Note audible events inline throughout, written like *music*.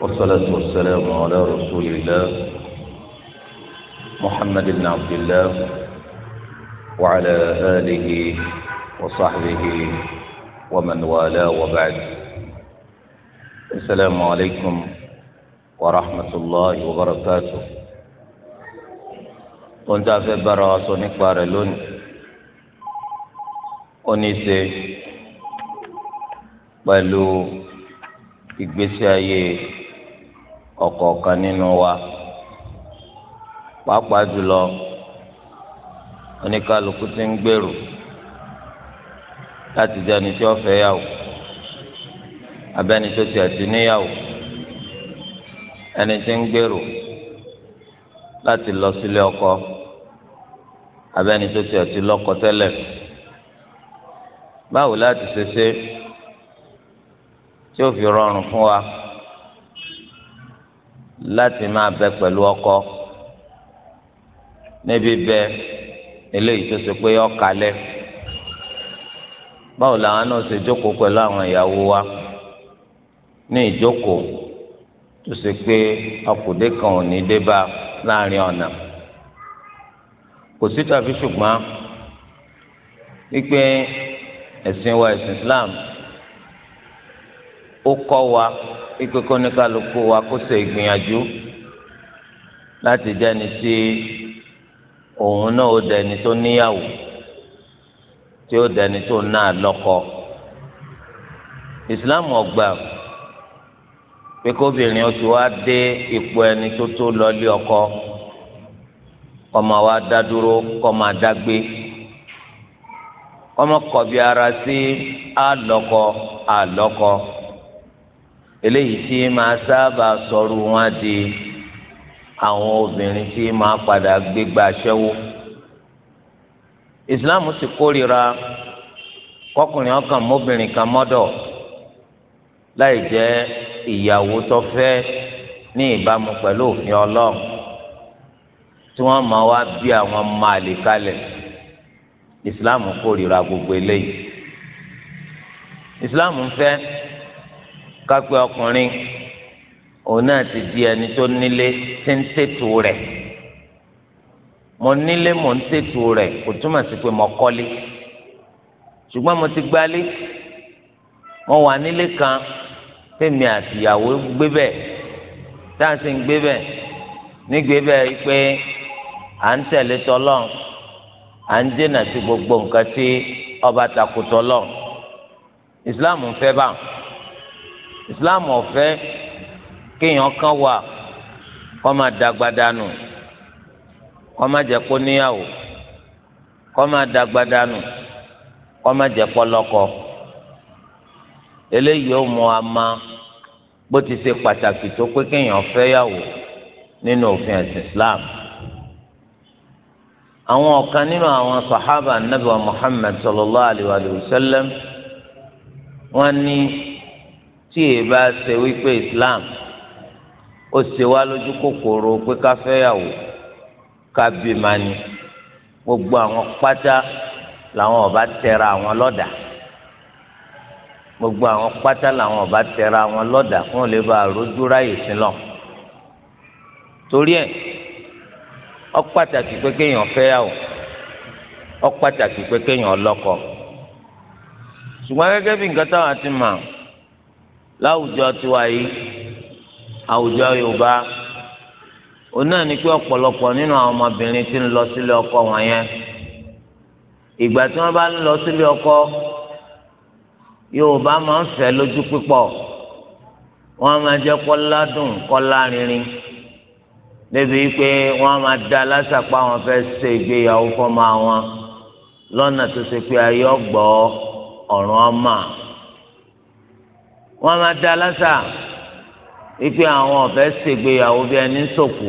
والصلاة والسلام على رسول الله محمد بن عبد الله وعلى آله وصحبه ومن والاه وبعد السلام عليكم ورحمة الله وبركاته كنت في براس ونكبر لون ونسي pẹ̀lú ìgbésí ayé ọ̀kọ̀ọ̀kan nínú wa pàápàá jùlọ oníkálukú ti ń gbèrò láti di ẹni tí ó fẹ́ yàwó abẹ́ni tó ti ẹ̀sì níyàwó ẹni tí ń gbèrò láti lọ sílé ọkọ abẹ́ni tó ti ẹ̀sì lọ́kọ tẹ́lẹ̀ báwo láti ṣe ṣe tí ó fi rọrùn fún wa. láti máa bẹ pẹ̀lú ọkọ níbi bẹ eléyìí tó ṣe pé ọkàlẹ̀ báwo làwọn náà ṣe jókòó pẹ̀lú àwọn ìyàwó wa ní ìjókòó tó ṣe pé ọkùnrin kan ò ní dé bá láàrin ọ̀nà kò sí tàbí ṣùgbọ́n wípé ẹ̀sìn wa ẹ̀sìn Islam ó kọ́ wa ikú kóníkàlùkù wa kó ṣe ìgbìyànjú láti dẹni sí òun náà ó dẹni tó níyàwó tí ó dẹni tó náà lọ́kọ ìsìláàmù ọgbà pé kóbìnrin ó ti wá dé ipò ẹni tó tó lọlé ọkọ kó máa dá dúró kó máa dá kọbi ara sí àlọkọ àlọkọ eléyìí tí máa sábà sọ̀rọ̀ wọn di àwọn obìnrin tí máa padà gbégbá aṣẹ́wó ìsìláàmù sì kórìíra kọkùnrin ọkàn mọ́bìnrin kan mọ́dọ̀ láì jẹ́ ìyàwó tó fẹ́ ní ìbámu pẹ̀lú òfin ọlọ́run tí wọ́n máa wá bí àwọn máàlì kalẹ̀ ìsìláàmù kórìíra gbogbo eléyìí ìsìláàmù ń fẹ́ kápẹ́ ọkùnrin òun náà ti di ẹni tó nílé tí ń tètò rẹ̀ mo nílé mo ń tètò rẹ̀ kò túmọ̀ sí pé mo kọ́lé ṣùgbọ́n mo ti gbálé mo wà nílé kan tèmi àtìyàwó gbé bẹ́ẹ̀ tá à ń sìn gbé bẹ́ẹ̀ nígbé bẹ́ẹ̀ pé à ń tẹ̀lé tọ́lọ́n à ń dènà sí gbogbo nǹkan tí ọba takò tọ́lọ́n Islam ń fẹ́ báwọn islam ọ̀fẹ́ kéèyàn kan wà kọ́ máa dàgbà dànù kọ́ máa jẹ́ kó níyàwó kọ́ máa dàgbà dànù kọ́ máa jẹ́ kó lọ́kọ eléyìí ó mú a bó ti ṣe pàtàkì tó pé kéèyàn fẹ́yàwó nínú òfin ẹ̀sìn islam àwọn ọ̀kan nínú àwọn sahaba anabi wa muhammad sallallahu alayhi wa sallam wọ́n ní tí èèbá ṣe wípé islam ó ṣe wá lójú kòkòrò pé ká fẹ́yàwó ká bímọ ni gbogbo àwọn pátá làwọn ọba tẹra àwọn lọ́dà gbogbo àwọn pátá làwọn ọba tẹra àwọn lọ́dà fún olè bá rojú ráyè sílọ torí ẹ ó pàtàkì pé kéèyàn fẹ́yàwó ó pàtàkì pé kéèyàn lọ́kọ ṣùgbọ́n gẹ́gẹ́ bí nǹkan táwọn ti mọ̀ láwùjọ tiwa yìí àwùjọ yorùbá òun náà ní pé ọ̀pọ̀lọpọ̀ nínú àwọn ọmọbìnrin tí ń lọ sílé ọkọ wọn yẹn ìgbà tí wọ́n bá ń lọ sílé ọkọ yorùbá máa ń fẹ́ lójú pípọ̀ wọ́n máa jẹ́ kọ́lá dùn kọ́lá rinrin débi pé wọ́n máa da lásàpá wọn fẹ́ ṣe ìgbéyàwó fọ́mọ àwọn lọ́nà tó ṣe pé ayé ọgbọ́ ọ̀ràn ọmọ wọ́n máa da lásà wípé àwọn ọ̀fẹ́ ṣègbéyàwó bí ẹni ń sòkò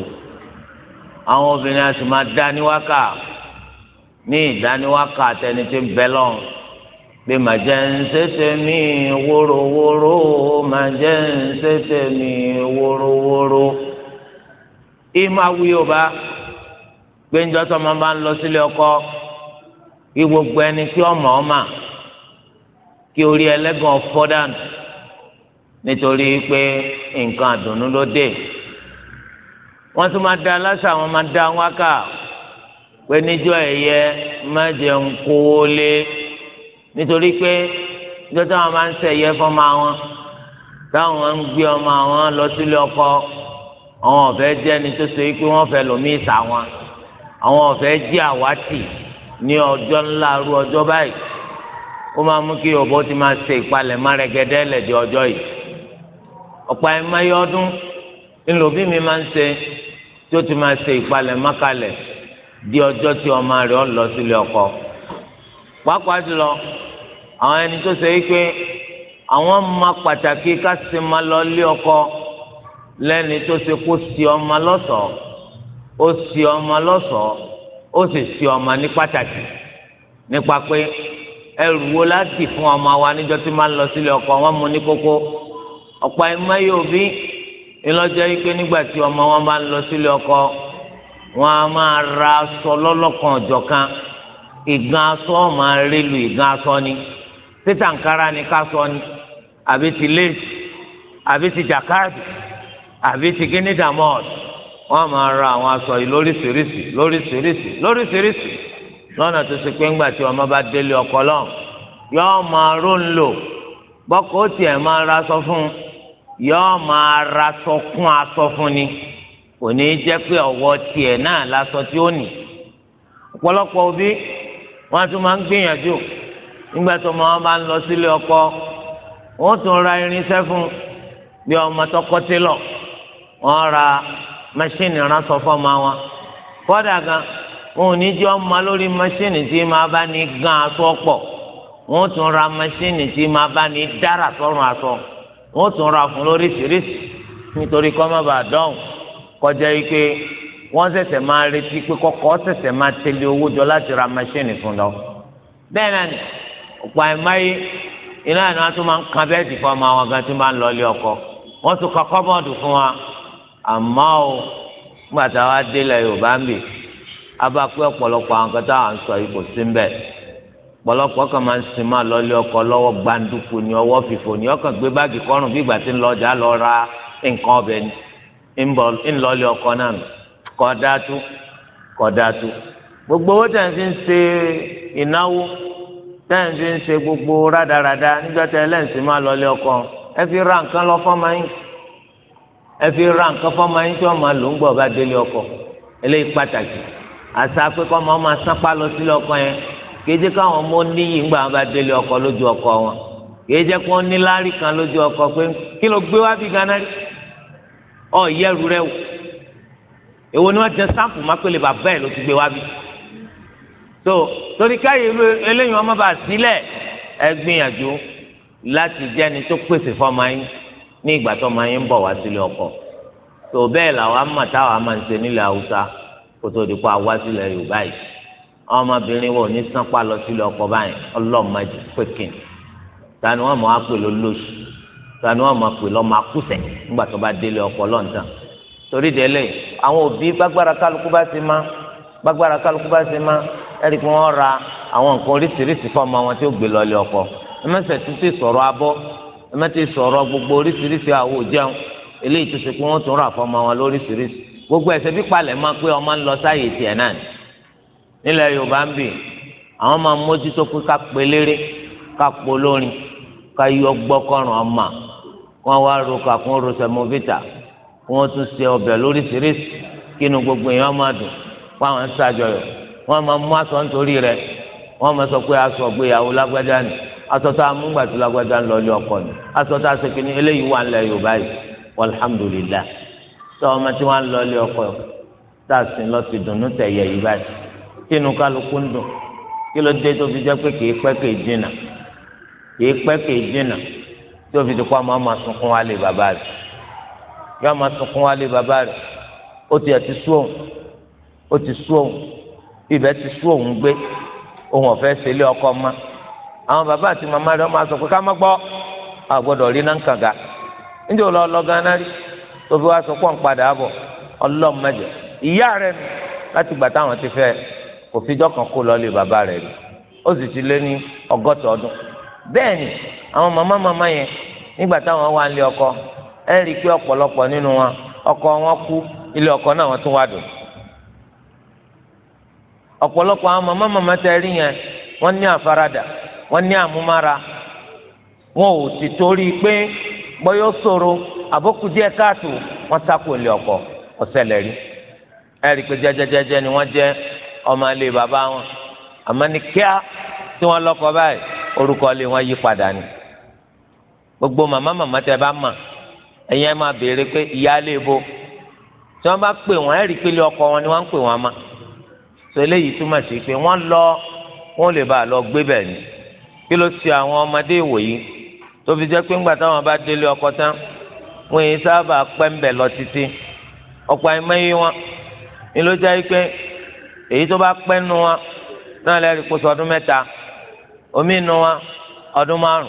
àwọn obìnrin a sì máa dáníwákà ní ìdáníwákà àtẹni tí ń bẹ lọ́n pé màá jẹ́ ń ṣẹ̀ṣẹ̀ mi wórówóró màá jẹ́ ń ṣẹ̀ṣẹ̀ mi wórówóró. ìmọ̀ awi yóò bá gbẹ́njọ́ tó máa bá ń lọ sílé ọkọ kí gbogbo ẹni tí ọmọ ọmọ kí orí ẹlẹ́gàn ọ̀fọ́ dànù nítorí pé nǹkan àdùnnú ló dé wọ́n tún máa da aláṣà wọn máa da wọn pé níjọ́ ẹ̀yẹ má jẹun kó o lé nítorí pé níjọ́ táwọn máa ń ṣẹ̀yẹ fọ́mọ àwọn táwọn ń gbé ọmọ àwọn lọ sílé ọkọ àwọn ọ̀fẹ́ jẹ́ ẹni tó so pé wọ́n fẹ́ lòmí ìsà wọn àwọn ọ̀fẹ́ jẹ́ àwátì ní ọjọ́ ńlá ru ọjọ́ báyìí ó máa mú kí ọ̀bọ ti máa ṣe ìpalẹ̀mọ́ rẹ̀ lẹ̀dí ọjọ́ yìí ọ̀pọ̀ ẹ̀ máa yọ ọdún ńlọbí mi máa ń ṣe tí ó ti máa ṣe ìpalẹ̀ mọ́kàlẹ̀ di ọjọ́ tí ọmọ rẹ̀ ọ lọ sílé ọkọ pàápàá jùlọ àwọn ẹni tó ṣe wípé àwọn máa pàtàkì ká sì máa lọ lé ọkọ lẹ́ni tó ṣe kó sí ọmọ lọ́ṣọ̀ọ́ ó sí ọmọ lọ́ṣọ̀ọ́ ó sì sí ọmọ ní pàtàkì nípa pé ẹrù wo láti fún ọmọ wa níjọ́ tí máa ń lọ sílé ọkọ wọn mú ní kókó ọ̀pọ̀ ẹ̀mọ́ yóò bí ìlọ́jọ́ yìí pé nígbà tí ọmọ wọn máa ń lọ sílé ọkọ wọn a máa ra aṣọ lọ́lọ́kan ọ̀jọ̀kan ìgbọ̀n aṣọ máa rélu ìgbọ̀n aṣọ ni títà nkárá ni ká sọ ni àbí ti léèsì àbí ti jàkáàdì àbí ti gínídàmọ́ọ̀dì wọn máa ra àwọn aṣọ yìí lóríṣiríṣi lóríṣiríṣi lóríṣiríṣi lọ́nà tó ṣe pé ńgbà tí ọmọ bá délé ọkọ lọ́hùn yọ́ọ́ máa ró ń lò bọ́kọ̀ tiẹ̀ máa ra aṣọ fún un yọọ máa ra kún aṣọ fún ni kò ní í jẹ́ pé ọwọ́ tiẹ̀ náà laṣọ tí ó nì ọpọlọpọ òbí wọn tún máa ń gbìyànjú nígbà tó máa lọ sílé ọkọ wọn tún ra irinṣẹ́ fún bí ọmọ tọkọ lọ, wọn ra mẹṣíìnì ránṣọ fọmọ wọn Kọdà gan wọn ò ní lórí mẹṣíìnì tí máa bá ní gan aṣọ wọn tún ra mẹṣíìnì tí wọ́n tún ra fún lóríṣiríṣi nítorí kọ́ má bàa dánwò kọjá yìí pé wọ́n ṣẹ̀ṣẹ̀ máa retí pé kọ́kọ́ ṣẹ̀ṣẹ̀ máa tẹ̀lé owó jọ láti ra machine fún lọ. bẹ́ẹ̀ náà ni ọ̀pọ̀ àìmáyé iná ìná tó máa ń kan bẹ́ẹ̀dì fún ọmọ àwọn gan tó máa ń lọ ilé ọkọ wọ́n tún kọ́ kọ́bọ̀dù fún wa àmọ́ o nígbà táwa délẹ̀ Yorùbá ń bì abá pé ọ̀pọ̀lọpọ̀ àwọn kan táwọn ọ̀pọ̀lọpọ̀ kan máa ń sin máa lọlé ọkọ lọ́wọ́ gbàǹdùkú ni ọwọ́ fìfò ni ọkàn gbé báàgì kọ́rùn bí ìgbà tí ń lọ ọjà lọ ra nǹkan ọbẹ̀ ni ń lọlé ọkọ náà nù kọ́ dáàtú kọ́ dáàtú gbogbo owó tẹ̀ ń fi ń ṣe ìnáwó tẹ̀ ń fi ń ṣe gbogbo rádaràda nígbà tẹ̀ ẹlẹ́sìn máa lọlé ọkọ ẹ fi ra nǹkan lọ fọ́mọ yín ẹ fi ra nǹkan fọ́mọ yín tí wọ́n máa lò ń gbọ̀ bá délé ọkọ eléyìí pàtàkì àṣà pé kọ́ kìí jẹ́ káwọn ọmọ níyì ńgbà wọn bá délé ọkọ lójú ọkọ wọn kìí jẹ́ kí kan lójú ọkọ pé kí ló gbé wá bí gánà rí ọ yẹrù rẹ wò èwo ni wọ́n jẹ sáǹpù mápẹ́lẹ́ bàbá ẹ̀ ló ti gbé wá bí tó torí káyé eléyìí wọn má bàa sílẹ̀ ẹ gbìyànjú láti jẹ́ni tó pèsè fọ́mọ yín ní ìgbà tó ọmọ yín ń bọ̀ wá sílé ọkọ tó bẹ́ẹ̀ làwọn amọ̀ táwọn amọ̀ ń ṣe nílẹ̀ haúsá kó tó di pa yorùbá yìí ọmọbìnrin wo ní sanpa lọ sílé ọkọ báyìí ọlọ́mọdé pékin tani wọn mọ apè ló lóṣù tani wọn mọ apè lọ máa kùsẹ nígbà tó bá délé ọkọ lọ́ǹtàn torí délé àwọn òbí gbàgbára kálukú bá ti má gbàgbára kálukú bá ti má ẹ̀rí kí wọ́n ra àwọn nǹkan oríṣiríṣi fọ́ọ̀mù àwọn tí ó gbé lọ́lé ọkọ ẹ̀mẹ́sẹ̀ títí sọ̀rọ̀ abọ́ ẹ̀mẹ́tì sọ̀rọ̀ gbogbo oríṣiríṣi àwo jẹun eléyìí tó ṣe pé wọ́n tún rà fọ́ọ̀mù àwọn lóríṣiríṣi gbogbo ẹ̀sẹ̀ bí palẹ̀ máa pé ọmọ ń lọ sáyè tiẹ̀ náà nílẹ̀ yorùbá ń bì àwọn máa mójútó pé ká pelére ká polórin ká yọ gbọ́kọ̀ràn ọmọ kó wá roka kó ro sẹmovita kó wọ́n tún ṣe ọbẹ̀ lóríṣiríṣi kínú gbogbo èèyàn máa dùn kó àwọn ń ṣàjọyọ̀ wọ́n máa mú aṣọ nítorí rẹ̀ wọ́n máa sọ pé aṣọ gbéyàwó lágbájá ni aṣọ tá a mú gbàtú lágbájá ń lọ ilé ọkọ ni aṣọ tá a ṣe eléyìí wà nílẹ̀ yorùbá yìí alhamdulillah sọ ọmọ tí wọ́n á lọ ilé ọkọ tá a sìn lọ sí dùnú tẹ̀yẹ yìí kínú kálukú ń dùn kí ló dé tó fi jẹ́ pé kìí pẹ́ kìí jìnnà kìí pẹ́ kìí jìnnà tó fi dùkọ́ àmọ́ àmọ́ sunkún wálé bàbá rẹ̀ yóò àmọ́ sunkún wálé bàbá rẹ̀ ó ti ẹ̀ ti sú òun ó ti sú òun ibẹ̀ ti sú òun gbé òun ọ̀fẹ́ sílé ọkọ ma àwọn bàbá àti màmá rẹ̀ ọmọ àsọ̀kọ́ ká má gbọ́ àgbọ̀dọ̀ rí náà ń kàga níjẹ́ ò lọ lọ gan rí tó fi wá sọ pọ́ǹ padà bọ̀ ọlọ́mọdé ìyá rẹ̀ láti gbà táwọn ti fẹ́ kò fijọ́ kan kó lọ́ọ́lì bàbá rẹ̀ rí ó sì ti lé ní ọgọ́ta ọdún bẹ́ẹ̀ ni àwọn màmá màmá yẹn nígbà táwọn wà nílé ọkọ ẹ rí i pé ọ̀pọ̀lọpọ̀ nínú wọn ọkọ wọn kú ilé ọkọ náà mama tún wá dùn ọ̀pọ̀lọpọ̀ àwọn màmá màmá tẹ rí yẹn wọ́n ní àfaradà wọ́n ní àmúmára wọn ò sì torí pé bọ́yọ̀ àbókù díẹ̀ ọkọ ọ̀sẹ̀ lẹ́rí ẹ rí i ni wọ́n jẹ́ ọmọ ilé bàbá wọn àmọ́ ní kíá tí wọ́n lọ́kọ báyìí orúkọ ilé wọn yí padà ni gbogbo màmá màmá tẹ bá mà ẹ̀yin ẹ máa béèrè pé ìyá ilé bo tí wọ́n bá pè wọ́n ẹ̀rí pé ilé ọkọ wọn ni wọ́n ń pè wọ́n mà tó eléyìí túmọ̀ sí pé wọ́n lọ wọ́n lè bá a lọ gbé bẹ̀ ni kí ló ti àwọn ọmọdé ìwòyí tó fi jẹ́ pé ńgbà táwọn bá délé ọkọ tán wọ́n yìí sábà pẹ́ ń bẹ̀ lọ títí ọ̀pọ̀ àìmọye wọn ni ló jẹ́ pé èyí tó bá pẹ́ nu wọn náà lẹ́rìí kó sọ ọdún mẹ́ta omi nu wọn ọdún márùn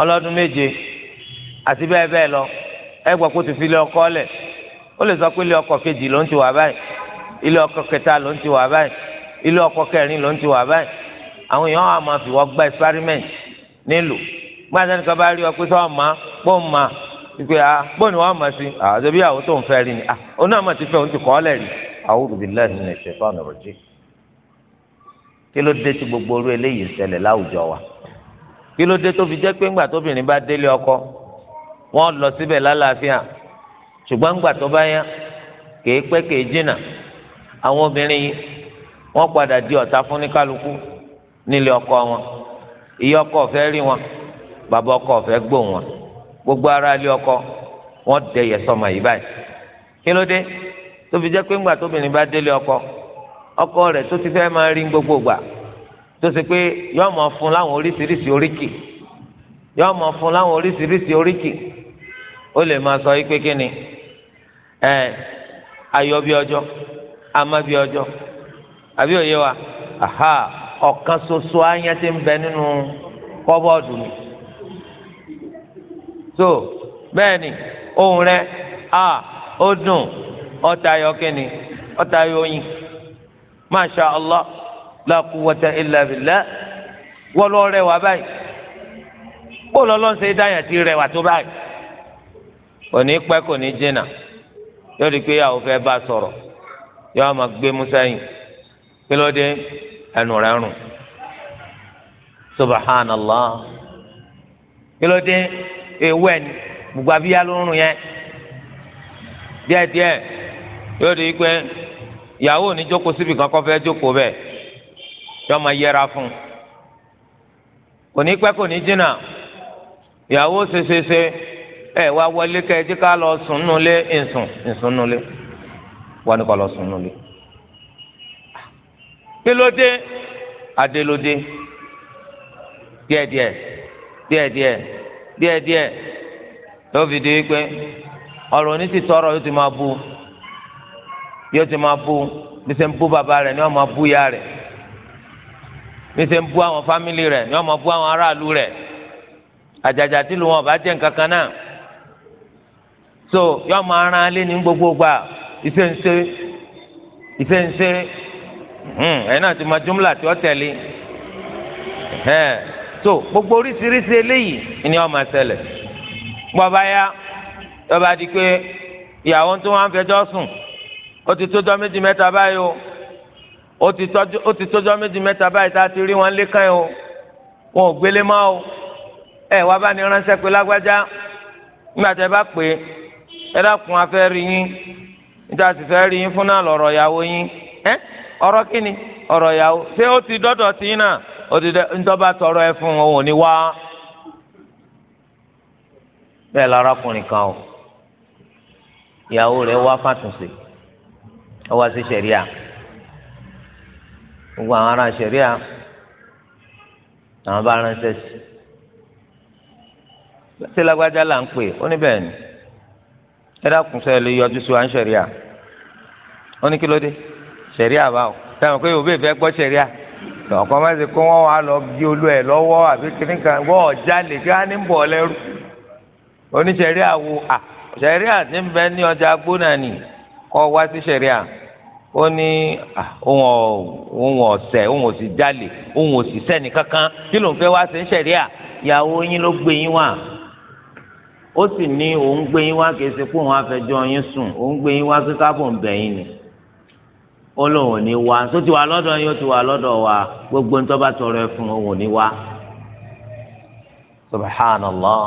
ọlọ́dún méje àti bẹ́ẹ̀ bẹ́ẹ̀ lọ ẹ gbọ́ kó ti fi ilé ọkọ lẹ̀ ó lè sọ pé ilé ọkọ kejì ló ń ti wà báyìí ilé ọkọ kẹta ló ń ti wà báyìí ilé ọkọ kẹrin ló ń ti wà báyìí àwọn èèyàn wà máa fi wọ́n gba experiment nílùú gbọ́dọ̀ nìkan bá rí ọ pé sọ́ọ́ ma pọ́ ma pé ah bóun ni wọ́n mọ̀ sí àti ah, bí tó ń fẹ́ rí ni ah òun náà mọ̀ ti fẹ́ òun ti kọ́ ọ́ lẹ̀ rí a'udhu billahi minash shaitanir rajim kí ló dé tí gbogbo orú eléyìí ṣẹlẹ̀ láwùjọ wa kí ló dé tó fi jẹ́ pé ńgbà tóbìnrin bá délé ọkọ wọ́n lọ síbẹ̀ lálàáfíà ṣùgbọ́n ńgbà tó bá yá kèé pẹ́ kèé jìnnà àwọn obìnrin yìí wọ́n padà di ọ̀tá fún ní kálukú nílé ọkọ wọn ìyá ọkọ ọ̀fẹ́ rí wọn bàbá ọkọ ọ̀fẹ́ gbò wọn gbogbo ará ilé ọkọ wọ́n dẹyẹ sọmọ yìí báyìí kí ló dé tó fi jẹ́ pé ńgbà tóbìnrin bá délé ọkọ ọkọ rẹ̀ tó ti fẹ́ máa rí gbogbo gbà tó ṣe pé yóò máa fún láwọn oríṣiríṣi oríkì yóò máa fún láwọn oríṣiríṣi oríkì ó lè máa sọ pé kí ni ẹ ayọ̀ bí ọjọ́ amá bí ọjọ́ àbí òye wa aha ọ̀kan ṣoṣo ayé ti ń bẹ nínú kọ́bọ́ọ̀dù mi so bẹ́ẹ̀ ni ohun rẹ̀ a ó dùn ọta yọ kẹni ọta yọ yin masha allah la wata illa billah wọlọ rẹwà báyìí kpọlọ lọsẹ dáyà ti rẹwà tó báyìí kò ní pẹ́ kò ní jìnnà yóò pé yàwó fẹ́ bá sọrọ yóò máa gbé musa yìí kí ló ẹnu rẹ̀ rùn subhanallah kí ló ewé gbogbo abiyá ló ń rùn yóò di pé ìyàwó ò si jókòó síbi kan kọ́ fẹ́ jókòó yọ máa yẹra fún kò ní pẹ́ kò ní jìnnà ìyàwó ṣeṣeṣe ẹ wá wọlé kẹ jí lọ sùn nulẹ̀ ìsùn ìsùn wọn ni lọ sùn bu. yóò ti máa bú bí ṣe ń bú bàbá rẹ̀ ni wọ́n máa bú ìyá rẹ̀ bí ṣe ń bú àwọn fámìlì rẹ̀ ni wọ́n máa bú àwọn aráàlú rẹ̀ àjàjà tí wọn bá jẹ́ nǹkan kan náà so yóò máa ran alẹ́ ní gbogbo gbà ìṣe ń ṣe ìṣe ń ṣe hmm, ẹ̀yin náà ti máa jumla tí ó tẹ̀lé so gbogbo oríṣiríṣi eléyìí ni wọ́n máa ṣẹlẹ̀ gbọ́ bá yá lọ́ba di pé ìyàwó tó wá fẹjọ́ sùn. ó ti tójọ́ méjì mẹ́ta báyìí o ó ti tójọ́ méjì mẹ́ta báyìí tá a ti rí wọn lékan o wọn ò gbélé mọ́ ẹ wá bá ní ránṣẹ́ pé lágbájá nígbà bá pè é ẹ dákun afẹ́ rí yín níta sì fẹ́ rí yín fún náà lọ́rọ̀ ìyàwó yín ẹ ọ̀rọ̀ kí ni ọ̀rọ̀ ìyàwó ṣé ti dọ́dọ̀ sí yín náà ó ti tọrọ ẹ fún ọwọ́ sí sẹ̀ríà gbogbo àwọn ará sẹ̀ríà àwọn bá ránṣẹ́ sí ṣé lágbájá là ń pè ó ní bẹ́ẹ̀ ni ẹ dákun sọ ẹ lè yọjú sí wa ń sẹ̀ríà ó ní kí ló dé sẹ̀ríà báwo táwọn pé òbí ìfẹ́ gbọ́ sẹ̀ríà ọkọ máa ṣe kó wọn wà lọ bí olú ẹ lọ́wọ́ àbí kíní kan wọn ọjà lè kí wọn ní bọ lẹrú oníṣẹrí àwo à ṣẹrí àti ń bẹ ní ọjà gbóná ni kọ́ wá sí sẹ̀ríà ó ní òun ọ̀sẹ̀ òun ò sì jalè òun ò sì sẹ́ni kankan kí ló ń fẹ́ wá sí sẹ̀ríà ìyàwó yín ló gbé yín wá ó sì ní òun gbé yín wá kì í ṣe pé òun afẹjọ́ yín sùn òun gbé yín wá sí kábò ń bẹ̀ yín ni ó lóun ò ní wá tó ti wà lọ́dọ̀ yín ó ti wà lọ́dọ̀ wa gbogbo ń tọ́ba tọrọ ẹ fún òun ò ní wá subhanallah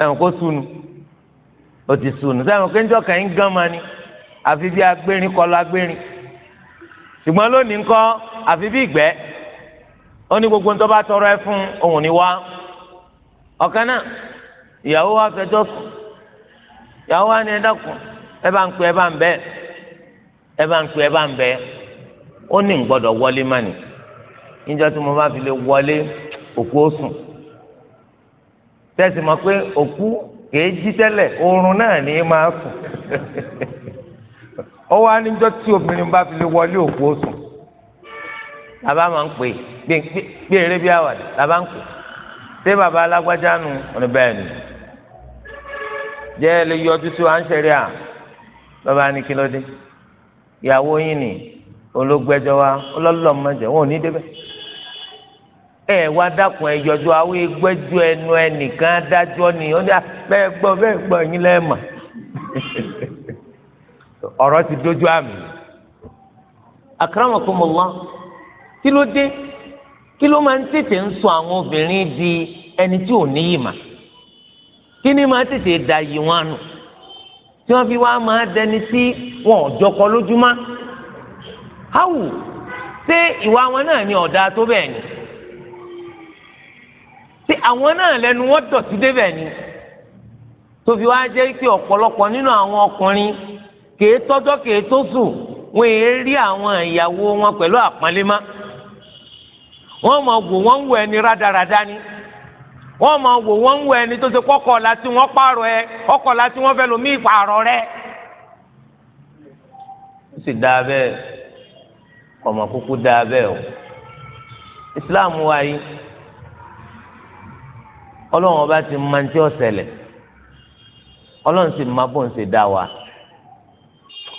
ẹ̀hún kó sunu ó ti sunu sẹ́wọ̀n kéńjọ́ kàn ń gán ma ni. àfi bí agbérin kọlu agbérin ṣùgbọ́n lónìí ńkọ́ àfi bí ìgbẹ́ ó ní gbogbo ńtọ́ bá tọrọ ẹ fún òun ni wá ọ̀kan náà ìyàwó wa fẹjọ́ sùn ìyàwó wa ni ẹ dákun ẹ bá ń pè ẹ bá ń bẹ ẹ bá ń pè ẹ bá ń bẹ ó ní ń gbọ́dọ̀ wọlé mánì níjọ́ tí mo bá fi lè wọlé òkú ó sùn tẹ́sí mọ̀ pé òkú kèé jí tẹ́lẹ̀ oorun náà ní máa sùn *laughs* ọwọ́ aníjọ́ tí obìnrin bá fi lè wọlé òkú òsùn làbá máa ń pè bí eré bí àwàdì làbá ń pè ṣé bàbá alágbájá nu ọ̀nà bẹ́ẹ̀ ni jẹ́ ẹ lè yọjú sí wa ń ṣẹ̀rí à bàbá ní kí ló dé ìyàwó yín ni olóògbẹ́jọ́ wa ọlọ́lọ́ mọ́jẹ wọn ò ní débẹ̀ ẹ wá dákun ẹ yọjú àwọn ìgbẹ́jọ ẹnu ẹnìkan dájọ́ ni ó ní ah, bẹ́ẹ̀ gbọ́ bẹ́ẹ̀ gbọ́ yín lẹ́ẹ̀mọ̀ *laughs* ọ̀rọ̀ ti dojú àmì akramakumullah kí ló dé kí ló máa ń tètè ń sọ àwọn obìnrin di ẹni tí ò níyì mà kí ni máa tètè dà yí wọn nù tí wọn fi wá máa dẹni tí wọn ò jọkọ lójúmọ́ háwù ṣé ìwà wọn náà ni ọ̀dà tó bẹ́ẹ̀ ni ṣé àwọn náà lẹnu wọn dọ̀tí débẹ̀ ni tó fi wá jẹ́ pé ọ̀pọ̀lọpọ̀ nínú àwọn ọkùnrin kèé tọ́jọ́ kèé tó sùn wọn èé rí àwọn ìyàwó wọn pẹ̀lú àpọ́nlé má wọ́n mọ̀ wò wọn ń ẹni rádaràda ni wọn mọ̀ wò wọn ń ẹni tó ṣe kọ́kọ́ láti wọn wọ́n ẹ ọkọ̀ láti wọn wọ́n lomi rẹ. ó sì dáa Islam wa yìí ọlọ́run ọba ti máa ń tí ọlọ́run sì máa bọ̀ wa.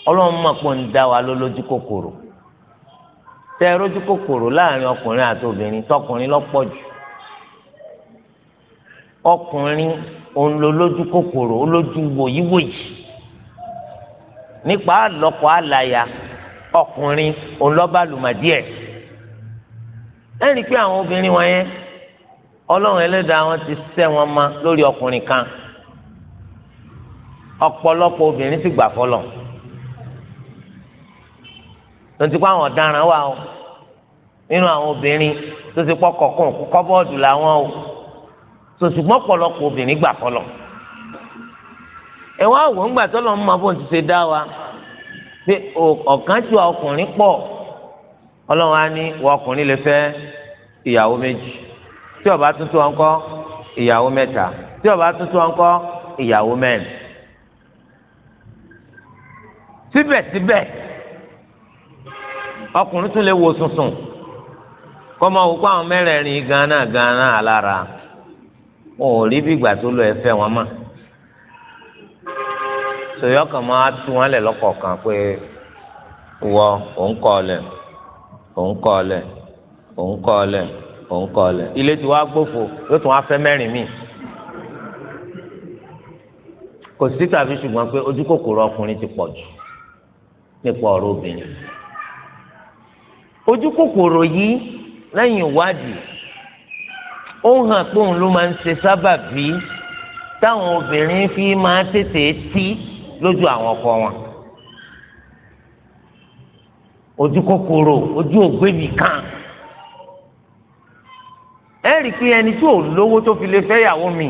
ọlọ́run mọ̀ pé ń dá wa lólójú kòkòrò tẹ rójú kòkòrò láàrin ọkùnrin àti obìnrin tọkùnrin lọ́pọ̀ jù ọkùnrin òun lo lójú kòkòrò olójú wòyíwòyí nípa àlọ́kọ̀ àlàyà ọkùnrin òun lọ́ba lùmàdíẹ̀ ẹ̀rí pé àwọn obìnrin wọn yẹn ọlọ́run ẹlẹ́dàá wọn ti sẹ́ wọn ma lórí ọkùnrin kan ọ̀pọ̀lọpọ̀ obìnrin sì gbà fọlọ́ọ̀ tó ń ti kó àwọn ọ̀daràn wà o nínú àwọn obìnrin tó ti pọ́ kọ̀ọ̀kan kọ́bọ́ọ̀dù làwọn o tó ṣùgbọ́n pọ̀lọpọ̀ obìnrin gbà fọlọ̀ ẹ̀wọ́n àwọn òǹgbà tó lọ́n mọ bóun ti ṣe dá wa pé ọ̀kan tí wa ọkùnrin pọ̀ ọlọ́run á ní wọ ọkùnrin lè fẹ́ ìyàwó méjì tí ó bá tuntun ọkọ ìyàwó mẹ́ta tí ó bá tuntun ọkọ ìyàwó mẹ́rin síbẹ̀síbẹ̀ ọkùnrin tún lè wo sunsun kọ́mọ òkú àwọn mẹ́rẹ̀ẹ̀rin gánà gánà alára ò rí bí ìgbà tó lọ ẹ̀fẹ́ wọn mọ̀ sòyọ́ kan máa tú wọn lẹ̀ lọ́kọ̀ọ̀kan pé wọ òun kọ́ ọ lẹ̀ òun kọ́ ọ lẹ̀ òun kọ́ ọ lẹ̀ òun kọ́ ọ lẹ̀ ilé tí wàá gbófo yóò tún wàá fẹ́ mẹ́rin míì kò sí tàbí ṣùgbọ́n pé ojú ọkùnrin ti pọ̀ jù nípa ọ̀rọ̀ obìnrin ojú kòkòrò yìí lẹ́yìn ìwádìí ó hàn pé òun ló máa ń ṣe sábàbí táwọn obìnrin fi máa tètè tí lójú àwọn ọkọ wọn ojú kòkòrò ojú ògbébì kan ẹ rí i pé ẹni tí ò lówó tó fi lè fẹ́ mi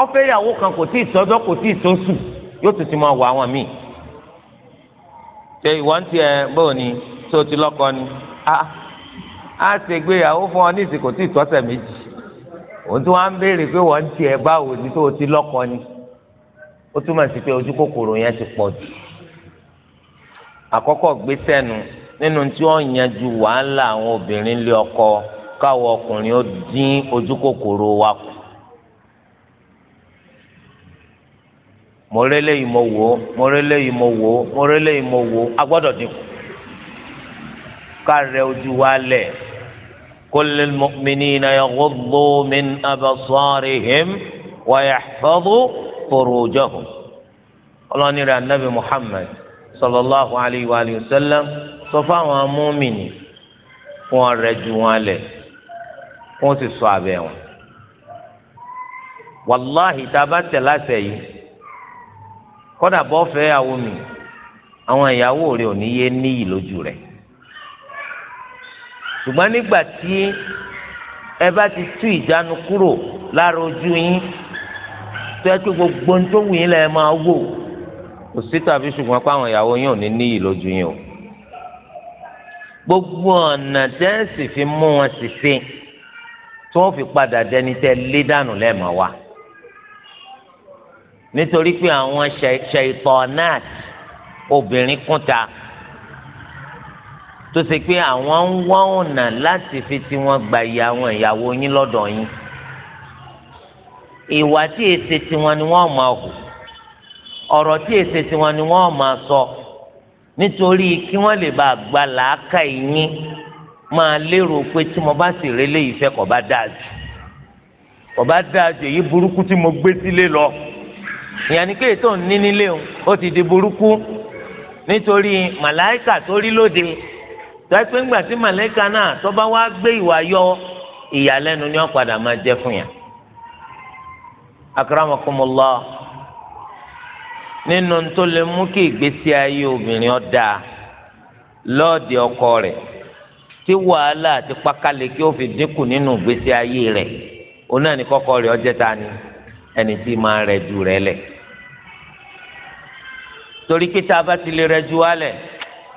ọ fẹ́ kan kò tí ì sọ́jọ́ kò tí ì sóṣù yóò tún ti máa wọ àwọn míì ṣe ìwọ́n ti ẹ̀ bóò ni tó ti lọ́kọ ni a a ṣègbéyàwó fún ọ ní ìsìnkú tí ìtọ́sẹ̀ méjì òun tí wọ́n á ń béèrè pé wọ́n ti ẹ̀ báwo ni tó ti lọ́kọ ni ó túmọ̀ sí pé ojú kòkòrò yẹn ti pọ̀ jù àkọ́kọ́ gbé sẹ́nu nínú tí wọ́n yanjú wàhálà àwọn obìnrin lé ọkọ káwọn ọkùnrin ó dín ojú kòkòrò wa kù mo rí eléyìí mo wò ó mo rí eléyìí mo wò ó mo rí eléyìí mo wò ó a gbọ́dọ̀ dínkù ká rẹ ojú wa lẹ̀ kulli al-mu'minina yaghuddu min absarihim wa yahfadhu furujahum ọlọ́ni rẹ̀ anabi muhammad sallallahu alayhi wa sallam sọ fáwọn amúmìnì fún ọrẹ ju wọn lẹ̀ fún sì sọ wọn wàláhì tá a bá tẹ̀ láṣẹ yìí kọ́dà bọ́ fẹ́ ìyàwó mi àwọn ìyàwó rẹ̀ ò ní yé níyì lójú rẹ̀ ṣùgbọ́n nígbà tí ẹ bá ti tú ìjánu kúrò lára ojú yín tó ẹ pé gbogbo ohun tó wù yín lẹ́ẹ̀ máa wò kò sí tàbí ṣùgbọ́n pé àwọn ìyàwó yín ò ní níyì lójú yín o gbogbo ọ̀nà tẹ́ ẹ sì fi mú wọn sì ṣe tí wọ́n fi padà dẹni tẹ́ lé dànù lẹ́ẹ̀mọ́ wa nítorí pé àwọn ṣètọ́nàt obìnrin kúnta tó ṣe pé àwọn ń wá ọ̀nà láti fi tiwọn gba ìyá àwọn ìyàwó yín lọ́dọ̀ yín ìwà tí èsè tiwọn ni wọ́n máa hù ọ̀rọ̀ tí èsè tiwọn ni wọ́n máa sọ nítorí kí wọ́n lè bá gba làákà yín máa lérò pé tí mo bá sì rélé ìfẹ́ kò bá dáa jù kò bá dáa jù èyí burúkú tí mo gbé sílé lọ. ìyànní pé ètò o nílé ó ti di burúkú nítorí màláìka tó rí lóde tọ́pẹ́ ńgbà tí màláìkà náà tó bá wá gbé ìwà yọ ìyàlẹ́nu ni wọ́n padà máa jẹ́ fún nínú tó lè mú kí ìgbésí ayé obìnrin dáa lọ́ọ̀dì ọkọ rẹ̀ tí wàhálà fi dínkù nínú ìgbésí ayé rẹ̀ òun náà ni. ẹni tí máa rẹ̀ ju rẹ̀ lẹ̀ torí pé tá a bá ti lè rẹ̀ ju wa lẹ̀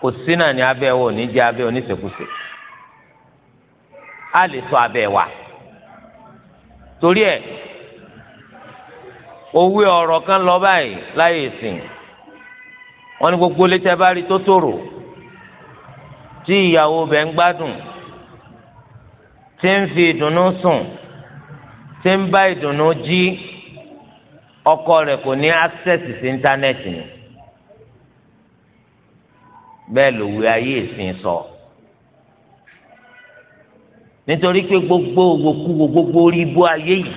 kò sí náà ní abẹ́ wò ní jẹ́ abẹ́ oníṣekúṣe a lè sọ abẹ́ wa torí ẹ̀ òwe ọ̀rọ̀ kan lọ báyìí láyé ìsìn wọn ní gbogbo létí bá rí tó tòrò tí ìyàwó bẹ̀ ń gbádùn tí ń fi ìdùnnú sùn tí ń bá ìdùnnú jí ọkọ rẹ kò ní access sí íńtánẹ́ẹ̀tì ni bẹ́ẹ̀ lòwe ayé ìsìn sọ nítorí pé gbogbo gbogbo gbogbo orí ibú ayé yìí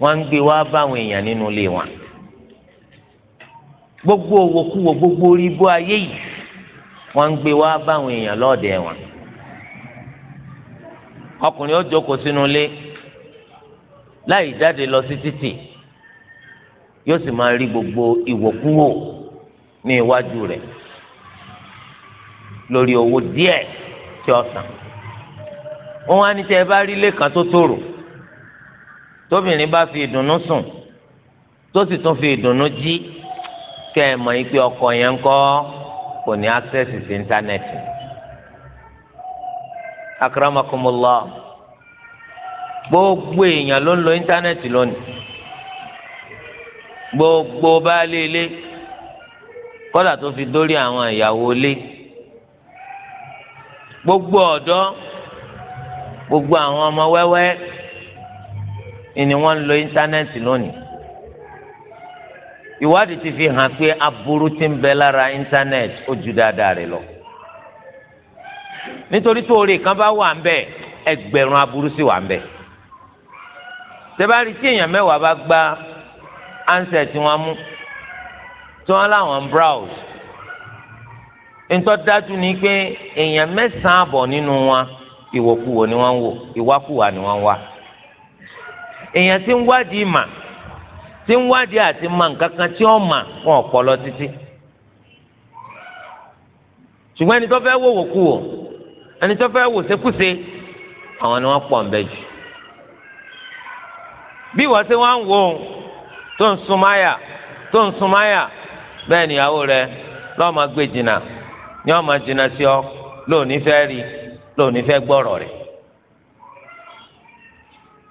wọ́n ń gbé wá báwọn èèyàn nínú ilé wọn gbogbo òwòkúwò gbogbo orí ibú ayé yìí wọ́n ń gbé wá báwọn èèyàn lọ́ọ̀dẹ wọn ọkùnrin ó jókòó sínú ilé láì jáde lọ sí títì. Si yóò sì máa rí gbogbo ìwòkúwò ní iwájú rẹ̀ lórí owó díẹ̀ tí ó san wọn á ní tẹ ẹ bá rí ilé kan tó tòrò tóbìnrin bá fi ìdùnnú sùn tó sì tún fi ìdùnnú jí kẹ ẹ mọ̀ ipe ọkọ yẹn kọ́ kò ní access sí íńtánẹ́ẹ̀tì akramakumullah gbogbo èèyàn ló ń lo íńtánẹ́ẹ̀tì lónìí gbogbo baálé ilé kọ́dà tó fi dórí àwọn ìyàwó ilé gbogbo ọ̀dọ́ gbogbo àwọn ọmọ wẹ́wẹ́ ni wọ́n ń lo íńtánẹ́ẹ̀tì lónìí ìwádìí ti fi hàn pé aburú ti ń bẹ lára íńtánẹ́ẹ̀tì ó ju dáadáa rẹ̀ lọ nítorí tó oore kan bá wà ń bẹ ẹgbẹ̀rún aburú sì wà ń bẹ tẹ́bárí tí èèyàn mẹ́wàá bá gbá ansẹ̀ tí wọ́n mú tí wọ́n láwọn ń browse ntọ́ dájú ni pé èèyàn mẹ́sàn-án àbọ̀ nínú wọn ìwòkuwò ni wọ́n ń wò ìwákuwà ni wọ́n ń wá èèyàn tí ń wádìí mà tí ń wádìí àti mà nǹkan tí ó mà wọn ò títí ṣùgbọ́n ẹni tó fẹ́ wò wòkuwò ẹni tó fẹ́ wò ṣekúṣe àwọn ni wọ́n pọ̀ ń bẹ jù bí wọ́n ṣe wá ń wò ó tó ń sunmáyà tó ń sunmáyà bẹ́ẹ̀ níyàwó rẹ lọ́ọ́ máa gbé jìnnà ni wọ́n jìnnà sí ọ lóòní fẹ́ rí lóòní fẹ́ gbọ́rọ̀ rẹ̀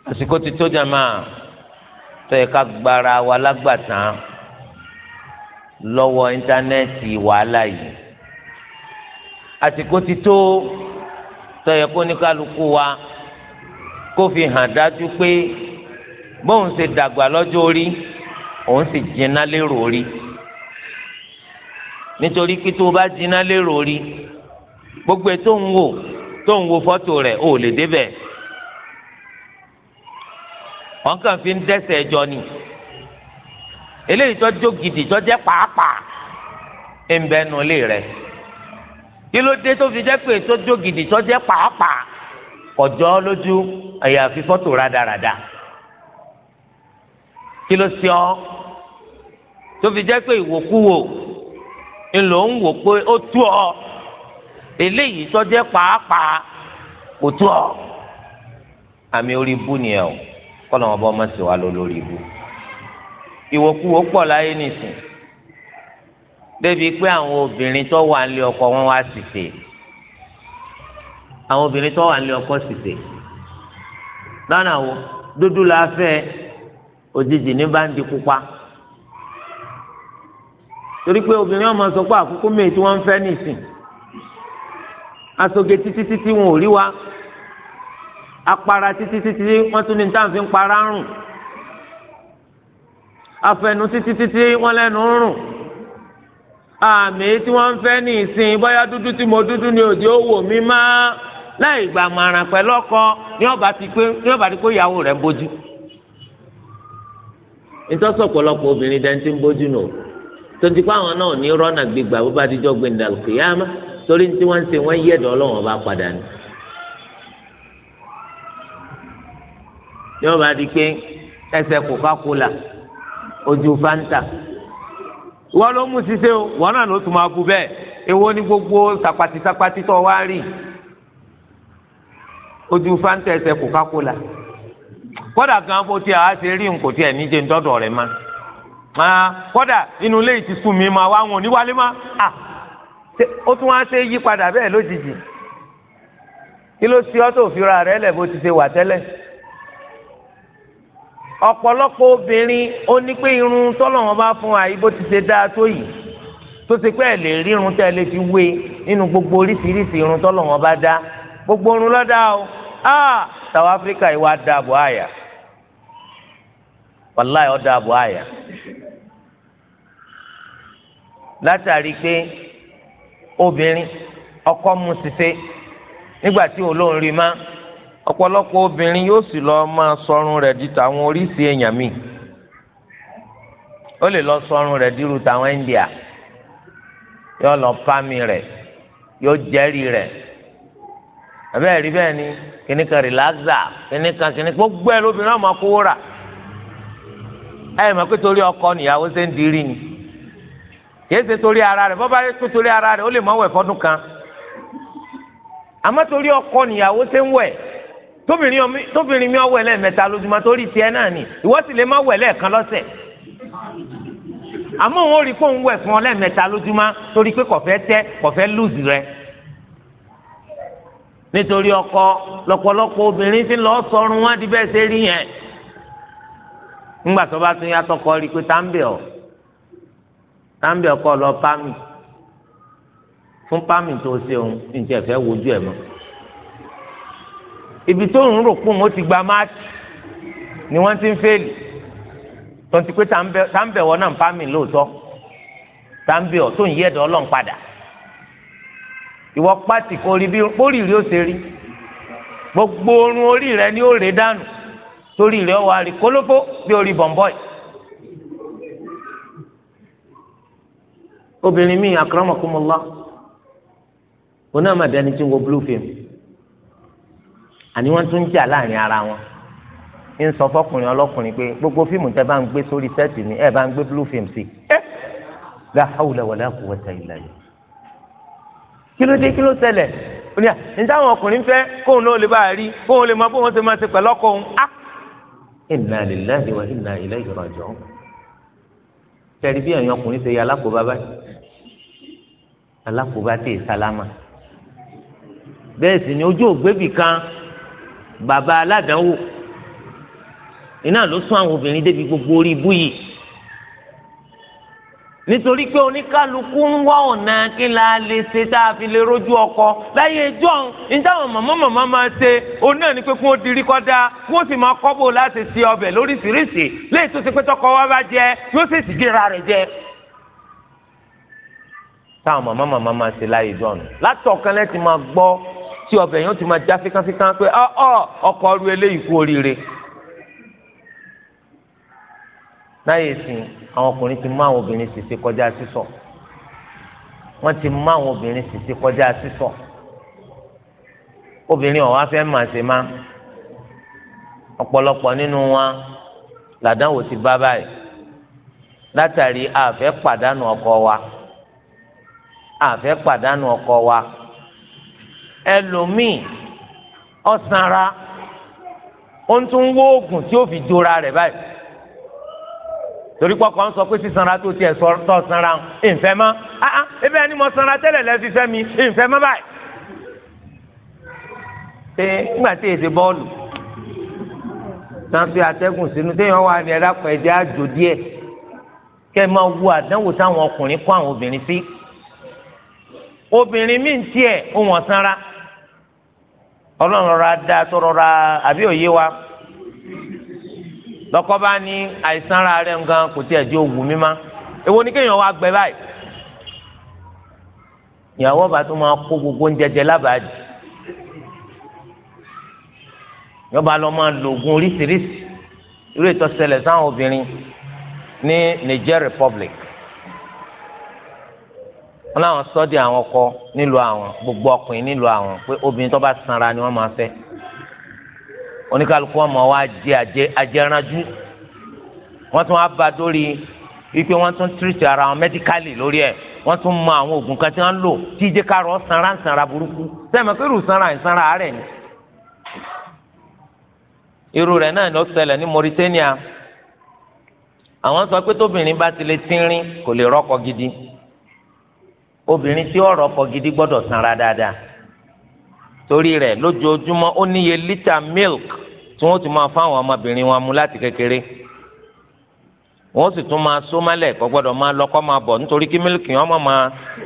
àsìkò ti tó jàmá tó yẹ ká gbára wa lágbàtàn lọ́wọ́ íńtánẹ́ẹ̀tì wàhálà yìí àsìkò ti tó tó yẹ kó ní wa kó fi hàn dájú pé bóun ṣe dàgbà lọ́jọ́ orí. òun sì jiná lérò rí nítorí pé tó o bá jiná lérò rí gbogbo ẹ tó ń wò tó ń wo fọ́tò rẹ̀ ò lè débẹ̀ wọn kàn fi ń dẹ́ṣẹ̀ ẹjọ́ ni eléyìí tó jó gidi tó jẹ́ pàápàá ń bẹ nu ilé rẹ̀ kí ló dé tó fi jẹ́ pé tó jó gidi tó jẹ́ pàápàá ọjọ́ lójú àyàfi fọ́tò rádaràda kí ló sọ tó fi jẹ́ pé ìwòkúwò ńlò ń wò pé ó tú ọ eléyìí tó pàápàá kò tú ọ àmì orí ibú nìyẹn o kọ́nà wọn bọ́ ọmọ sì wá lọ lórí ibú ìwòkúwò pọ̀ láyé nìsín débi pé àwọn obìnrin tó wà nílé ọkọ wọn wá sì àwọn obìnrin tó wà nílé ọkọ sì tè wo dúdú la fẹ́ òjijì ní bá ń di pupa torí pé obìnrin ọmọ sọ pé àkókò mẹ́rin tí wọ́n ń fẹ́ nìsín asoge títí títí wọn ò rí wa apara títí títí wọ́n tún ní táǹfin para ń rùn afẹnu títí títí wọ́n lẹ́nu ń rùn àmì tí wọ́n ń fẹ́ nìsín bóyá dúdú tí mo dúdú ni òde ó wò mí má láì gbà màràn pẹ̀lú ọkọ ní ọba ti pé ní ọba ti pé ìyàwó rẹ̀ ń bójú ìtọ́sọ̀pọ̀lọpọ̀ obìnrin dẹ́ntì ń bójú nù. No tonti kó àwọn náà ní rọ́nà gbígbà bó bá ti jọ gbẹ̀ndà kìyàmá torí tí wọ́n ń ṣe wọ́n yẹ̀dọ̀ ọlọ́wọ́n bá padà ní. yóò di pé ẹsẹ̀ Coca-Cola ojú Fanta wọ́n ló mú ṣiṣẹ́ o wọ́n náà ló tún máa bu bẹ́ẹ̀ èwo ni gbogbo sàpàtì sàpàtì tó wá rí ojú Fanta ẹsẹ̀ Coca-Cola kódà gan bó tiẹ̀ wá ṣe rí nkò tiẹ̀ níjẹ́ ńdọ́dọ̀ rẹ̀ máa. Ah, kọ́dà inú ilé yìí ti ma wá wọn níwálé ní a, ah, ó tún wá ṣe yí padà bẹ́ẹ̀ lójijì kí ló ṣe ọ́ tó fi ra rẹ̀ lẹ̀ bó ti ṣe wà tẹ́lẹ̀ ọ̀pọ̀lọpọ̀ obìnrin ó ní pé irun tọ́lọ̀ wọn bá fún wa yìí bó ti ṣe dáa tó yìí tó ti pẹ́ lè rí irun tẹ́ lè fi wé nínú gbogbo oríṣiríṣi irun tọ́lọ̀ wọn bá dá gbogbo irun lọ́dà o a ah, South Africa yìí wá dáàbò àyà wàláì ọ̀ dáàbò àyà látàrí pé obìnrin ọkọ mu ṣiṣẹ́ nígbà tí olóhùn rí má ọ̀pọ̀lọpọ̀ obìnrin yóò sì lọ máa sọrun rẹ̀ di tàwọn oríṣi èèyàn míì ó lè lọ sọrun rẹ̀ dirú tàwọn India yóò lọ pàmì rẹ̀ yóò jẹ́rìí rẹ̀ àbẹ́ẹ̀ rí bẹ́ẹ̀ ni kìnnì kan rìláxà kìnnì kan kìnnì gbogbo ẹ̀ lóbìnrin náà máa kówó rà ẹ̀ mọ̀ pé torí ọkọ nìyàwó ṣe ń dirí ni. kìí ṣe torí ara rẹ̀ bọ́ba yẹ kó torí ara rẹ̀ ó lè má wẹ̀ fọ́dún kan àmọ́ torí ọkọ nìyàwó ṣe ń wẹ̀ tóbìnrin mi ọ wẹ̀ lẹ́ẹ̀mẹ́ta lójúmọ́ torí tiẹ̀ náà ni ìwọ sì lè má wẹ̀ lẹ́ẹ̀kan lọ́sẹ̀ àmọ́ òun ò rí fóun wẹ̀ fún ọ lẹ́ẹ̀mẹ́ta lójúmọ́ torí pé kọ̀fẹ́ tẹ́ kọ̀fẹ́ lùzì rẹ̀ nítorí ọkọ lọ́pọ̀lọpọ̀ obìnrin ti lọ sọrun wọn di bẹ́ẹ̀ ṣe rí yẹn ńgbà tó bá tún yàtọ̀ kọ́ rí pé tá ń bẹ̀ ọ́ káńbì ọkọ lọ pámì fún pámì tó ṣe òun ǹjẹ́ ẹ̀fẹ́ wojú ẹ̀ mọ́ ibi tó ń rò pọ̀ mọ́ ti gba máàkì ni wọ́n ti ń fẹ́ẹ̀lì tonti pé tàǹbẹ̀ wọ́n náà pámì lóòótọ́ tàǹbẹ̀ ọ̀ tó ń yí ẹ̀dọ̀ ọlọ́run padà ìwọ pàtì kò rí bí kórì rí ó ṣe rí gbogbo orun orí rẹ ni ó rè dànù torí rẹ ó wà rí kólófó bí orí bọ̀m̀bọ̀ì obìnrin míì akramakumullah wọn náà má dání tí ń wo blue film àní wọn tún jà láàrin ara wọn ń sọ fọkùnrin ọlọkùnrin pé gbogbo fíìmù tẹ bá ń gbé sórí sẹẹtì ni ẹ bá ń gbé blue film sí ẹ la hawla wala quwwata illa kí ló dé kí ló ṣẹlẹ̀ ó ní à ń táwọn ọkùnrin fẹ́ kóun náà lè bá a rí kóun lè mọ bóun ṣe máa ṣe pẹ̀lú ọkọ á. inna lillahi wa inna ilayhi raji'un tẹ̀lé bí ẹ̀yin ọkùnrin ṣe yà alákòóbá báyìí alákòóbá tè sálámà bẹ́ẹ̀ sì ni ojú ògbébì kan bàbá aládánwò iná ló sún àwọn obìnrin débi gbogbo orí ibú yìí nítorí pé oníkálukú ń wá ọ̀nà kí la lè ṣe tá a fi lè rojú ọkọ láyé ẹjọ́ nítawọn màmá màmá máa ṣe òun náà ni pé kí wọ́n dirí kọ́dá kí wọ́n sì máa kọ́bọ̀ láti ṣe ọbẹ̀ lóríṣiríṣi léyìí tó ṣe pé tọkọ wa bá jẹ yóò ṣèṣì gé ra rẹ̀ jẹ táwọn màmá màmá máa ṣe láyé dọ́nù látọ̀kan lẹ́tì máa gbọ́ tí ọbẹ̀ yẹn ó ti máa já fíkánfíkán pé ọ ọkọ ru eléyìí kú oríire. láyé sìn àwọn ọkùnrin ti mú àwọn obìnrin sì ṣe kọjá sísọ wọ́n ti mú àwọn obìnrin sì ṣe kọjá sísọ obìnrin ọ̀wá fẹ́ máa ṣe má ọ̀pọ̀lọpọ̀ nínú wọn làdánwò ti bá báyìí látàrí àfẹ́ pàdánù ọkọ wa àfẹ́ pàdánù ọkọ wa ẹlòmíì ọ̀sánra ó ń tún wó oògùn tí ó fi jora rẹ̀ báyìí torí pọkàn ń sọ pé sísanra tó tiẹ̀ sọ tọ́ sanra ìfẹ́ mọ́ ah, ah ebe ẹni mo sanra tẹ́lẹ̀ lẹ́fi fẹ́ mi ìfẹ́ mọ́ báyìí pé nígbà tí èdè bọ́ọ̀lù sanfi atẹ́gùn sínú téèyàn wà ní ẹ̀dá pẹ̀jẹ́ àjò díẹ̀ kẹ́ ẹ máa wo àdánwò táwọn ọkùnrin kó àwọn obìnrin sí. Si obìnrin mi ń tiẹ̀ ó wọ̀n sanra ọlọ́run rọra da tó rọra àbí òye wa lọ́kọ́ bá ní àìsanra rẹ̀ nǹkan kò tiẹ̀ jẹ́ òwú mi má èwo ni kéèyàn wá gbẹ báyìí ìyàwó bá tó máa kó gbogbo oúnjẹ jẹ lábàájì yọba lọ máa lo oògùn oríṣiríṣi irú ètò sáwọn obìnrin ní Niger Republic wọn làwọn sọ́ọ̀dì àwọn ọkọ nílùú àwọn gbogbo ọkùnrin nílùú àwọn pé obìnrin tó bá sanra ni wọ́n máa fẹ́ oníkálukú wọn máa wá jẹ ajẹranjú wọ́n tún wá bá dórí wípé wọ́n tún tírìtì ara wọn mẹ́díkálì lórí ẹ̀ wọ́n tún mọ àwọn oògùn kan tí wọ́n lò tí ìjẹ́ kárọ̀ sanra sanra burúkú sẹ́mi pé irú sanra ìsanra àárẹ̀ ni irú rẹ̀ náà ló ṣẹlẹ̀ ní Mauritania àwọn sọ pé tóbìnrin bá ti lè tínrín kò lè rọ́kọ gidi obìnrin tí ọ̀rọ̀ ọkọ gidi gbọdọ sanra dáadáa torí rẹ̀ lójoojúmọ́ ó níye lítà milk tí wọ́n ti máa fáwọn ọmọbìnrin wọn mu láti kékeré wọ́n sì tún máa só mọ́lẹ̀ kó gbọ́dọ̀ máa lọ kó máa bọ̀ nítorí kí ọmọ máa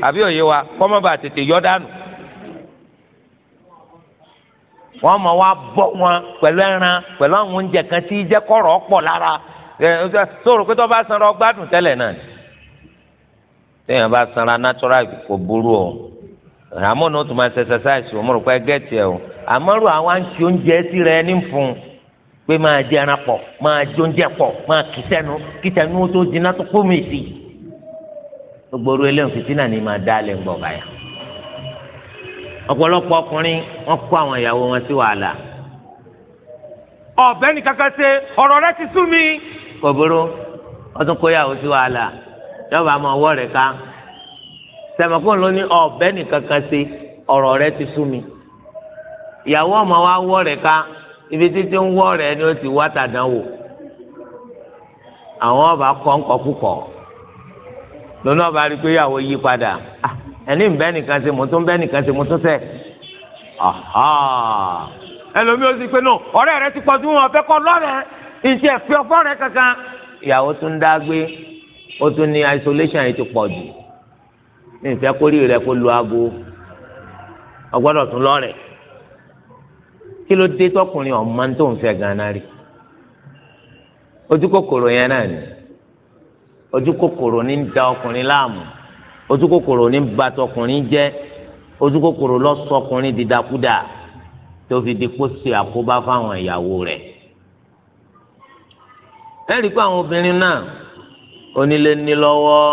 àbí òye wa kó má bàa tètè yọ dànù. máa wá wọn ẹran àwọn oúnjẹ kan sanra ọgbádùn náà téèyàn bá sanra natural kò burú o àmọ́ ní o tún máa ṣe exercise o mo rò pé gẹ́tì ẹ o àmọ́ rò àwọn àǹtí oúnjẹ sí rẹ ní fún un pé máa jẹ ẹran pọ̀ máa jẹ oúnjẹ pọ̀ máa kì sẹ́nu tó jiná tó kú mi sí i gbogbo orí eléyìí fìtínà ni máa dá lé ńgbọ̀ báyà ọ̀pọ̀lọpọ̀ ọkùnrin wọ́n kó àwọn ìyàwó wọn sí wàhálà. ọ̀bẹ ni kankan ṣe ọ̀rọ̀ rẹ ti sú mi. kò burú wọ́n tún sí wàhálà yọba àmọ́ ọwọ́ rẹ̀ ká sẹmọkùn ló ní ọbẹ nìkan kan ṣe ọ̀rọ̀ rẹ̀ ti sú mi ìyàwó ọmọ wa wọ rẹ̀ ká ibi títí ń wọ rẹ̀ ni ó ti wá tàdán wò àwọn ọba kọńkọ púpọ̀ lónà ọba rí i pé ìyàwó yí padà ẹni ń bẹ nìkan ṣe mo tún bẹ nìkan ṣe mo tún ṣe ẹlòmíì ó sì pé nù ọ̀rẹ́ rẹ̀ ti pọ̀ ju wọn fẹ́ kọ lọrẹ ìṣe ẹfẹ ọfọ rẹ̀ kankan ìyàwó tún dá gbé ó tún ní isolation yìí ti pọ̀ jù ní ìfẹ́ kórì rẹ̀ kó lu aago ọgbọ́dọ̀ tún lọ́rẹ̀ kí ló dé tọkùnrin ọ̀ma tó ń fẹ́ ganan rí ojú kòkòrò yẹn náà ni ojú kòkòrò ní ń da ọkùnrin láàmú ojú kòkòrò ní ń ba tọkùnrin jẹ́ ojú kòkòrò lọ sọkùnrin dídákúdà tó fi di kó ṣe àkóbá fáwọn ìyàwó rẹ̀ ẹ rí i pé àwọn obìnrin náà onílé ní lọ́wọ́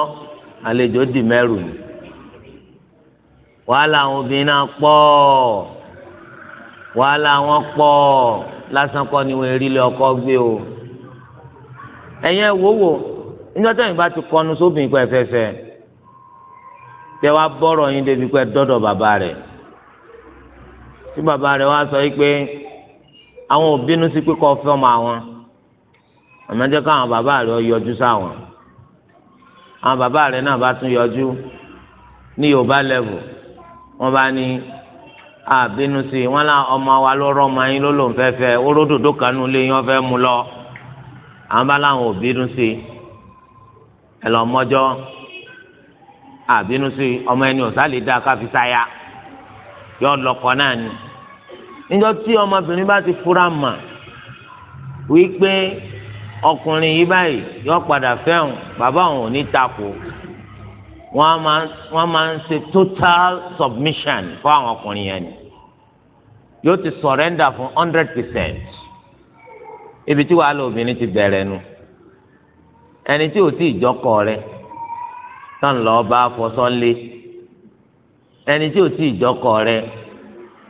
àlejò dì mẹ́rù ni wàhálà àwọn obìnrin náà pọ̀ wàhálà àwọn pọ̀ lásán kọ́ ni wọ́n erílé ọkọ gbé o ẹ̀yin ẹ̀ wòwò níjọ́ tẹ̀yìn bá ti kọnu sóbìn pẹ́ fẹ́fẹ́ tẹ wá bọ́rọ̀ yín débi pẹ́ dọ́dọ̀ bàbá rẹ̀ tí bàbá rẹ̀ wá sọ yìí pé àwọn òbínú sí pé kọ́ fẹ́ ọmọ àwọn àmọ́ jẹ́ káwọn bàbá rẹ̀ yọjú sáwọn àwọn bàbá rẹ̀ náà bá tún yọjú ní yorùbá lẹ́vù wọ́n bá ní àbínú sí i wọ́n lá ọmọ wa ló rọ́ọ̀mọ yín ló lòún fẹ́ẹ́ fẹ́ oródòdó kanú lé yín wọ́n fẹ́ mú lọ àwọn bá láwọn ò bínú sí i ẹ lọ mọ́jọ́ àbínú sí i ọmọ ẹni ọ̀sá lè dá káfí sáyà yọ lọkọ náà ni níjọ́ tí ọmọbìnrin bá ti fura mà wípé ọkùnrin yìí báyìí yọ padà fẹ́hùn bàbá òun ò ní takò wọ́n máa ń ṣe total submission fún àwọn ọkùnrin yẹn ni yóò ti surrender fún hundred percent ibi tí wàhálà obìnrin ti bẹ̀rẹ̀ nu ẹni tí ò tí ì jọkọ rẹ tán lọ bá fọsọ́lé ẹni tí ò tí ì rẹ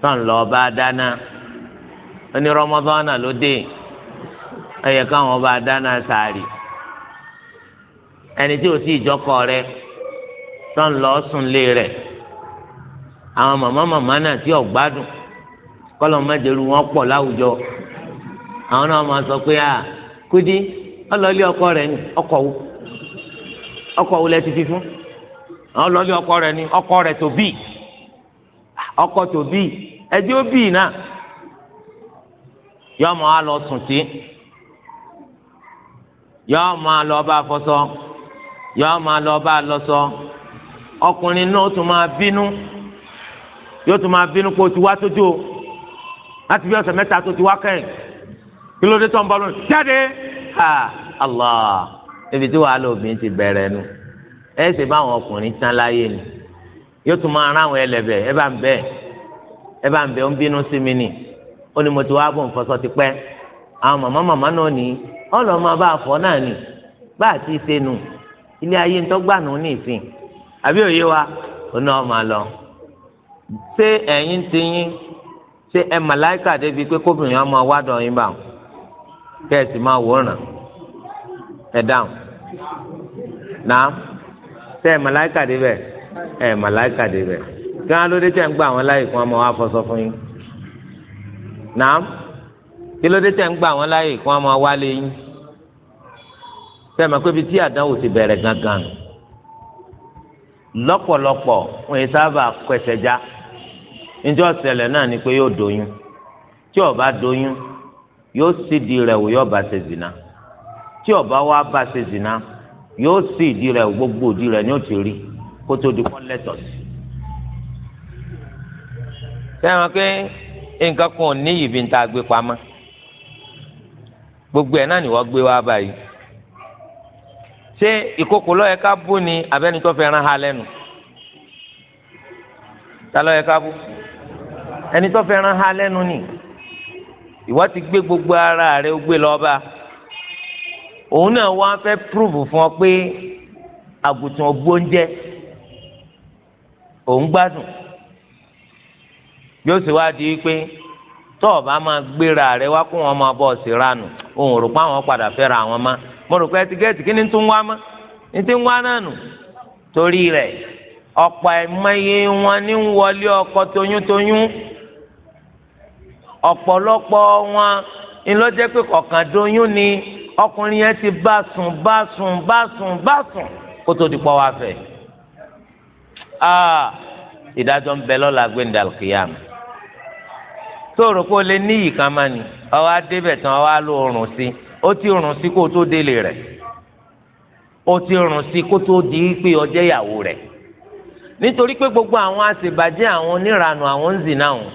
tán lọ bá dáná ẹni rọmọdánà ló dé. ẹyẹ káwọn bá dáná sàárì ẹni tí o sì ìjọkọ rẹ tó ń lọ sùn lé rẹ àwọn màmá màmá náà tí ò gbádùn kọlọ mẹjẹrù wọn pọ̀ láwùjọ àwọn náà máa sọ pé ah kudi ọlọlẹ ọkọ rẹ ni ọkọ wo ọkọ wo lẹ ọkọ rẹ ni ọkọ rẹ tó ọkọ tó ẹdí ó yọọ máa lọ bá fọṣọ yọọ máa lọ bá lọṣọ ọkùnrin náà tún máa bínú yóò tún máa bínú kó o ti wá sójú o láti bí ti wá kẹ́yìn kí ló dé tó ń bọ́ lónìí jáde ha allah ibi tí wàhálà obìnrin ti bẹ̀rẹ̀ nu ẹ ṣe báwọn ọkùnrin tán láyé ni yóò tún máa rán àwọn ẹlẹ́bẹ̀ ẹ bá ń bẹ̀ ẹ bá ń bẹ̀ ó ń bínú sí mi nì ti wá bò ń ti pẹ́ àwọn ọlọ́mọ bá a fọ́ náà nì bá a ti ṣe nù ilé ayé ń tọ́gbà nù ní àbí òye wa ọ̀nà ọmọ lọ. ṣé ẹ̀yin ti yín ṣé ẹ màláìkà débi pé kóbìnrin ọmọ wa dọ̀ yín bá wọn kẹ́ ẹ sì máa wòran ẹ dáhùn náà ṣé ẹ màláìkà débẹ̀ ẹ màláìkà débẹ̀ kí wọn lóde tẹ̀ ń gbà àwọn láyè kí wọn fọṣọ fún yín náà. kí ló dé tẹ̀ ń gbà wọ́n láàyè kí wọ́n máa wálé yín sẹ́mi pé ibi tí àdánwò ti bẹ̀rẹ̀ gangan lọ́pọ̀lọpọ̀ wọn yìí sábà kẹsẹ̀ já níjọ́ ṣẹlẹ̀ náà ni pé yóò doyún tí ó bá doyún yóò sì di rẹ̀ wò yóò bá ṣe zina tí ó bá wá bá ṣe zina yóò sì di rẹ̀ gbogbo di rẹ̀ ni ó ti rí kó tó di wọ́n lẹ́tọ̀ọ́ sí. sẹ́mi pé nǹkan kan ò níyì bí n ta gbé pamọ́ gbogbo ẹ̀ náà ni wọ́n gbé wá báyìí ṣé ìkókò lọ́yẹ ká bú ni abẹ́nitọ́ fẹ́ ràn ha lẹ́nu ta lọ́yẹ ká bú ẹni fẹ́ ràn ha lẹ́nu ni ìwọ ti gbé gbogbo ara rẹ gbé lọ́ba òun náà wá fẹ́ púrúfù fún ọ pé àgùntàn ògbóúnjẹ òun gbádùn yóò sì wá di pé tọ́ọ̀bá máa gbéra rẹ wá kó wọn máa bọ̀ sí ranù òun rò pé àwọn padà fẹ́ra àwọn má mo rò pé ẹtikẹ́ẹ̀tì kí ni tún wá má ní ti ń wá náà nù torí rẹ̀ ọ̀pọ̀ ẹ̀mọye wọn ní ń wọlé ọkọ toyúntoyún ọ̀pọ̀lọpọ̀ wọn ni ló jẹ́ pé kọ̀ọ̀kan doyún ni ọkùnrin yẹn ti bá sùn bá sùn bá sùn bá sùn kó tó di pọ́ wá fẹ́ ah, ìdájọ́ ń bẹ lọ́la gbẹ̀ndàlùkìyàmù sóòrò kó lè ní ìka má ni ọwọ́ adébẹ̀ tán ọwọ́ á lò rùn sí ó ti rùn sí kó tó délé rẹ̀ ó ti rùn sí kó tó di pé ọjẹ́ ìyàwó rẹ̀ nítorí pé gbogbo àwọn àṣebàjẹ́ àwọn oníranù àwọn ń zìnà wọn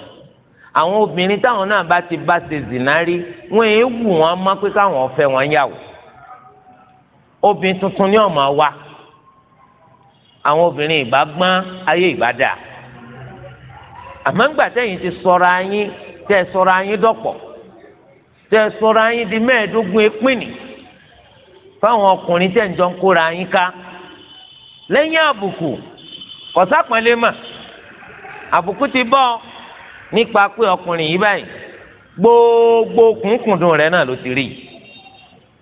àwọn obìnrin táwọn náà bá ti bá ṣe zìnà rí wọn èé wù wọn má pé káwọn fẹ́ wọn yàwó obìnrin tuntun ni ọmọ wa àwọn obìnrin ìbá gbọ́n ayé ìbá dà àmọ́ ńgbà tẹ́yìn ti sọ̀rọ̀ ayín tẹ sọ̀rọ̀ anyin dọ̀pọ̀ tẹ sọ̀rọ̀ anyin di mẹ́ẹ̀ẹ́dógún epínì fáwọn ọkùnrin tẹ ń jọ ń kóra anyin ká lẹ́yìn àbùkù kọsápẹlẹ mà àbùkù ti bọ nípa pé ọkùnrin yìí báyìí gbogbo kùnkùndùn rẹ̀ náà ló ti rí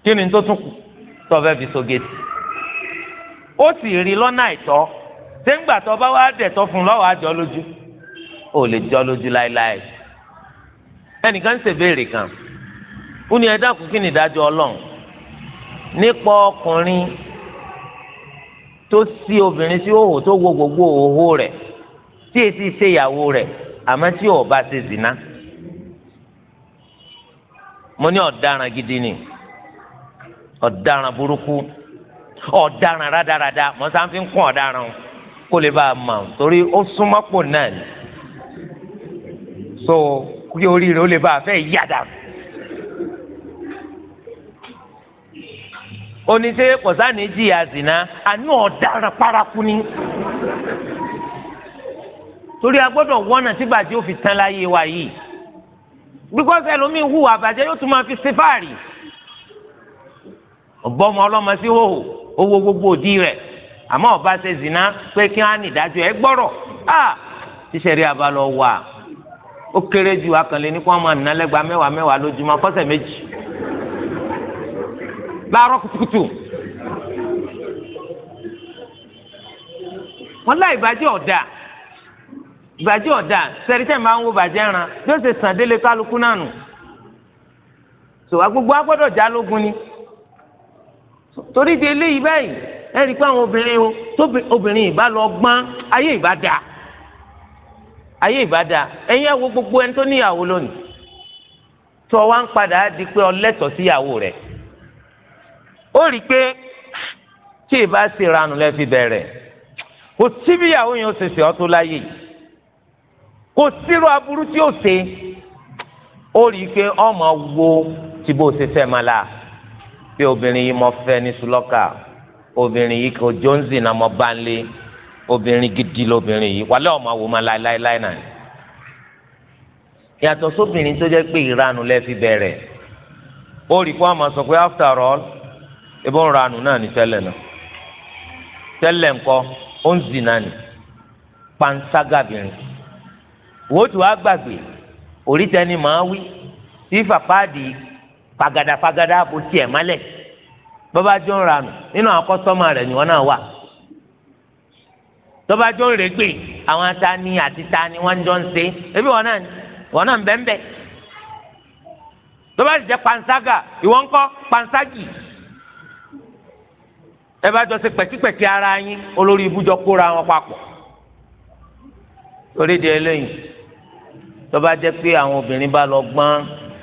kí ni tó tún kù tó fẹ́ fi sógeti ó sì rí lọ́nà àìtọ́ sẹ́ńgbà tó bá wá dẹ̀ tó fún lọ́wọ́ àjọ lójú ó lè jọ lójú láéláé ẹnìkan ń ṣèbéèrè kan ó ní ẹ dákun kí ni ìdájọ́ Ọlọ́run nípa ọkùnrin tó sí obìnrin sí òhò tó wo gbogbo òhò rẹ̀ tí èsì ṣe ìyàwó rẹ̀ tí ò bá ṣe zina mo ní ọ̀daràn gidi ni ọ̀daràn burúkú ọ̀daràn rádaràda mọ̀ sáà fi ń kún ọ̀daràn kó lè bá a mọ̀ torí ó súnmọ́ pò náà ni so kí oríire ó lè bá a fẹ́ yá dànù. oníṣe kọ̀sánì jìyà zìnà àánú ọ̀daràn paraku ni. torí a gbọ́dọ̀ wọ́nà tí bàjẹ́ ó fi tán láyé wa yìí. bíkọ́sì ẹlòmíín hùwà bàjẹ́ yóò tún máa fi ṣe fáàrí. ọ̀gbọ́n ọmọ ọlọ́mọ sí hòhò owó gbogbo òdì rẹ̀ àmọ́ ọba ṣe zìnà pé kí wọ́n á nìdájọ́ ẹ gbọ́rọ̀ a ah! tíṣẹ̀rí abalọ̀ wà ó kéré ju akànlé ní kí wọ́n máa nà lẹ́gba mẹ́wàá mẹ́wàá lójúmọ́ kọ́sẹ̀ méjì láàárọ̀ kùtùkùtù wọ́n láì bàjẹ́ ọ̀dà ìbàjẹ́ ọ̀dà sẹ́rítẹ́ máa ń wo bàjẹ́ ẹran bí ó ṣe sàn délé kálukú náà nù tò agbogbo agbọ́dọ̀ já lógun ni torí di eléyìí báyìí ẹ pé àwọn obìnrin o tóbi obìnrin ìbá lọ gbọ́n ayé ìbá dáa ayé ìbàdà ẹ̀yin àwo gbogbo ẹni tó níyàwó lónìí tó wá ń padà di pé ọlẹ́tọ̀ síyàwó rẹ̀ ó rí i pé tí ì bá sì ranù lẹ́ fi bẹ̀rẹ̀ kò síbíyàwó yẹn ó ṣe ṣe ọ́ tó láyè kò sírò aburú tí ó ṣe ó rí i pé ọmọ wo tí bó ṣe fẹ́ máa la pé obìnrin yìí mọ fẹ́ ní sùlọ́kà obìnrin yìí kò jóńsì náà mọ bá ń lé. obìnrin gidi lobìnrin yìí wàlẹ́ ọ̀ma wò ma láéláéláé náà yàtọ̀ sóbìnrin tó jẹ́ pé ìranù lẹ́ fi bẹ̀rẹ̀ ó rí fún àmọ́ sọ pé after all ebó ń ranù náà ní tẹ́lẹ̀ náà tẹ́lẹ̀ ńkọ́ ó ń zì náà ní panṣágàbìnrin wò tí wàá gbàgbé òrítẹ́ni màá wí tí fàpáàdì fagadafagada bó tiẹ̀ mọ́lẹ̀ bọ́bá jọ ń ranù nínú àwọn kọ́sọ́mà rẹ̀ ni wọ́n náà wà. tọ́ba jọ rẹ̀ gbé àwọn tani àti tani wọ́n jọ ń ṣe ebi wọn náà wọn náà ń bẹ́ ń bẹ́ tọ́ba sì jẹ́ panṣágà ìwọ ńkọ́ panṣágì ẹ bá jọ ṣe pẹ̀kípẹ̀kí ara yín olórí ibùjọ kóra wọn papọ̀ torí di eléyìí tọ́ba jẹ́ pé àwọn obìnrin bá lọ gbọ́n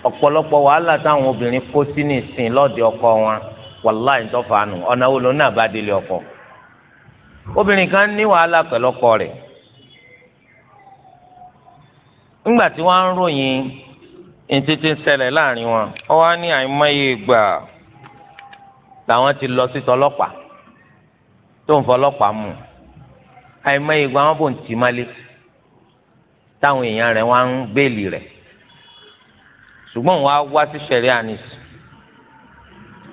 ọ̀pọ̀lọpọ̀ wàhálà táwọn obìnrin kó sí nìsín lọ́ọ̀dẹ̀ ọkọ wọn wàláì ń nù ọ̀nà wo lónà bá délé ọkọ̀ obìnrin kan ní wàhálà pẹ̀lú ọkọ rẹ̀ ńgbà tí wọ́n ń ròyìn ètùtù ṣẹlẹ̀ láàrin wọn ó wá ní àìmọye ìgbà làwọn ti lọ sí tọlọ́pàá tó ń fọlọ́pàá mú àìmọye ìgbà wọn bò ń tì málé táwọn èèyàn rẹ̀ wá ń béèlì rẹ̀ ṣùgbọ́n wọ́n á wá sí ṣẹ̀ríà nísì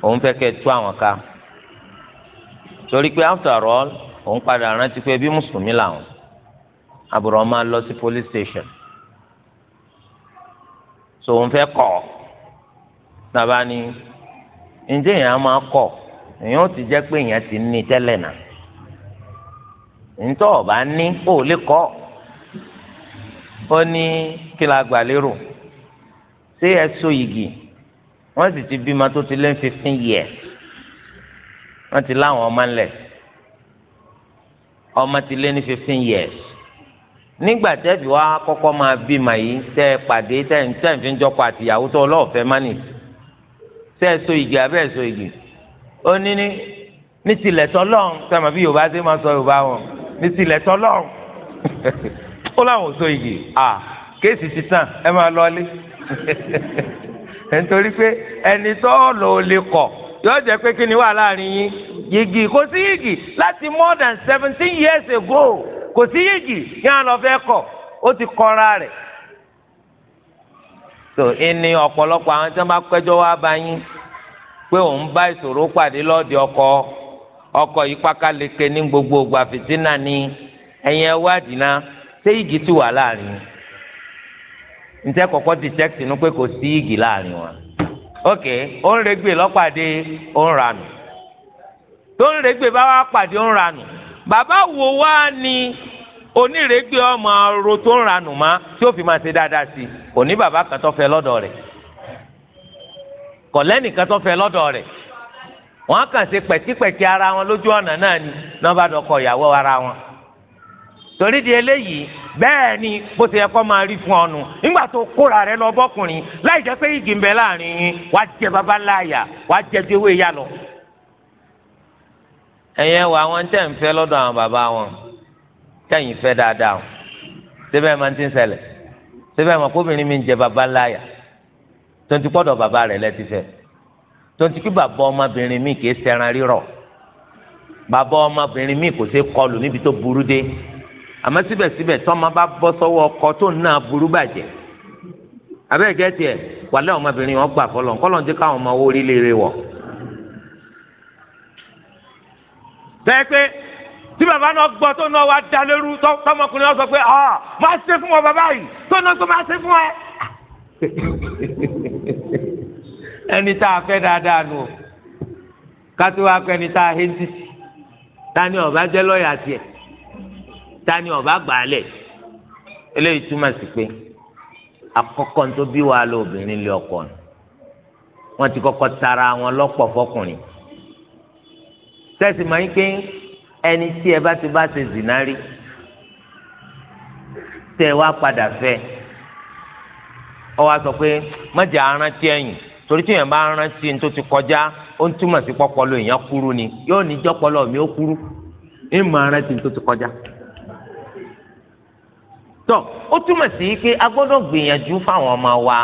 òun fẹ́ kẹ́ tú àwọn ká torí pé after all òun padà rántí pé bí mùsùlùmí làwọn àbúrò máa lọ sí police station so òun fẹ́ kọ̀ nàbà ni ǹjẹ́ èèyàn máa kọ̀ èèyàn ti jẹ́ pé èèyàn ti ní tẹ́lẹ̀ náà ntọ́ ọba ní ó lè kọ́ ó ní kí la gbà lérò ṣé ẹ so yìgì wọ́n sì ti bímọ tó ti lé fifteen years wọ́n ti láwọn ọmọ ńlẹ̀ ọmọ ti lé ní fifteen years nígbà tẹ́ fi wá kọ́kọ́ máa bí mà yìí tẹ́ ẹ pàdé tẹ́ ẹ tẹ́ ẹ fi ń jọkọ àtìyàwó tó ọlọ́ọ̀fẹ́ mánì tẹ́ ẹ so igi abẹ́ ẹ so igi ó ní ní ní tilẹ̀ tọ́lọ́n sẹ́mi bí yorùbá ṣe máa sọ yorùbá wọn ní tilẹ̀ tọ́lọ́n *laughs* ó láwọn ò so igi Ah, kéèsì ti tàn ẹ máa lọlé *laughs* nítorí pé ẹni tó lò ó lè kọ̀ yóò jẹ́ pé kí ni wà láàrin yín yìgì kò sí yìgì láti more than seventeen years ago kò sí yìgì kí wọn lọ kọ̀ ó ti kọra rẹ̀ so ẹni ọ̀pọ̀lọpọ̀ àwọn tí wọ́n bá kẹjọ́ wá bá pé òun bá ìṣòro pàdé lọ́ọ̀dì ọkọ ọkọ yìí ní gbogbo ìgbà fìtínà ni ẹ̀yin ẹwádìí náà ṣé igi ti wà láàrin detect pé kò sí tónírègbè bá wà pàdé ń ranù bàbá wo wá ni onírègbè ọmọ ro tó ń ranù má tí ó fi máa ṣe dáadáa sí i kò ní bàbá kan tó fẹ́ lọ́dọ̀ rẹ̀ kọ̀lẹ́nì kan tó fẹ́ lọ́dọ̀ rẹ̀ wọ́n kàn ṣe pẹ̀kípẹ̀kí ara wọn lójú ọ̀nà náà ni náà bá dọkọ̀ ìyàwó ara wọn torí di eléyìí bẹ́ẹ̀ ni bó ṣe yẹ kó máa rí fún ọnu nígbà tó kóra rẹ lọ bọ́kùnrin láì jẹ́ pé igi ń bẹ láàrin yín wàá jẹ bàbá wàá jẹ ju yá lọ ẹ̀yẹn wọ àwọn tẹ̀ ń fẹ́ lọ́dọ̀ àwọn bàbá wọn tẹ̀yìn fẹ́ dáadáa o síbẹ̀ máa ti ń ṣẹlẹ̀ síbẹ̀ máa kóbìnrin mi ń jẹ bàbá láyà tonti kpọ́dọ̀ bàbá rẹ̀ lẹ́ti fẹ́ tonti kí bàbá ọmọbìnrin mi kì í ṣẹran rírọ̀ bàbá ọmọbìnrin mi kò ṣe kọlù níbi tó burú dé àmọ́ síbẹ̀síbẹ̀ tọ́mọ bá bọ́ sọ́wọ́ ọkọ tó ná burú bàjẹ́ abẹ́ẹ̀kẹ́ tiẹ̀ wàlẹ́ ọmọbìnrin wọn gbà fọlọ́ nkọ́lọ́ndé káwọn ọmọ owó rí léèrè wọ̀ tẹ́ pé tí bàbá náà gbọ́ tó náà wá da lérú tọmọkùnrin náà sọ pé ah máa ṣe fún ọ bàbá yìí tó náà tó máa ṣe fún ẹ. *laughs* ẹni tá a fẹ́ dáadáa nù o kátó wá pé ẹni tá a hẹ́ntì sí ta ni ọba jẹ́ lọ́ọ̀yà tiẹ̀ ta ni ọba gbà á lẹ̀ eléyìí túmọ̀ sí pé àkọ́kọ́ tó bí wàá lọ obìnrin lé ọkọ ni ti kọ́kọ́ tara wọn lọ́pọ̀ fọkùnrin sẹ́sì máa ń pé ẹni tí ẹ bá ti bá ṣe zìnà rí tẹ wá padà fẹ́ ọ wá sọ pé mọ̀jà arántí ẹ̀yìn torí tí èèyàn bá rántí tó ti kọjá ó ń túmọ̀ sí pọ́pọ́lọ èèyàn kúrú ni yóò ní jọ́pọ́lọ mi ó kúrú ń mọ arántí ní tó ti kọjá tọ ó túmọ̀ sí pé a gbọ́dọ̀ gbìyànjú fáwọn ọmọ wa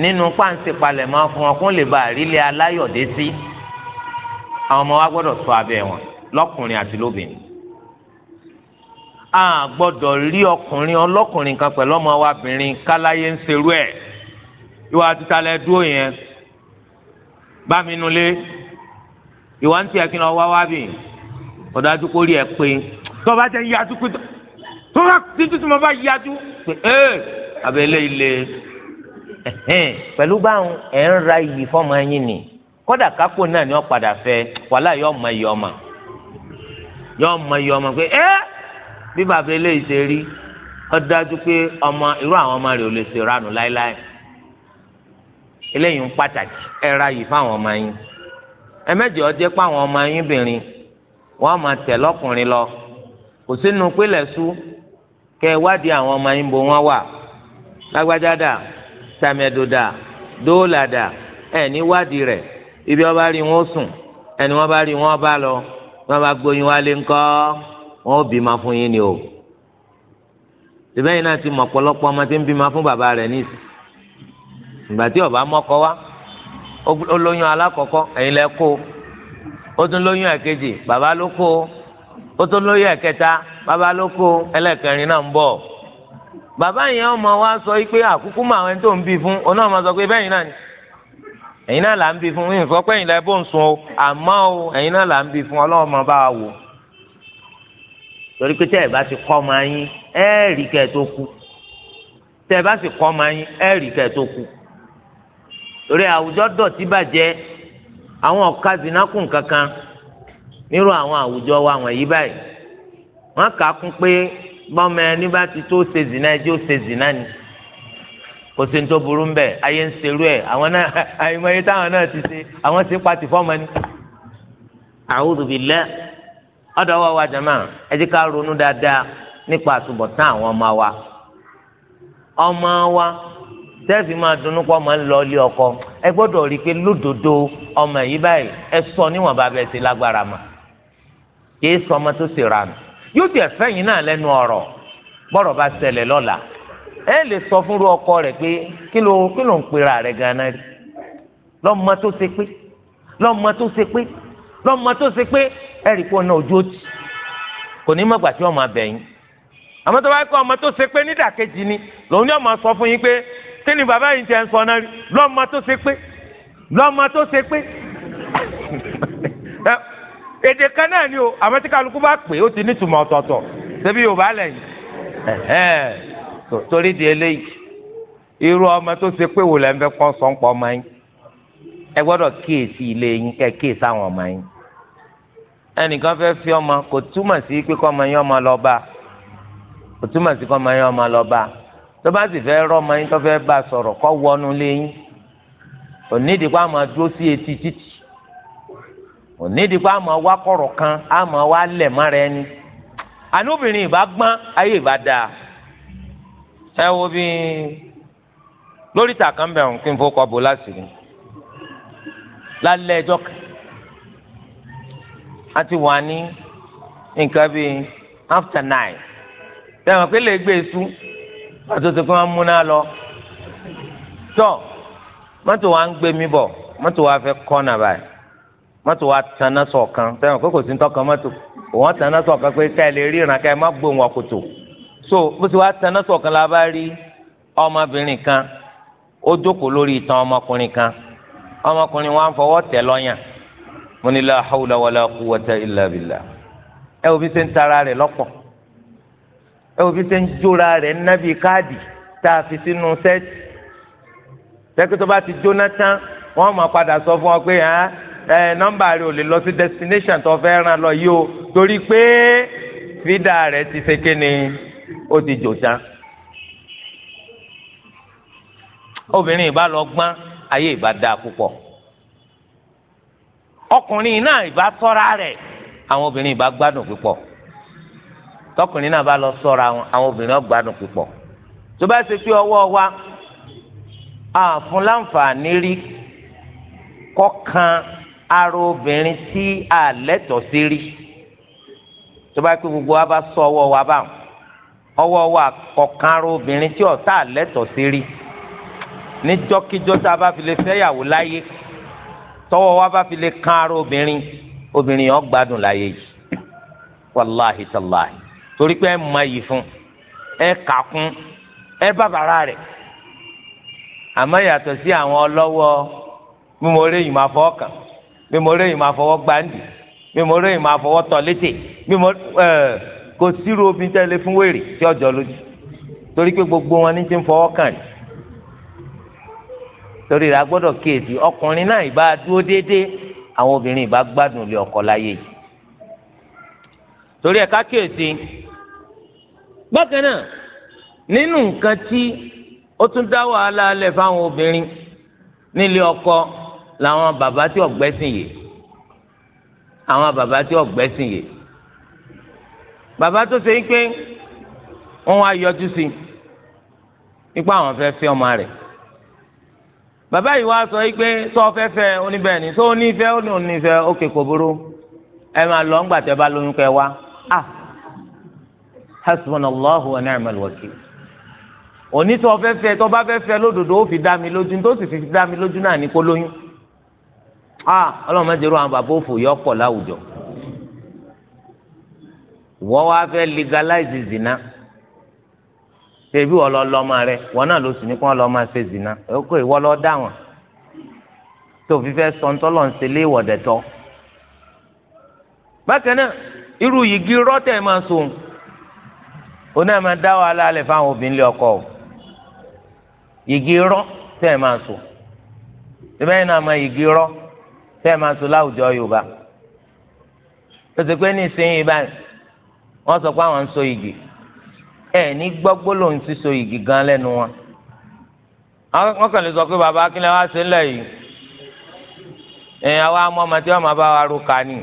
nínú páǹsì palẹ̀ máa fún wọn kó lè bá àrílé aláyọ̀dé sí. Si àwọn ọmọ wa gbọ́dọ̀ ṣọ́ abẹ́ wọn lọ́kùnrin àti lóbìnrin a gbọ́dọ̀ rí ọkùnrin ọlọ́kùnrin kan pẹ̀lú ọmọ wa obìnrin káláyé ń serú ẹ̀ ìwà títa lẹ dúró yẹn bá mi nulẹ̀ ìwà ń tiẹ̀ kí ni ọwá wá bì ọ̀dájú kó rí ẹ pé tọ́ba jẹ́ yájú pé tọ́ba títí tí mo bá yájú pé ee abẹ́lé ilé pẹ̀lú báwọn ẹ̀ ń ra iyì fọ́ọ̀mù ẹ̀yìn nìyí kódà kápò náà ni wọ́n padà fẹ wàhálà yọ ọmọ iye ọmọ yọ ọmọ iye ọmọ pé ẹ́ bí bàbá eléyìí ṣe rí dájú pé ọmọ irú àwọn ọmọ rẹ̀ ò lè ṣe pàtàkì ẹra yìí fáwọn ọmọ yín ọmọ yín bìnrin tẹ lọ kò sínú pélé sú ọmọ yín wà lágbájá dà dà ibi wọn bá rí wọn sùn ẹni wọn bá rí wọn bá lọ wọn bá gbóyún wálé ńkọ́ wọn ò bímọ fún yín ni o tìbẹ́yìn náà ti mọ̀ ọ̀pọ̀lọpọ̀ ọmọ tí ń bímọ fún bàbá rẹ̀ nísì ìgbà tí ọba mọ́kọ wá ó lóyún alákọ̀ọ́kọ́ ẹ̀yin lẹ kó ó tún lóyún ẹ̀kejì bàbá ló kó ó tún lóyún ẹ̀kẹta bàbá ló kó ẹlẹ́kẹrin náà ń bọ̀ bàbá yẹn ọmọ wa sọ pé àkúkú mọ àwọn ẹni tó ń bí fún òun náà mọ sọ pé bẹ́yìn náà ni ẹ̀yin náà là ń bí fún yín sọ pé ẹ̀yin lẹ bó ń sun o àmọ́ o ẹ̀yin náà là ń bí fún ọlọ́run máa bá wa wò torí pé tẹ́ ẹ̀ bá ti kọ́ ọmọ yín ẹ̀ rí kẹ́ ẹ tó kú tẹ́ ẹ bá sì kọ́ ọmọ yín ẹ̀ rí kẹ́ ẹ tó kú torí àwùjọ dọ̀tí bàjẹ́ àwọn ọ̀ka zinakùn kankan nírú àwọn àwùjọ wa wọ̀nyí báyìí wọ́n kà á kún pé bọ́mọ ẹni bá ti tó ṣe zina ẹjọ́ ṣe zina ni. kò sí ní tó burú mbẹ ayé ń ẹ àwọn náà *laughs* àyìnbáyé táwọn náà ti ṣe àwọn ti pati fọmọ ni. a'udhu billah ọ̀dọ̀ wa wa jama ká ronú dáadáa nípa àtúbọ̀tán àwọn ọmọ wa. ọmọ wa tẹ́ẹ̀fì máa dunnú pọ̀ máa ń lọ ọkọ ẹ gbọ́dọ̀ rí i pé lódodo ọmọ yìí ẹ sọ níwọ̀n bá bẹ́ẹ̀ lágbára sọ ọmọ tó yóò tiẹ̀ fẹ́yìn náà lẹ́nu ọ̀rọ̀ bọ́rọ̀ ẹ lè sọ fún ọkọ rẹ pé kí ló kí ló ń pera rẹ ganan rí lọ́mọ tó ṣe pé lọ́mọ tó ṣe pé lọ́mọ tó ṣe pé ẹ rí i pé ọ̀nà ojú ó ti kò ní mọ̀gbà tí ọmọ abẹ́yìn àmọ́ tó bá kọ́ ọmọ tó ṣe pé nídàkejì ni lòun ní ọmọ sọ fún yín pé kí ni bàbá yìí ti ń sọ náà rí lọ́mọ tó ṣe pé lọ́mọ tó ṣe pé *laughs* èdè kan náà ni o àmọ́ tí kálukú bá pè ó ti nítumọ̀ ọ̀tọ̀ọ̀tọ̀ ṣebí tó torí di eléyìí irú ọmọ tó ṣe pé wò lẹ́nu fẹ́ kọ́ sọ́ńpọ̀ ọmọ yín ẹ gbọ́dọ̀ kíyèsí ilé yín kẹ́ kíyèsí àwọn ọmọ yín ẹnìkan fẹ́ fi ọmọ kò túmọ̀ sí pé kọ́ ọmọ yín ọmọ lọ bá kò túmọ̀ sí kọ́ ọmọ yín ọmọ lọ bá tó bá sì fẹ́ rọ́ ọmọ yín tó fẹ́ bá sọ̀rọ̀ kọ́ wọnú lé yín onídìí pa àmọ́ dúró sí etí títì onídìí pa àmọ́ wá kọ̀rọ̀ kan àmọ́ wá lẹ̀ mọ́ra ẹni àní ìbá gbọ́n ayé ìbá dáa ẹ wo bí lórí ìtàkàn bẹ̀rù kí n fọ́ kọ́ bó lásìrí lálẹ́ ẹjọ́ kan a ti wà ní nǹkan bíi after nine dẹ́wọ̀n pé lè gbé esu àti oṣù kan múná lọ tọ́ mọ́tò wa ń gbé mi bọ̀ mọ́tò wa fẹ́ kọ́nà báyìí mọ́tò wa tanná sọ̀kan dẹ́wọ̀n pé kò sí ń tọ́kan mọ́tò òun tanná sọ̀kan pé ká ẹ lè ríran ká ẹ má gbóhùn ọkùtù so bó ti wá taná sọ̀kan la bá rí ọmọbìnrin kan ó jókòó lórí itan ọmọkùnrin kan ọmọkùnrin wa ń fọwọ́ tẹ̀ lọ́yàn mo ní la hawla wala quwwata illa billah ẹ wo bí ṣe ń tara rẹ̀ lọ́pọ̀ ẹ wo bí ṣe ń jóra rẹ̀ nábì káàdì tá a fi sínú sẹ́ẹ̀tì tẹ́kítọ́ bá ti jóná tán wọ́n máa padà sọ fún ọ pé ẹ nọ́mbà rẹ̀ ò lè lọ sí destination tó fẹ́ ràn lọ yìí o torí pé fídà rẹ̀ ti ṣe kéne ó ti jò tán obìnrin ìbá lọ gbọ́n ayé ìbá dáa púpọ̀ ọkùnrin náà ìbá ṣọ́ra rẹ̀ àwọn obìnrin ìbá gbádùn púpọ̀ tọkùnrin náà bá lọ ṣọ́ra àwọn obìnrin náà gbádùn púpọ̀ tó bá ṣe pé ọwọ́ wa àfun láǹfààní rí kọ́kan ara obìnrin sí àlẹ́tọ̀ọ́sí rí tó bá pé gbogbo wa bá sọ ọwọ́ wa báwọn ọwọ́ wa kọ̀kanrò obìnrin tí ọ̀tá àlẹ́tọ̀ sí rí níjọ́kíjọ́ tá a bá fi lè fẹ́yàwó láyé tọwọ́ wa bá fi lè kanrò obìnrin obìnrin yẹn gbádùn láyé yìí wàláhi tàláhi torí pé ẹ mọ iyì fún ẹ kà kún ẹ bàbàrà rẹ̀ àmọ́ yàtọ̀ sí àwọn ọlọ́wọ́ mímọ yìí máa fọwọ́ kàn mímọ yìí máa fọwọ́ gbáǹdì mímọ yìí máa fọwọ́ tọ́ létè mímọ ẹ̀ẹ́ kò sírò obìnrin tẹ́lẹ̀ fún wèrè tí ọjọ́ lójú torí pé gbogbo wọn ní ti ń fọwọ́ kàn yìí torí rà gbọ́dọ̀ kíyèsí ọkùnrin náà ìbá dúró déédéé àwọn obìnrin ìbá gbádùn lé ọkọ láyé yìí torí ẹ̀ka kíyèsí bákan náà nínú nǹkan tí ó tún dá wàhálà alẹ́ fáwọn obìnrin nílé ọkọ làwọn bàbá tí ọ̀gbẹ́sìn yìí àwọn bàbá tí ọ̀gbẹ́sìn yìí bàbá tó ṣe ń pé wọn wá yọjú sí nípa àwọn fẹ́ fẹ́ ọmọ rẹ̀ bàbá yìí wá sọ pé sọ fẹ́ fẹ́ oníbẹ̀ ni sọ onífẹ́ onífẹ́ òkè kò burú ẹ máa lọ ńgbà tẹ́ bá lóyún kẹ́ wá ah hasbunallahu wa ni'mal wakil òní tó fẹ́ fẹ́ tó bá fẹ́ fẹ́ lódodo ó fi dá mi lójú tó sì fi dá mi lójú náà ní kó lóyún ah ọlọ́run mẹ́jọ ro àwọn bàbá òfò yọ pọ̀ láwùjọ wọ́n wá fẹ́ legalize zina ṣebí wọ́n lọ lọ́mọ rẹ wọ́n náà ló sì ní kí wọ́n lọ́ máa ṣe zina ókè wọ́n lọ́ dá wọn tó fi fẹ́ sọ ńtọ́lọ́ ń ṣe léèwọ̀dẹ̀ tọ́ bákan náà irú yìgì rọ́tẹ̀ máa so òun náà máa dá wàhálà alẹ́ fáwọn obìnrin lé o yìgì rọ́ tẹ̀ máa so síbẹ̀ náà máa yìgì rọ́ tẹ̀ máa so láwùjọ Yorùbá tó ti pé ní ìsinyìí báyìí wọ́n sọ pé àwọn ń so igi ẹ ní gbọ́gbó lòun ti so igi gan lẹ́nu wọn wọ́n kàn lè sọ pé bàbá akínlẹ̀ wá sí ńlẹ̀ yìí ẹ àwa mọ ọmọ tí wọ́n máa bá wa ro ká ni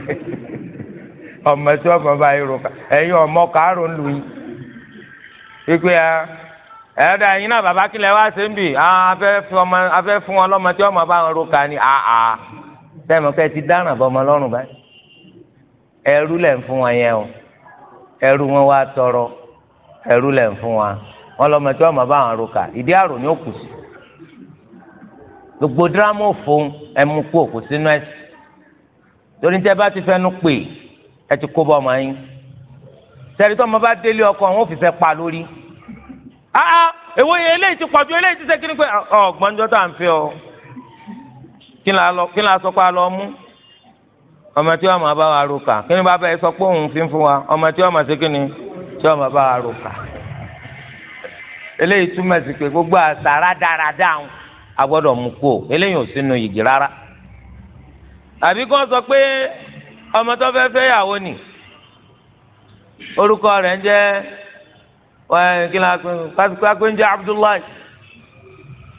*laughs* ọmọ tí wọ́n máa bá yín ro ká ẹ̀yin ọmọ kàárọ̀ ń lù yín pípé ẹ ẹ̀ẹ́dà ẹ̀yin náà bàbá akínlẹ̀ wá sí ń bì afẹ́ fún wọn tí wọ́n máa bá wọn ro ká ni àà tẹ́ẹ̀mù kẹ́ ti dáràn bọ́ ọmọ lọ́rùn báyìí ẹrú lẹ̀ ń fún wa yẹn o ẹrú wọn wá tọrọ ẹrú lẹ̀ ń fún wa wọn lọmọ tí wọn mọ bá àwọn roka ìdí àrò ni ó kù sí gbogbo dírámù òfun ẹmu kú òkú sínú ẹsì torí tẹ bá ti fẹnu pè ẹ ti kó bọ ọmọ yín sẹ́ni tó ọmọ bá délé ọkọ àwọn òfìfẹ́ pa lórí aa èwo yẹn eléyìí ti pọ̀jù eléyìí ti sẹ́kìnnì pé ọ̀gbọ́njọ́ tó à ń fẹ́ ọ kí ni a sọ pé a lọ mú ọmọ tí wọn máa bá wa roka kí ni bàbá yẹ sọ pé òun fi ń fún wa ọmọ tí wọn máa ṣe kí ni tí wọn máa bá wa roka eléyìí túmọ̀ sí pé gbogbo àṣàrà dáradá àwọn a gbọ́dọ̀ mú kú o eléyìí ò sínú yìgì rárá àbí kó sọ pé ọmọ tó fẹ́ fẹ́ yàwó ni orúkọ rẹ̀ ń jẹ́ kí ni a pè ń jẹ́ Abdullahi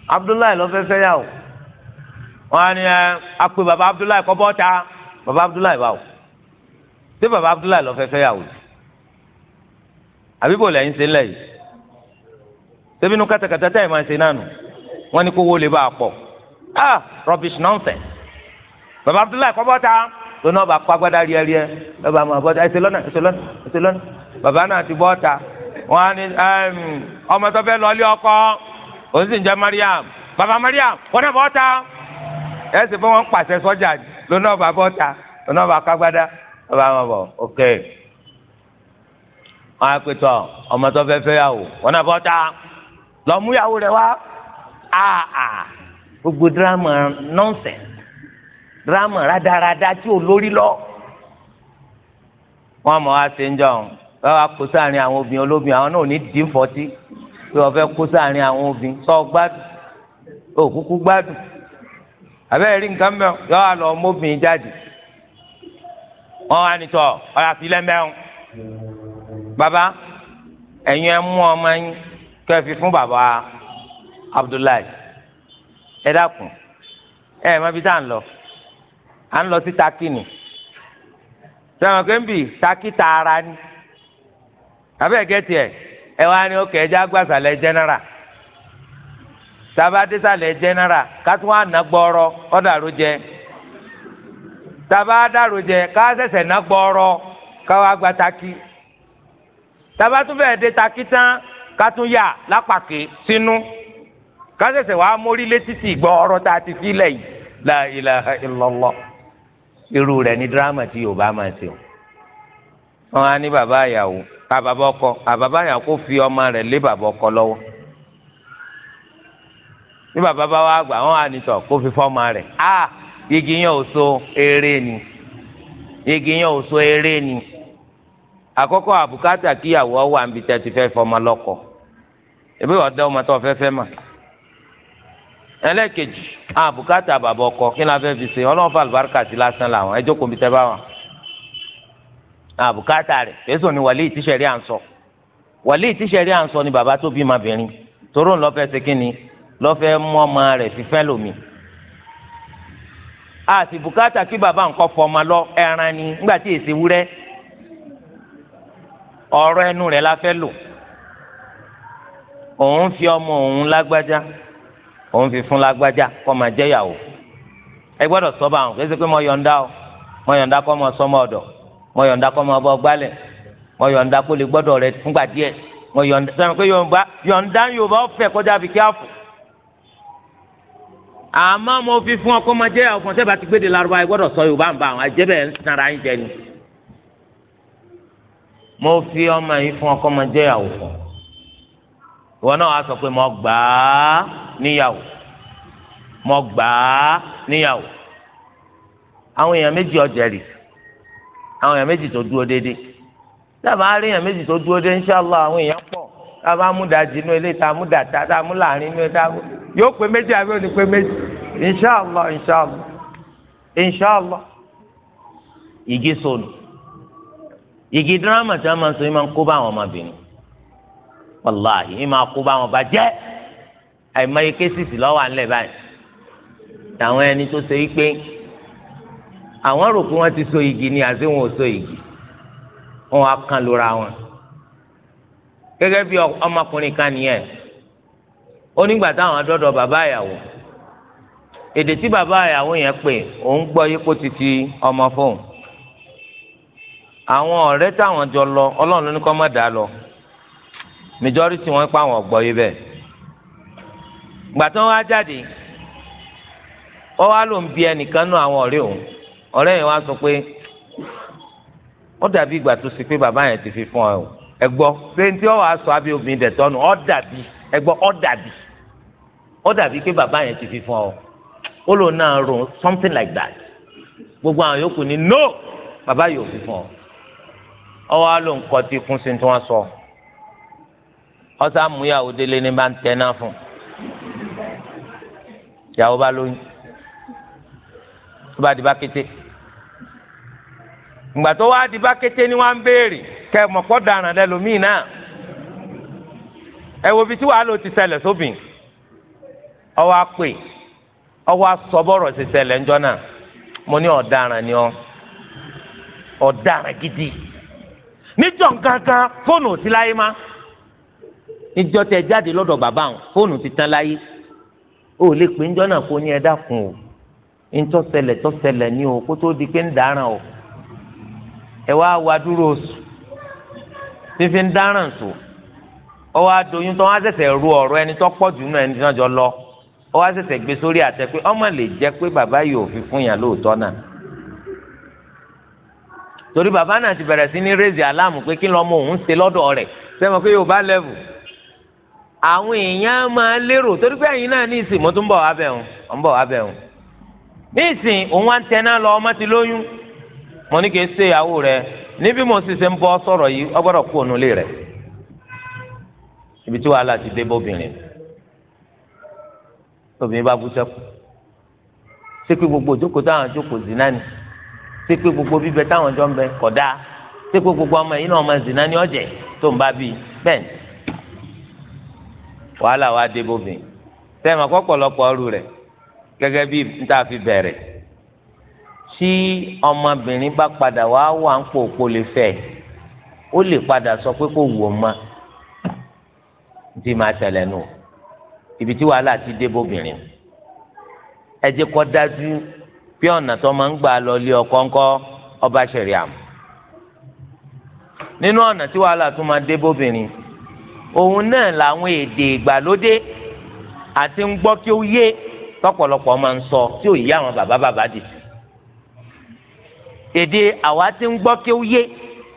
Abdullahi ló fẹ́ fẹ́ yàwó wọn ni a pè bàbá Abdullahi kọ́ bọ́ta baba abdullahi báwo ṣé baba abdullahi lọ fẹ́ fẹ́ yàwó yìí àbí bò lẹ́yìn ṣe ńlẹ̀ yìí ṣébínú kàtàkàtà táyì máa ṣe náà nù wọ́n ní kó wọlé bá a pọ̀ ah rubbish nonsense baba abdullahi kọ́ bọ́ta lónà ọba kọ́ agbádá rí ẹ rí ẹ lọ́ba máa bọ́ta ẹsẹ̀ lọ́nà ẹsẹ̀ lọ́nà baba náà ti bọ́ta wọ́n á ní ọmọ tó fẹ́ lọ́ọ́lé ọkọ òun sì ń jẹ́ mariam baba mariam wọ́n náà bọ́ta ẹsẹ̀ fún wọn pàṣẹ sọ́jà ni lónà ọba bọ́ta lónà ọba kágbádá ọba àwọn bọ̀ ok wọn á pè tọ ọmọ tó fẹ́ fẹ́ yàwó wọn náà bọ́ta lọ mú yàwó rẹ wá àà gbogbo dírámà nọ́ọ̀sẹ̀ dírámà rádaràda tí ò lórí lọ wọn mọ̀ wá sí ń jọ wọn wá kó sáàrin àwọn obìnrin olóbìnrin àwọn náà ò ní dín fọtí pé wọn fẹ́ kó sáàrin àwọn obìnrin sọ gbádùn òkúkú gbádùn abẹ́rẹ́ rí nǹkan mẹ́wọ́n yọ àlọ́ ọmọbìnrin jáde wọn wá nìtọ́ ọ̀yà sílẹ̀ mẹ́wọ́n baba ẹ̀yin ẹ mú ọmọ yín kẹ́ ẹ fi fún baba Abdullahi ẹ dákun ẹ ẹ má bi tá à ń lọ à ń lọ sí Takí ni sọ̀rọ̀ kẹ́ńbì Takí tààrà ni abẹ́rẹ́ kẹ́tì ẹ̀ ẹ wá ní ọkẹ́ ẹ já gbàsàlẹ̀ general tabadésàlẹ̀ general kátó ànágbọ́rọ̀ ọ̀dàrújẹ tabadàrújẹ kásẹ̀sẹ̀ nágbọ́rọ̀ káwá gba taki tabatúfẹ̀ dé taki tán kátó yà lápàkè sínú kásẹ̀sẹ̀ wàá mórí létí sí ìgbọ́ ọ̀rọ̀ tá a ti fi lẹ̀ yìí la ilaha illallah irú rẹ̀ ní dírámà tí Yorùbá máa ṣe o wọn á ní bàbá àyàwó àbàbà ọkọ àbàbà àyàwó kò fi ọmọ rẹ̀ lé bàbá ọkọ lọ́wọ́ ní bàbá bá wá gbà wọn ànitọ kó fi fọmọ rẹ a igi yẹn ò so eré ni igi yẹn ò so eré ni àkọ́kọ́ àbùkátà kíyàwó wà níbi tẹ́ ti fẹ́ fọmọ lọ́kọ ebi wà dá ọmọ tó fẹ́ fẹ́ mà ẹlẹ́kejì àbùkátà bàbá ọkọ kí ni a fẹ́ fi ṣe ọlọ́run fà lùbáríkà sí lásán làwọn ẹjọ́ kò níbi tẹ́ bá wà àbùkátà rẹ̀ fẹ́sọ̀ ni wàlíì tíṣẹ̀rí à ń sọ wàlíì tíṣẹ̀rí à ń sọ ni bàbá tó bí lọ́fẹ́ mú ọmọ rẹ̀ fífẹ́ lomi àti bùkátà kí bàbá nǹkan fọmọ lọ ẹran ni nígbà tí èsì wúrẹ́ ọ̀rọ̀ ẹnu rẹ̀ la fẹ́ lò òun fi ọmọ òun lágbájá òun fi fún lágbájá kọ́ máa jẹ́ yàwó ẹ gbọ́dọ̀ sọ bá àwọn kí ẹ ṣe pé mo yọ̀ǹda o mo yọ̀ǹda kọ́ mo sọmọ ọ̀dọ̀ mo yọ̀ǹda kọ́ mo bọ́ gbálẹ̀ mo yọ̀ǹda kó lè gbọ́dọ̀ rẹ fúngbà díẹ̀ mo yọ̀ǹda sọ pé yọ̀ǹda yọ̀ǹda yóò bá fẹ́ kọjá fi kí àmọ́ mo fi fún ọkọ máa jẹ́ ọ̀fọ̀n sẹ́ba ti gbéde larubá ẹ gbọ́dọ̀ sọ yorùbá ń bá àwọn ajẹ́ bẹ́ẹ̀ ń sanra ń jẹ ni. mo fi ọmọ yìí fún ọkọ máa jẹ́ ọ̀fọ̀n ìwọ náà wàá sọ pé mo gbà á níyàwó mo gbà á níyàwó àwọn èèyàn méjì ọjà rì àwọn èèyàn méjì tó dúró déédéé dábàá rí èèyàn méjì tó dúró déédéé inṣàlá àwọn èèyàn pọ̀ tá a bá mú dàjì inú ilé tá a mú dàtà tá a mú láàrin inú ilé tá a mú yóò pé méjì àbí òní pé méjì inṣàlọ inṣàlọ inṣàlọ igi sọnù igi dírámà tí wọn máa ń sọ yìí máa ń kó bá àwọn ọmọbìnrin wàláhì yìí máa kó bá àwọn bàjẹ́ àìmọye kéṣìṣì lọ́wọ́ àńlẹ̀ báyìí tàwọn ẹni tó ṣe wípé àwọn rò pé wọ́n ti so igi ni àti wọn ò so igi wọn á kan lóra wọn gẹ́gẹ́ bí ọmọkùnrin kan nìyẹn ó nígbà táwọn adọ́dọ̀ bàbá ìyàwó èdè tí bàbá ìyàwó yẹn pè òun gbọ́ yípo títí ọmọ fóun àwọn ọ̀rẹ́ táwọn jọ lọ ọlọ́run ló ní kọ́ má dàá lọ majority wọn pa àwọn ọ̀gbọ́ yìí bẹ́ẹ̀ gbàtàn wá jáde ó wá ló ń bi ẹnìkan nú àwọn ọ̀rẹ́ òun ọ̀rẹ́ yẹn wá sọ pé ó dàbí ìgbà tó ṣe pé bàbá yẹn ti fi fún ọ ẹgbọ́ pẹ́ntì ọ̀wọ́ aṣọ abẹ́ obìnrin dẹ̀ tọ́nu ọ́ dàbí ẹgbọ́ ọ́ dàbí ọ́ dàbí pé bàbá yẹn ti fi fún ọ ó lò náà rò something like that gbogbo àwọn yòókù ni no bàbá yóò fi fún ọ ọwọ́ á lò nǹkan tí kún sí tí wọ́n sọ ọ̀sán àmúyàwó délé ní bá ń tẹ́ náà fún ìyàwó bá lóyún tó bá di bá kété ìgbà tó wá di bá kété ni wọ́n ń béèrè. kẹ daran daràn lẹ́lòmíì náà ẹ wo ibi tí wàhálà ó ti ṣẹlẹ̀ sóbìn ọwọ́ àpè ọwọ́ àsọ̀bọ̀rọ̀ sì ṣẹlẹ̀ ńjọ́ náà mo ní ọ̀daràn ni ọ ọ̀daràn gidi níjọ́ nǹkankan fóònù ò sí láyé má níjọ́ tẹ jáde lọ́dọ̀ bàbá àwọn fóònù ti tán láyé ó lè pè ńjọ́ náà kó ní ẹ dákun o ntọ́sẹlẹ̀ tọ́sẹlẹ̀ ni o kó tó di pé ń daràn o ẹ wá wá dúró oṣù fífi ń dáràn tó ọwọ́ adoyún tó wọ́n á ru ẹni tó pọ jù ẹni tó lọ ọwọ́ á ṣẹ̀ṣẹ̀ gbé sórí àtẹ pé ọmọ lè pé bàbá yìí fi fún yàn lóòótọ́ náà torí bàbá náà ti bẹ̀rẹ̀ sí ní rézì aláàmù pé kí lọ́mọ òun ṣe lọ́dọ̀ rẹ̀ sẹ́mi pé yóò bá lẹ́vù àwọn èèyàn máa lérò torí pé náà ní ìsìn mo tún wá ń wá ní níbi mo sì ṣe ń bọ́ sọ̀rọ̀ yìí ọ gbọ́dọ̀ kú ònú lé rẹ̀ ibi tí wàhálà ti dé bóbìnrin obìnrin bá bú sẹ́kù ṣépè gbogbo òjókòó táwọn jókòó zina ni ṣépè gbogbo bíbẹ táwọn jọ ń bẹ kódà ṣépè gbogbo ọmọ yìí náà ọmọ zina ni ọ̀jẹ̀ tó ń bá bí bẹ́ẹ̀ wàhálà wa dé bóbìnrin sẹ́yìn mọ́ kọ́pọ̀lọpọ̀ ọrù rẹ̀ gẹ́gẹ́ bí n ta fi bẹ̀rẹ̀ tí ọmọbìnrin bá padà wá wà ń pò kó lè fẹ́ ó lè padà sọ pé kò wù ọ́ mọ́ tí máa ṣẹlẹ̀ nù ibi tí wàhálà ti dé bóbìnrin ẹ jẹ́ kó dájú bí ọ̀nà tó máa ń gbà lọ lé ọkọ ńkọ́ ọba ṣẹ̀rí àmọ́ nínú ọ̀nà tí wàhálà tún máa dé bóbìnrin òun náà làwọn èdè ìgbàlódé àti ń gbọ́ kí ó yé tọ́pọ̀lọpọ̀ máa ń sọ tí ò yé àwọn bàbá bàbá dì sí èdè àwa ti ń gbọ́ kí ó yé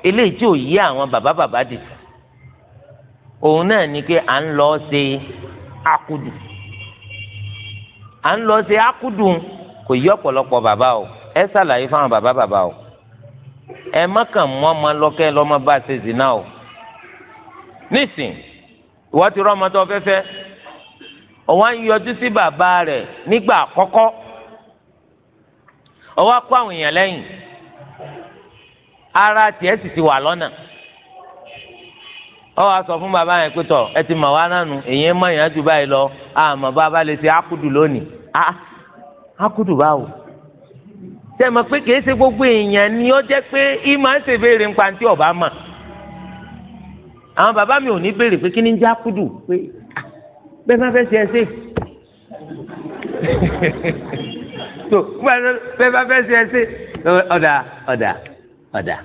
eléyìí tí ò yé àwọn bàbá bàbá dì sí òun náà ni pé à ń lọ ṣe akudu à ń lọ ṣe akudu kò yí ọ̀pọ̀lọpọ̀ bàbá o ẹ ṣàlàyé fáwọn bàbá bàbá o ẹ mọ́kàn mọ́ ọmọ lọ́kẹ́ lọ́mọ bá ṣe zina o nísìn ìwọ ti rọ́mọ tó fẹ́fẹ́ ọwọ́ ń yọjú sí bàbá rẹ̀ nígbà àkọ́kọ́ ọwọ́ kó àwọn èèyàn lẹ́yìn ara tiẹ̀ sì ti wà lọ́nà ọ wàá sọ fún bàbá yẹn pé tọ ẹ ti mọ̀ wá nánu èyí mọ̀ yẹn ju báyìí lọ àmọ́ bàbá lè ṣe ákùdù lónìí ah ákùdù báwo tẹ mọ̀ pé kìí ṣe gbogbo èèyàn ni ó jẹ́ pé í máa ń ṣe béèrè nípa tí ọba mọ̀ àwọn bàbá mi ò ní béèrè pé kí ni ń jẹ́ ákùdù pé bẹ́ẹ̀ bá fẹ́ ṣe ẹ tó *laughs* bẹ́ẹ̀ bá fẹ́ ṣe ẹ ọ̀dà ọ̀dà ọ̀dà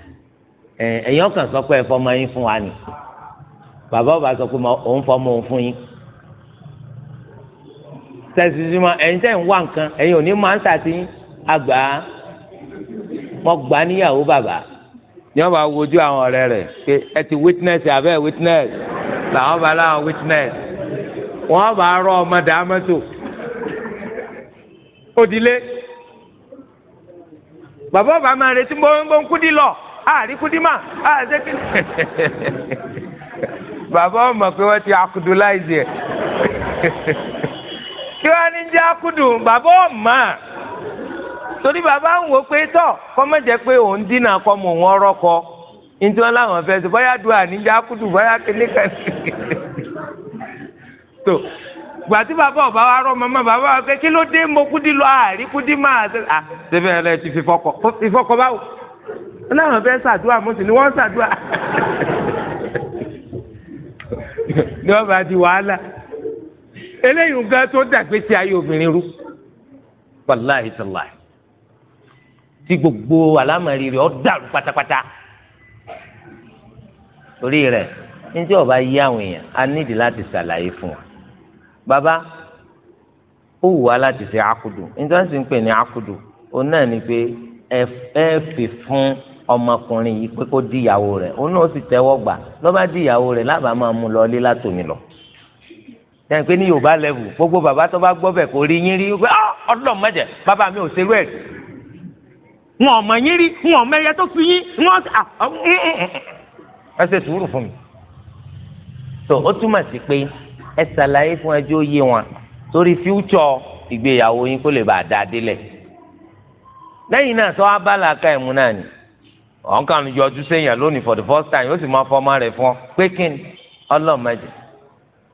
ẹ̀yin ọkàn sọ pé ẹ fọmọ yín fún wa ni bàbá ọba sọ pé òun fọmọ òun fún yín tẹ̀sí sí ma ẹ̀yin tẹ̀ ń wá nǹkan ẹ̀yin ò ní máa ń sàtì àgbà mọ gbà níyàwó bàbá ni wọn bá wojú àwọn ọ̀rẹ́ rẹ̀ pé ẹ ti witness abẹ́ witness làwọn bá láwọn witness wọn bá rọ ọmọ dàámẹ́tò òdìlé. bàbá ọba máa retí gbọ́ngbọ́n kúdí lọ àárí kúdí mà àṣẹ kí ni. *laughs* bàbá ọmọ pé ti akudu láìsí ẹ̀ kí wọ́n ní jẹ́ akudu bàbá ọmọ torí bàbá ń wò pé tọ́ pé òun dínà kọ́ nítorí wọn làwọn sọ dùn àníjà *laughs* gbà tí bàbá ọba wa rọ màmá bàbá wa pé kí ló dé mo kúdí lọ àárí kúdí máa ṣe à ṣẹfẹ ẹ ti fi fọkọ ìfọkọ báwo ọlọ́run fẹ́ ṣàdúrà mo sì ni wọ́n ṣàdúrà *laughs* ní ọba di wàhálà eléyìí nǹkan tó dàgbé sí ayé obìnrin rú wàláhì sàláhì tí gbogbo àlámọ̀rí rẹ̀ ọ́ dàrú pátápátá torí rẹ̀ ní tí ọba yí àwọn èèyàn a nídìí láti ṣàlàyé fún wa Baba, ó wù wá láti ṣe àkùdù nítorí sì ní àkùdù òun náà ni pé ẹ fi fún ọmọkùnrin yìí pé kó di ìyàwó rẹ̀ òun náà sì tẹ́wọ́ gbà ló bá di ìyàwó rẹ̀ lábàá máa mú lọ lé látòmí lọ yẹn pé ní yorùbá lẹ́wù gbogbo bàbá tó bá gbọ́ bẹ̀ kò rí yín rí pé ah, ọdún mẹ́jẹ̀ bàbá mi ò ṣerú ẹ̀ wọn ò mọ̀ yín rí wọn ò mẹ́yẹ tó fi yín wọn ah, mm, mm, mm, ẹ ṣe sùúrù fún mi. tó o túmọ̀ sí pé ẹ ṣàlàyé fún ẹjọ́ ó yé wọn torí future ìgbéyàwó yín kó lè bàa dáa délẹ̀ lẹ́yìn náà sọ abala ká ẹ̀mú náà ni ọ̀n kàn ń yọjú sẹ́yìn lónìí for the first time ó sì máa fọ́ọ́mà rẹ̀ fún ọ pé kí ni ọlọ́mọdé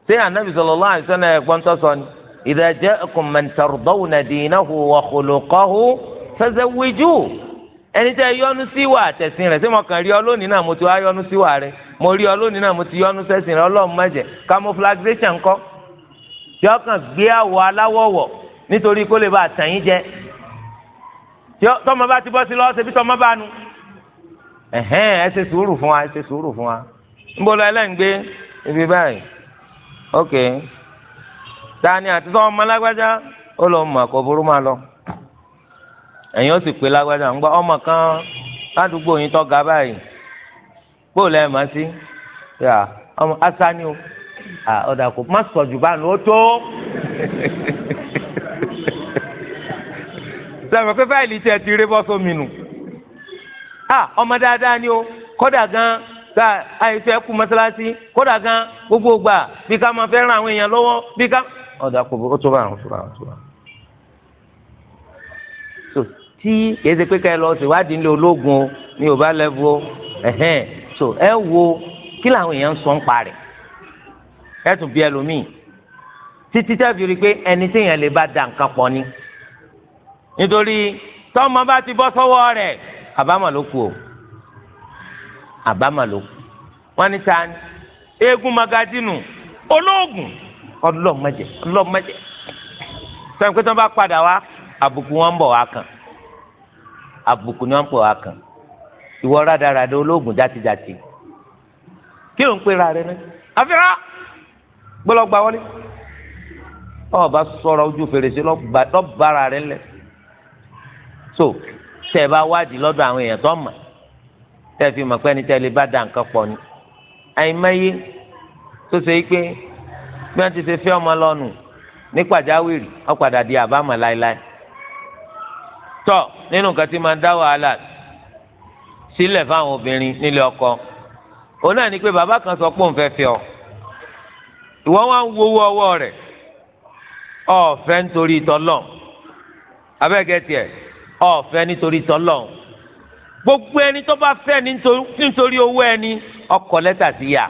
ṣé anabi sallallahu alaihi wasallam ẹ̀gbọ́n tó sọ ni idha ja'akum man tardawna dinahu wa khuluqahu fazawwiju ẹni tẹ́ yọ́nú síwà àtẹ̀sìn rẹ̀ ṣé mo kàn rí ọ lónìí náà mo ti wá yọ́nú síwà rẹ̀ mo rí ọ lónìí náà mo ti yọnu sẹ́sìn rẹ ọlọ́run má jẹ́ camouflagration ńkọ́ tí ọkàn gbé àwọ̀ aláwọ̀ wọ̀ nítorí kó lè bá àtàyìn jẹ tí tọmọ bá ti bọ́ sí lọ́wọ́ ṣe bí tọmọ bá nu ẹ̀hẹ́n ẹ ṣe sùúrù fún wa ẹ ṣe sùúrù fún wa ń bọ́ lọ ẹlẹ́ǹgbé ibi báyìí ok tani àti sọ ọmọ lágbájá ó lọ mọ àkọ́ burú máa lọ ẹ̀yin ó sì pé lágbájá ń gbọ́ ọmọ kan ládùúgbò yín tó ga báyìí bóòlù ẹ̀ máa sí ọmọ asani o ọ̀dà kò má sọ jù báyìí ó tó sọ̀rọ̀ pé fáìlì tiẹ̀ ti rí bọ́sọ̀ mi nù ọmọ dáadáa ni o kódà gan ká àìsàn ẹkú mọ́sálásí kódà gan gbogbo gbà bí ká máa fẹ́ ran àwọn èèyàn lọ́wọ́ bí ká. ọ̀dà kò bó tó bá àwọn tó bá àwọn tó bá. tí kìí ṣe pé ká ẹ lọ ṣèwádìí nílé ológun o ní yorùbá lẹ́bù o so ẹ wo kí làwọn èèyàn ń sọ ń pa rẹ̀ ẹ tún bí ẹlòmíì títí tẹ́ fi rí i pé ẹni tí èèyàn lè bá da nǹkan pọ̀ ni nítorí tọ́mọ bá ti bọ́ sọ́wọ́ rẹ̀ àbámọ̀ ló kù o àbámọ̀ ló kù wọ́n ní ta ni eégún magadínù olóògùn ọlọ́mọdé ọlọ́mọdé sọ pé tí bá padà wá àbùkù wọn ń bọ̀ wá kàn àbùkù ni wọ́n ń bọ̀ wá kàn ìwọ rádaràda ológun játijàti kí ló ń pera rẹ náà àfihàn gbọlọgba wọlé ọba sọ̀rọ̀ ojú fèrèsé lọbàrà rẹ lẹ so tẹ ẹ bá wádìí lọ́dọ̀ àwọn èèyàn tó mà tẹ fi mọ̀ pé ẹni tẹ lè bá da nǹkan pọ̀ ni àìmọye tó ṣe pé bí wọn ti ṣe fẹ́ ọmọ lọ́nu ní pàjáwìrì ọ̀padà di àbámọ̀ láéláé tọ nínú nǹkan tí máa ń dá wàhálà sí sílẹ̀ fáwọn obìnrin nílé ọkọ òun náà ni pé bàbá kan sọ pé òun fẹ́ fi ọ ìwọ wá ń wowó ọwọ́ rẹ̀ ọ̀fẹ́ nítorí tọ́lọ̀ abẹ́gẹ́ tiẹ̀ ọ̀fẹ́ nítorí tọ́lọ̀ gbogbo ẹni tó bá fẹ́ nítorí owó ẹni ọkọ̀ lẹ́tà sí yà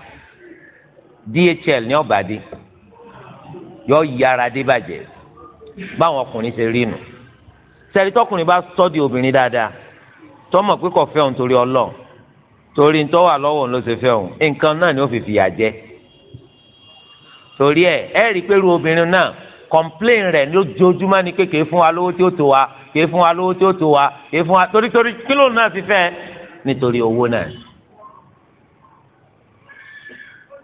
DHL ní ọ̀bàdì yọ yára dé bàjẹ́ báwọn ọkùnrin ṣe rí nù sẹ́ni tọkùnrin bá sọ́ di obìnrin dáadáa tọmọ pé kò fẹ́ òun torí ọlọ́run torí ń tọ́wà lọ́wọ́ òun ló ṣe fẹ́ òun nǹkan náà ni ó fi fìyà jẹ torí ẹ ẹ rí i pé irú obìnrin náà kọ̀ǹpléìn rẹ̀ lójoojúmọ́ ni pé kì í fún wa lówó tí ó tó wa kì í fún wa lówó tí ó tó wa kì í fún wa torí torí kí lóun náà fi fẹ́ nítorí owó náà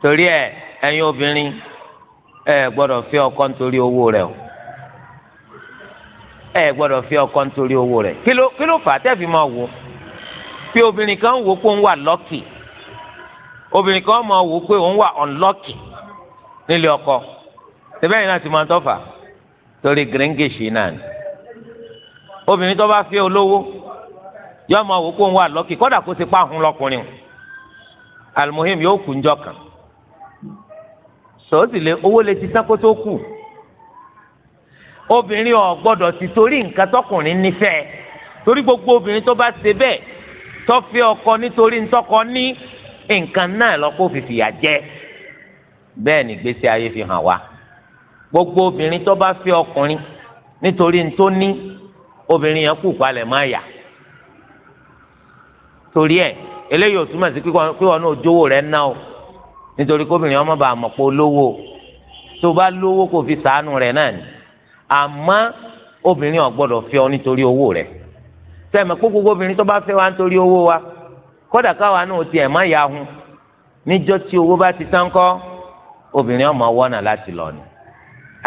torí ẹ ẹ̀yin obìnrin ẹ gbọ́dọ̀ fẹ́ ọkọ nítorí owó rẹ̀ o. ẹ gbọdọ fi ọkọ nítorí owó rẹ kí ló fà á tẹ́ fi máa wò pé obìnrin kan wò pé òun wà lọ́kì obìnrin kan máa ọkọ náà ti máa tọ́fà torí náà ni obìnrin tó bá olówó yóò máa wò pé òun wà lọ́kì kódà kó ti yóò kú kan sì owó lè ti obìnrin ò gbọ́dọ̀ ti torí nǹkan tọkùnrin nífẹ̀ẹ́ torí gbogbo obìnrin tó bá ṣe bẹ́ẹ̀ tó fẹ́ ọkọ nítorí ntọ́kọ ní nǹkan náà lọ́kọ́ fìfì yà jẹ bẹ́ẹ̀ ni gbèsè ayé fi hàn wá gbogbo obìnrin tó bá fẹ́ ọkùnrin nítorí ntó ní obìnrin yẹn kú palẹ̀ má yà torí ẹ eléyìí ò túmọ̀ sí pé náà jówó rẹ̀ ná o nítorí kóbìnrin ọmọ bàá mọ̀ pé olówó tó bá lówó kò fi sàánú rẹ̀ náà ni àmọ́ obìnrin ò gbọ́dọ̀ fẹ́ ọ nítorí owó rẹ̀ sẹ́mi kó gbogbo obìnrin tó bá fẹ́ wa nítorí owó wa kódà káwa náà tiẹ̀ má ya hun níjọ́ tí owó bá ti tán kọ́ obìnrin ọmọ wọ́nà láti lọ ni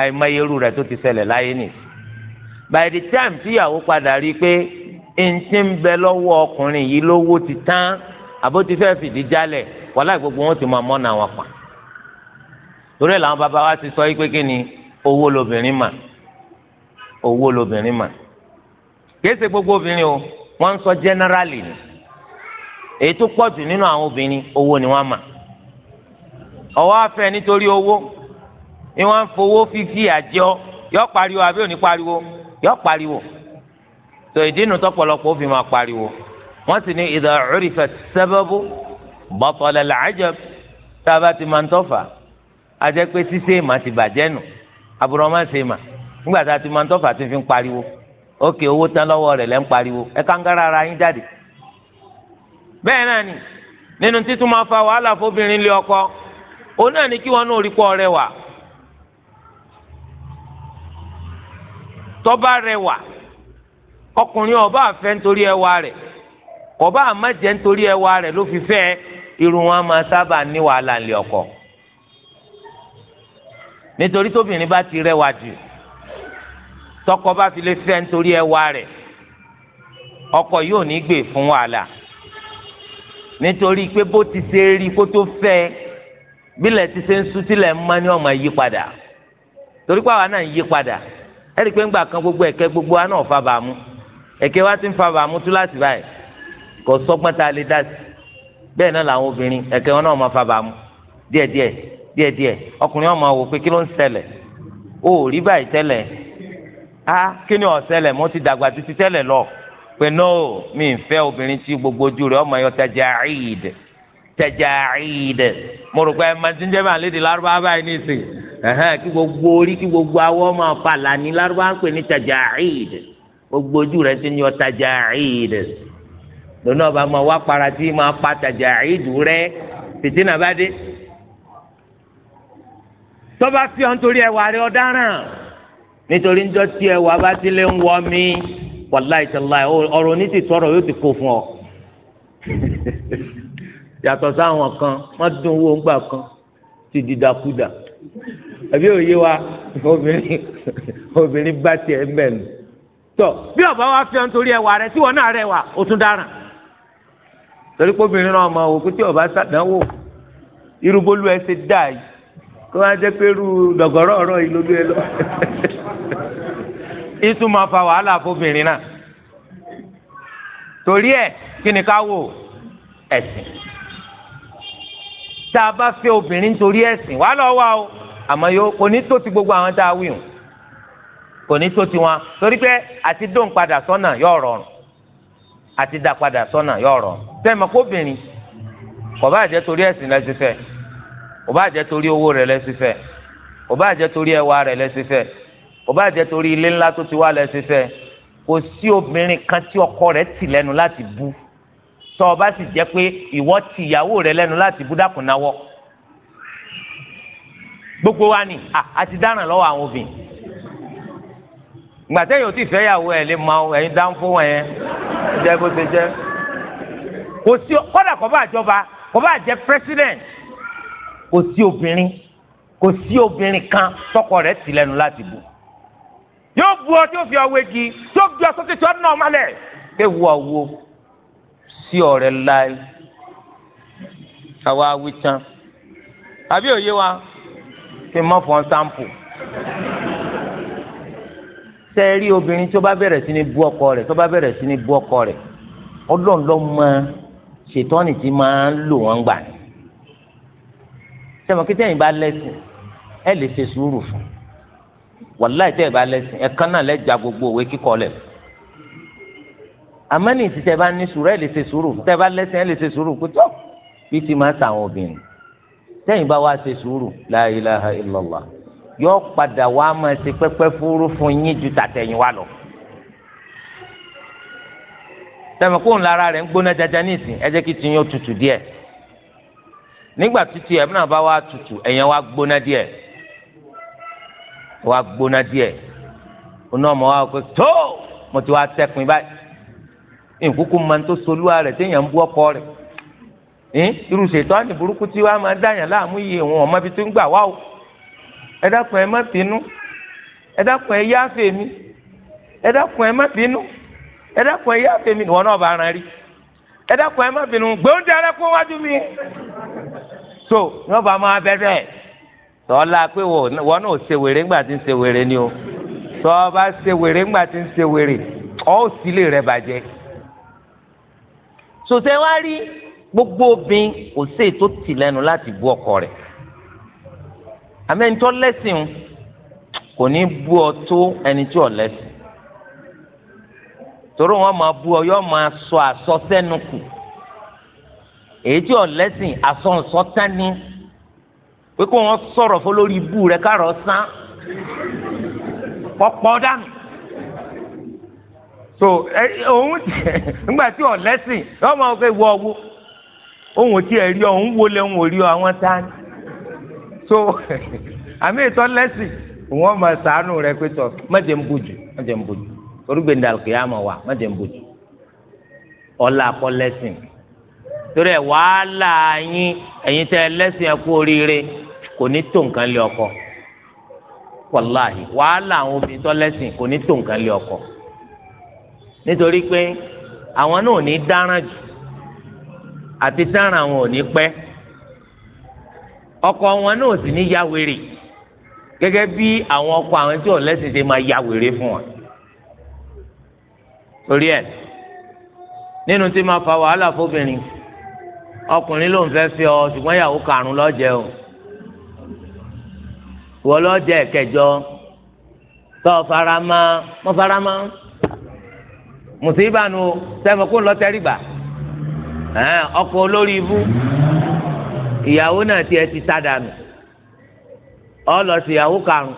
àìmọye irú rẹ̀ tó ti ṣẹlẹ̀ láyé nì by the time tíyàwó padà rí i pé n ti ń bẹ lọ́wọ́ ọkùnrin yìí lówó ti tán àbó ti fẹ́ fìdí jálẹ̀ wàhálà gbogbo wọn ti mọ mọ́nà wọn pa torí ẹ̀ làwọn bàbá wa ti sọ yìí pé kí ni owó lobìnrin mà owó lobìnrin mà kìí ṣe gbogbo obìnrin o wọ́n ń sọ jẹ́nẹ́rálì ni èyí tó pọ̀jù nínú àwọn obìnrin owó ni wọ́n mà ọwọ́ afẹ́ nítorí owó ni wọ́n ń fowó fífi àjọ yọ pariwo àbí òní pariwo yọ pariwo tó ìdínú tọpọlọpọ ó fi máa pariwo wọ́n sì ní idha urifa sababu batala al-ajab tá a bá ti máa ń tọ́fà á jẹ́ pé ṣíṣe ìmà ti bàjẹ́ nù àbúrò máa ṣe ìmà nígbà tá a ti máa ń tọ́fà tí fi ń pariwo ókè owó tán lọ́wọ́ rẹ̀ lẹ́ ń pariwo ẹ kàńgára ara yín jáde. bẹ́ẹ̀ náà ni nínú títún máa fa wàhálà fóbìnrin lé ọkọ òun náà ni kí wọn náà rí pọ̀ rẹwà tọ́ba rẹwà ọkùnrin ọba àfẹ́ nítorí ẹwà rẹ̀ ọba àmàjẹ́ nítorí ẹwà rẹ̀ ló fi fẹ́ irun wọn máa sábà ní wàhálà lé ọkọ nítorí tóbìnrin bá ti rẹwà jù tọkọ bá fi lè fẹ́ nítorí ẹwà rẹ̀ ọkọ yóò ní gbè fún wàhálà nítorí pé bó ti ṣe rí kó tó fẹ́ bílẹ̀ ti ṣe ń sùn mọ́ ní ọmọ yí padà torí pé àwa náà ń yí padà ẹ̀rí pé ńgbà kan gbogbo ẹ̀kẹ́ gbogbo wa náà fa bàámu ẹ̀kẹ́ wa ti ń fa bàámu tú láti báyìí kò sọ́gbọ́n tá a lè dá sí bẹ́ẹ̀ náà làwọn obìnrin ẹ̀kẹ́ wọn náà máa fa bàámu díẹ̀díẹ̀ díẹ̀díẹ̀ ọkùnrin ọmọ wò pé kí ló ń ṣẹlẹ̀ o ò rí báyìí tẹ́lẹ̀ a ah, kí ni ọ̀sẹ̀lẹ̀ mo ti dàgbà tẹ́lẹ̀ lọ pé no mi ń fẹ́ obìnrin tí gbogbo ojú rẹ̀ ọmọ yọ tajaid tajaid mo rò pé ẹ ń jẹ́ báyìí nìsín kí gbogbo orí kí gbogbo awọ máa fa ń pè ní gbogbo ojú rẹ̀ ti ń yọ lónà máa wá máa pa tajaid rẹ fìtínà bá dé tọ́ba fi ọ́n torí ẹwà nítorí ń jọ tí ẹ wà bá ti lè ń wọ mí wàláì tàláì ọ̀rọ̀ ní ti tọrọ yóò ti kó fún ọ. *laughs* yàtọ̀ sáwọn kan wọ́n dún owó ńgbà kan ti dìdàkudà àbí òye wa *laughs* obìnrin obìnrin bá tiẹ̀ ń bẹ̀ nù. tọ bí ọba wa fi ọ nítorí ẹwà rẹ tí wọn náà rẹwà ó tún dáràn. torí pé obìnrin náà mọ òkú tí ọba sàdánwò irúgbó lu ẹ ṣe kó wá jẹ pé irú dọ̀gọ́rọ̀ ọ̀rọ̀ yìí ló lé lọ. *laughs* ìtún ma fa wàhálà fóbìnrin náà torí ẹ kí ni ká wò ẹ̀sìn tá a bá fẹ́ obìnrin nítorí ẹ̀sìn wàá lọ wá o yóò ti gbogbo àwọn tá a wí hùn kò ti wọn torí pé àti dóun padà sọ́nà yóò rọrùn àti dá padà sọ́nà yóò rọrùn tẹ́ẹ̀mọ́ kóbìnrin kò bá torí ẹ̀sìn lẹ́sìn fẹ́ kò bá torí owó rẹ lẹ́sìn fẹ́ kò bá torí ẹwà rẹ lẹ́sìn fẹ́ kò bá jẹ́ torí ilé ńlá tó ti wá lẹ́sìn fẹ́ kò sí obìnrin kan tí ọkọ rẹ̀ tì lẹ́nu láti bú tọ́ ọ bá sì jẹ́ pé ìwọ ti ìyàwó rẹ̀ lẹ́nu láti bú dákun náwọ́ gbogbo wa ni àti dáràn lọ́wọ́ àwọn obìnrin gbàtẹ́ yóò ti fẹ́ yàwó ẹ̀ lè máa ẹ̀yin dáńfó wọn yẹn jẹ́ bó ṣe jẹ́ kò sí kọ́dà kọ́ bá jọba kọ́ president kò sí obìnrin kò sí obìnrin kan tọkọ rẹ̀ tì lẹ́nu láti bú yóò bu ọ tí ó fi ọwọ́ egi tí ó gbé ọ sókè tí ó nà ọ mọ́lẹ̀ pé wọ wo sí ọ̀rẹ́ láì àwa wí tán àbí òye wa fi mọ fọn sáǹpù sẹ́ẹ̀rí obìnrin tó bá bẹ̀rẹ̀ sí ní bú ọkọ rẹ̀ tó bá bẹ̀rẹ̀ sí ní bú ọkọ rẹ̀ ọlọ́ọ̀lọ́ mọ ṣètọ́nì tí máa ń lò wọ́n gbà sẹ́wọ̀n kí tẹ́yìn bá lẹ́sìn ẹ lè ṣe sùúrù fún un wàláì tẹ́ ẹ bá lẹ́sìn ẹ̀kan náà lẹ́jà gbogbo òwe kíkọ lẹ̀ àmọ́ ní ìsìtẹ́ bá ní sùúrù ẹ̀ lè ṣe sùúrù tẹ́ ẹ bá lẹ́sìn ẹ̀ lè ṣe sùúrù kó tó bí ti máa sàwọn obìnrin tẹ́yìn bá wá ṣe sùúrù la ilaha illallah yóò padà wá máa ṣe pẹ́pẹ́ fúrú fún yín ju tàtẹ̀yìn wá lọ. tẹ̀mọ̀ kóun lára rẹ̀ ń gbóná jaja ní ìsìn ẹ jẹ́ kí tiyín ó tutù díẹ̀ nígbà tútù ẹ̀ wàá gbóná díẹ̀ oná ọmọ wa kò tó mo ti wá tẹkùn báyìí nkúkú máa ń tó solúwa rẹ̀ téèyàn ń bú ọkọ rẹ̀ irú ṣètò àti burúkú tí wàá máa dáyàn láàmú yìí òun ọmọ ibi tó ń gbà wá o ẹ dákun ẹ má bínú ẹ ẹ yáfẹ́ mi ẹ ẹ má bínú ẹ ẹ yáfẹ́ mi ìwọ náà bá ara rí ẹ ẹ má bínú gbé rẹ kó wájú mi so ní ọba máa bẹ bẹ́ẹ̀ tọ́lá pé wọ́n náà ṣe wèrè ńgbà tí ń ṣe wèrè ni o tọ́ bá ṣe wèrè ńgbà tí ń ṣe wèrè ọ́ ò sí lè rẹ bàjẹ́. sòtẹ́ wá rí gbogbo obìnrin kò sí ètò tìlẹ́nu láti bú ọkọ rẹ̀ àmẹ́ńtọ́ lẹ́sìn kò ní bú ọ tó ẹni tí ò lẹ́sìn torí wọn máa bú ọ yọ máa sọ àsọsẹ́nu kù èyí tí ò lẹ́sìn àsọ̀nsọ́tání. So pé kó wọn sọ̀rọ̀ fún lórí ibú rẹ kárọ̀ pọ̀pọ̀ so òun *laughs* nígbà tí ọ̀ lẹ́sìn máa fẹ́ wọ ọwọ́ òun tí ẹ̀ rí ọ òun wọlé òun ò rí ọ àwọn tání so *laughs* àmì ìtọ́ lẹ́sìn máa sàánù rẹ pé tọ́ mẹ́jẹ̀ ń kò ní tó nǹkan lé ọkọ wàláhì wàhálà àwọn obìnrin tó lẹ́sìn kò ní tó nǹkan lé ọkọ nítorí pé àwọn náà ò ní dáràn jù àti dáràn àwọn ò ní pẹ́ ọkọ wọn náà ò sì ní ya wèrè gẹ́gẹ́ bí àwọn ọkọ àwọn tí ò lẹ́sìn ṣe máa ya wèrè fún wọn torí ẹ̀ nínú tí máa fa wàhálà fóbìnrin ọkùnrin ló ń fẹ́ fi ọ ṣùgbọ́n ìyàwó karùn-ún lọ́jẹ́ o wọ́n lọ jẹ́ ẹ̀kẹjọ tọ́ farama mọ́ farama mùsùlùmí nu sẹ́mi kó lọ tẹ́rì gbà ọkọ̀ olórí ibú ìyàwó náà tiẹ̀ ti sá dànù ọlọ sí ìyàwó karùn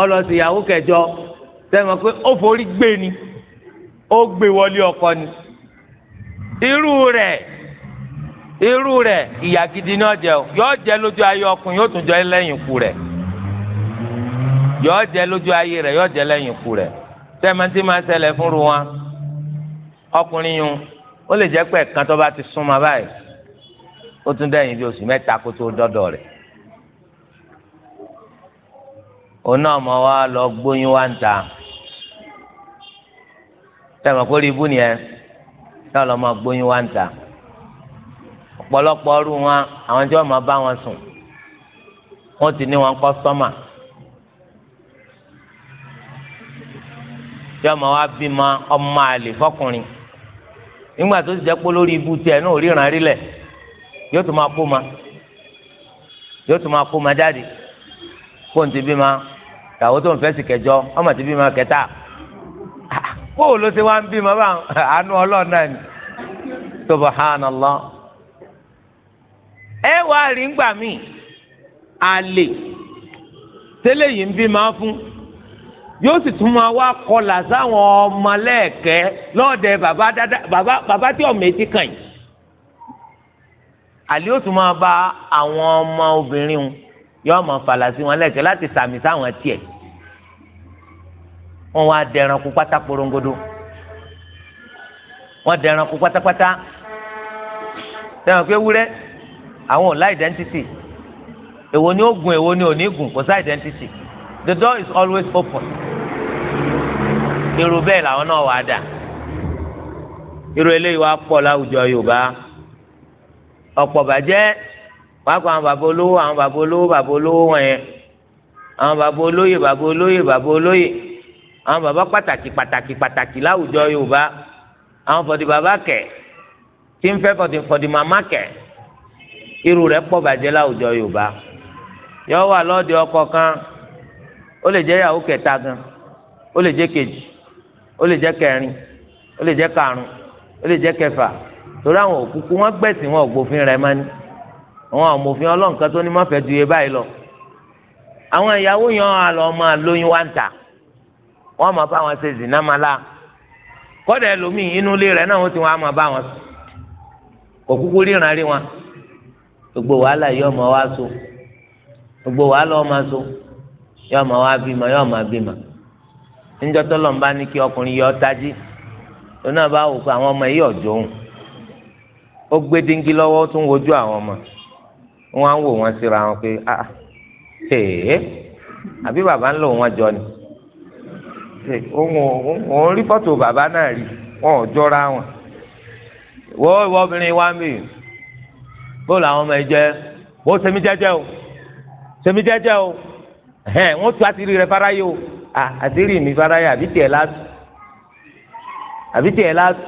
ọlọ sí ìyàwó kẹjọ sẹ́mi pé ó forí gbé ni ó gbé wọlé ọkọ ni irú rẹ̀ irú rẹ̀ ìyà ni ó o yóò jẹ lójú ayé ọkùnrin yóò tún jẹ lẹ́yìn ikú rẹ̀ yọọ jẹ lójú ayé rẹ yọọ jẹ lẹ́yìn ikú rẹ tẹmẹtì máa ṣẹlẹ̀ fúnru wọn ọkùnrin yun ó lè jẹ pé ẹ̀kan tó bá ti súnmọ́ báyìí ó tún dẹ̀yìn bí oṣù mẹ́ta kó tó dọ́dọ̀ rẹ̀ òun náà mọ wá lọ gbóyún wá ń ta tẹmọ kó rí ibú nìyẹn náà lọ mọ gbóyún wá ń ta ọ̀pọ̀lọpọ̀ ọrú wọn àwọn tí wọ́n máa bá wọn sùn wọ́n ti ní wọn kọ́ sọ́mà. So yọ ọmọ wa bímọ ọmọ àlè fọkùnrin nígbà tó ti pé ibu tiẹ̀ náà ríran rí lẹ̀ yóò tún máa kó ma yóò tún máa kó ma jáde kó n ti bímọ tó ń fẹ́ sí kẹjọ ọmọ ti kẹta kó o ló ti wá ń ma bá *laughs* ẹ wá rí àlè yóò sì tún máa wá kọlà sáwọn ọmọ lẹ́ẹ̀kẹ́ lọ́ọ̀dẹ bàbá dada bàbá bàbá tí ọmọ etí kàn yìí àlè yóò tún máa bá àwọn ọmọ obìnrin wọn yóò máa fàlà sí wọn lẹ́ẹ̀kẹ́ láti sàmì sáwọn tiẹ̀ wọn wá dẹran kú pátá porongodo pátápátá sẹ́wọ̀n pé wúrẹ́ àwọn ò lá identity èwo ni ó gùn èwo ni ò ní gùn kò sá identity the door is always open irú bẹ́ẹ̀ làwọn náà wàá dà irú eléyìí wàá pọ̀ láwùjọ Yorùbá ọ̀pọ̀ bàjẹ́ wàá kọ́ àwọn bàbá olówó àwọn bàbá olówó bàbá olówó wọ̀nyẹn àwọn bàbá olóyè bàbá olóyè bàbá olóyè àwọn bàbá pàtàkì pàtàkì pàtàkì láwùjọ Yorùbá àwọn fọ̀dì bàbá kẹ̀ tí ń fẹ́ fọ̀dì fọ̀dì màmá kẹ̀ irú rẹ̀ pọ̀ bàjẹ́ láwùjọ Yorùbá yọ wà lọ́ọ̀dì ọkọ̀ kan ó lè jẹ́ ìyàwó kẹta gan ó lè jẹ́ kejì ó lè jẹ́ kẹrin ó lè jẹ́ karùn ó lè jẹ́ kẹfà torí àwọn òkúkú wọn gbẹ̀sìn wọn ògbófin rẹ̀ máa ní àwọn àmòfin ọlọ́nkan tó ní má fẹ́ ju iye báyìí lọ àwọn ìyàwó yan àlọ́ máa lóyún wá ń tà wọ́n máa bá wọn ṣe zìnnà máa la kọ́dà ẹlòmíì inú ilé rẹ̀ náà wọ́n ti wọ́n máa bá wọn sùn kò ríran rí wọn gbogbo wàhálà yìí ọmọ wa so gbogbo wàhálà ọmọ so yóò máa wá bímọ yóò máa bímọ níjọ́ tọ́lọ̀ ń bá ní kí ọkùnrin yọ tají ló náà bá wò pé àwọn ọmọ yìí ọ̀jọ́ òun ó gbé díngí lọ́wọ́ tó ń wojú àwọn ọmọ wọn á wò wọn síra wọn pé ah tèè àbí bàbá ń lò wọn jọ ni òun rí fọ́tò bàbá náà rí wọn ò jọra wọn wọ́n ìwọ obìnrin wa ń bì bó làwọn ọmọ ẹ jẹ́ wọ́n sẹ́mi jẹ́jẹ́ o sẹ́mi jẹ́jẹ́ o ẹ̀hẹ́n wọ́n tú àṣírí rẹ̀ fáráyé o àṣírí mi fáráyé àbí tiẹ̀ lásù àbí tiẹ̀ lásù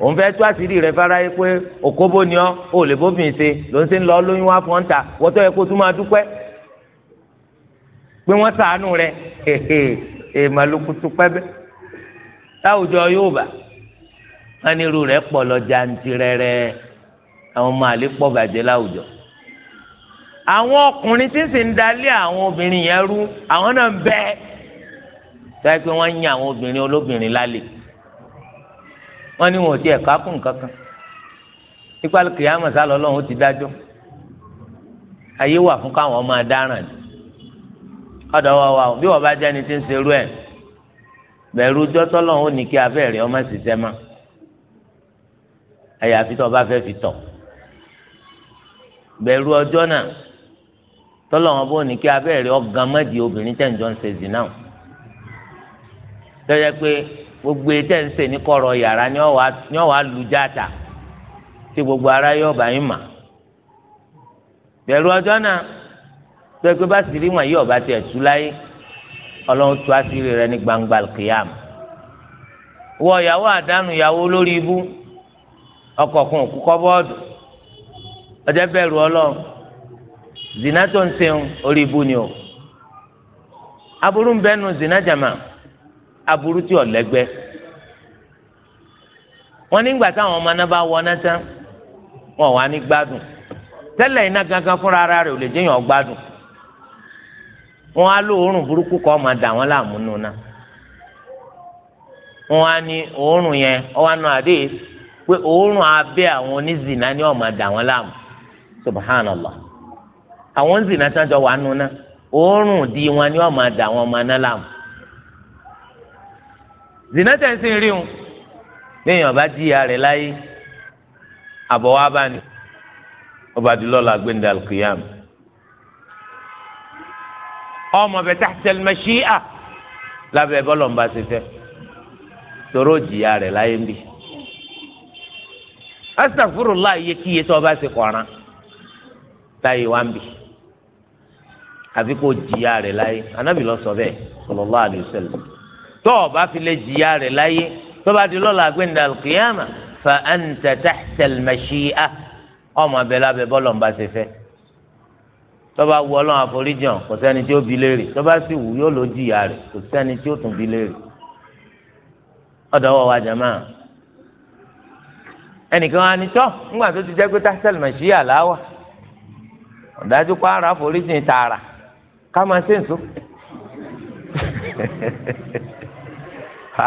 òun fẹ́ tú àṣírí rẹ̀ fáráyé pé òkóbó ni ọ́ ò lè bófin ṣe ló ń ṣe ń lọ lóyún wá fún ọ́n ta wọ́tọ́ yẹ kó tún máa dúpẹ́ pé wọ́n sàánú rẹ̀ èèmàlúkú tún pẹ́ bẹ́ẹ̀ láwùjọ yóò bá wọn ní irú rẹ̀ pọ̀ lọ jantirẹrẹ àwọn ọmọ àlè pọ̀ bàjẹ́ láwùjọ àwọn ọkùnrin tí sì ń dalẹ̀ àwọn obìnrin yẹn rú àwọn náà ń bẹ táyé pé wọ́n ń yan àwọn obìnrin olóbìnrin lálẹ́ wọ́n ní wọn ò tiẹ̀ kákùn kankan nípa kìyàmọ̀ sálọ lọ́hùn ó ti dájọ́ ayé wà fún káwọn máa dáràn ni ọ̀dọ̀ wa wa bí wọ́n bá jẹ́ni tí ń serú ẹ̀ bẹ̀rù jọ́tọ́ lọ́hùn ó ní kí abẹ́rẹ́ ọmọ ṣiṣẹ́ mọ́ àyàfi tó o bá fẹ́ fi tọ̀ bẹ̀rù ọjọ́ náà tọ́lọ̀ wọn bó ní kí abẹ́rẹ́ ọ̀gá mọ́dì obìnrin tẹ̀ ń jọ ń ṣe zina o tọ́jà pé gbogbo tẹ̀ ń ṣe ní kọ̀rọ̀ yàrá ni wọ́n wàá lu játa tí gbogbo ara yóò bá yín mà bẹ̀rù ọjọ́ náà tọ́jà pé bá sì rí wọn yóò bá tiẹ̀ tú láyé ọlọ́run tú àṣírí rẹ ní gbangba kìyàm wọ ìyàwó àdánù ìyàwó lórí ibú ọkọ̀ kan òkú kọ́ ọjọ́ bẹ̀rù ọlọ́run. zina tó ń sẹ́wọ̀n orí ibu ni o aburú ń zina jama aburú tí o lẹgbẹ wọn nígbà táwọn ọmọ náà bá wọ náà tán wọn wà ní gbádùn iná fúnra ara rẹ̀ ò lè jẹ́yàn gbádùn wọn á lo oorun burúkú kọ́ máa dà láàmú nuna wọn á ní oorun yẹn ọwọ́ àna àdé pé àwọn ni ọ̀ dà láàmú subhanallah. àwọn ń zìnà tí wọ́n jọ wà nù náà òórùn di wọn ni wọ́n máa dà wọn máa ná láàmú zìnà tẹ̀ ń sìn rí wọn léèyàn bá jìyà rẹ̀ láyé àbọ̀wá bá ní ọba dùlọ́lá gbẹ̀ndà kìyàm ọmọ bẹ tàṣẹl mẹṣíà lábẹ́ bọ́lọ̀ ń bá ṣe fẹ́ tóró jìyà rẹ̀ láyé ń bì astaghfirullah láàyè kíyè tó ọba ṣe kọ̀ọ̀ràn táyé wá ń bì àfi kó jìyà rẹ̀ láyé anábì lọ sọ bẹ́ẹ̀ sallallahu alaihi wasallam tó o bá fi lè jìyà rẹ̀ láyé tó bá di lọ́la gbẹ̀ndà kìyàmà fa anta tahta al-mashi'a ọmọ abẹ lábẹ bọ́lọ̀ ń bá ṣe fẹ́ tó bá wù ọlọ́run àforíjàn kò sẹ́ni tí ó bi léèrè tó bá sì wù yóò lọ jìyà rẹ̀ kò sẹ́ni tí ó tún bi léèrè ọ̀dọ̀ wọ̀ wá jàmáà ẹnìkan wa ni tọ́ ńgbà tó ti jẹ́ pé tásẹ̀lì mẹ̀síyà láwà ọ̀dájú pa ara àforíjìn tààrà ká máa ṣe nso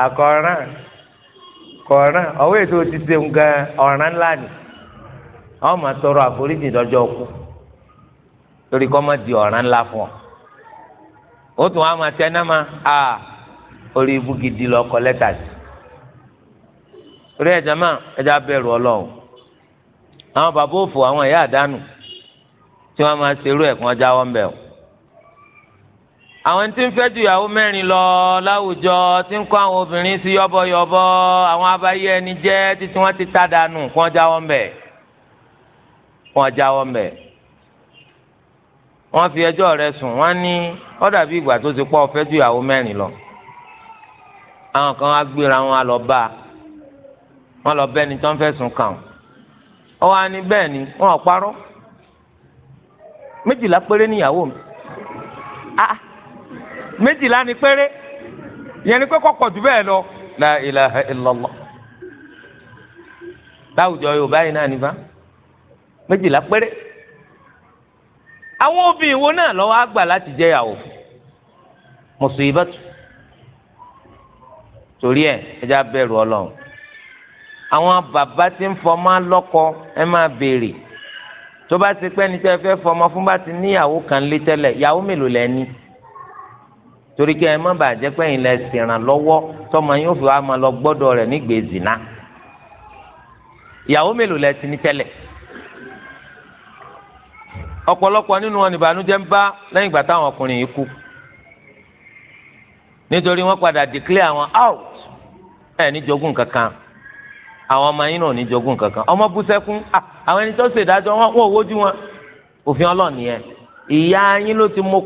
àkọràn kọràn ọwọ́ ètò ti ṣeun gan ọ̀ràn ńlá ni àwọn máa tọrọ àforíjì dọjọ́ kú torí kọ́ máa di ọ̀ràn ńlá fún ọ ó tún wá máa tẹná ma a orí ibú gidi lọ kọ lẹ́tà sí orí ẹ̀jẹ̀ máa ẹ̀jẹ̀ abẹ́rù ọlọ́run àwọn bàbá òfò àwọn ìyá àdánù tí wọ́n máa ṣerú ẹ̀kún ọjà wọn àwọn tí ń fẹ́ ju ìyàwó mẹ́rin lọ láwùjọ tí ń kọ́ àwọn obìnrin sí yọ́bọ̀yọ́bọ̀ àwọn abayé ẹni jẹ́ títí wọ́n ti ta dànù kọ́ jáwọ́ mbẹ̀ kọ́ jáwọ́ mbẹ̀ wọ́n fi ẹjọ́ rẹ̀ sùn wọ́n ní ó dàbí ìgbà tó ti pọ̀ ó fẹ́ ju ìyàwó mẹ́rin lọ àwọn kan á gbéra wọn á lọ bá a wọ́n lọ bẹ́ni tó ń fẹ̀sùn kàn ó wá ní bẹ́ẹ̀ ni wọ́n ò parọ́ méjìlá péré níyàwó mi ah méjìlá ni péré yẹn ni pé kọ̀pọ̀ jù bẹ́ẹ̀ lọ la ilaha illallah láwùjọ yorùbá yìí náà nípa méjìlá péré àwọn obìnrin wo náà lọ́wọ́ àgbà láti jẹ́ ìyàwó musibatu torí ẹ ẹjẹ abẹ̀rù ọlọ́run àwọn bàbá tí ń fọmọ lọ́kọ ẹ máa béèrè tó bá ti pẹ́ ní tẹ́ fẹ́ fọmọ fún bá ti níyàwó kan lé tẹ́lẹ̀ ìyàwó mélòó lẹ́ ní. torí kí ẹ má bàa jẹ́ pé ẹ̀yin lẹ ṣèràn lọ́wọ́ tọmọ fi wá máa lọ gbọ́dọ̀ rẹ̀ nígbèé zina ìyàwó mélòó lẹ ti ní tẹ́lẹ̀ ọ̀pọ̀lọpọ̀ nínú wọn nìbànújẹ́ ń bá lẹ́yìn ìgbà táwọn ọkùnrin yìí out ẹ̀ kankan àwọn ọmọ yín náà kankan ọmọ bú sẹ́kún àwọn ẹni tó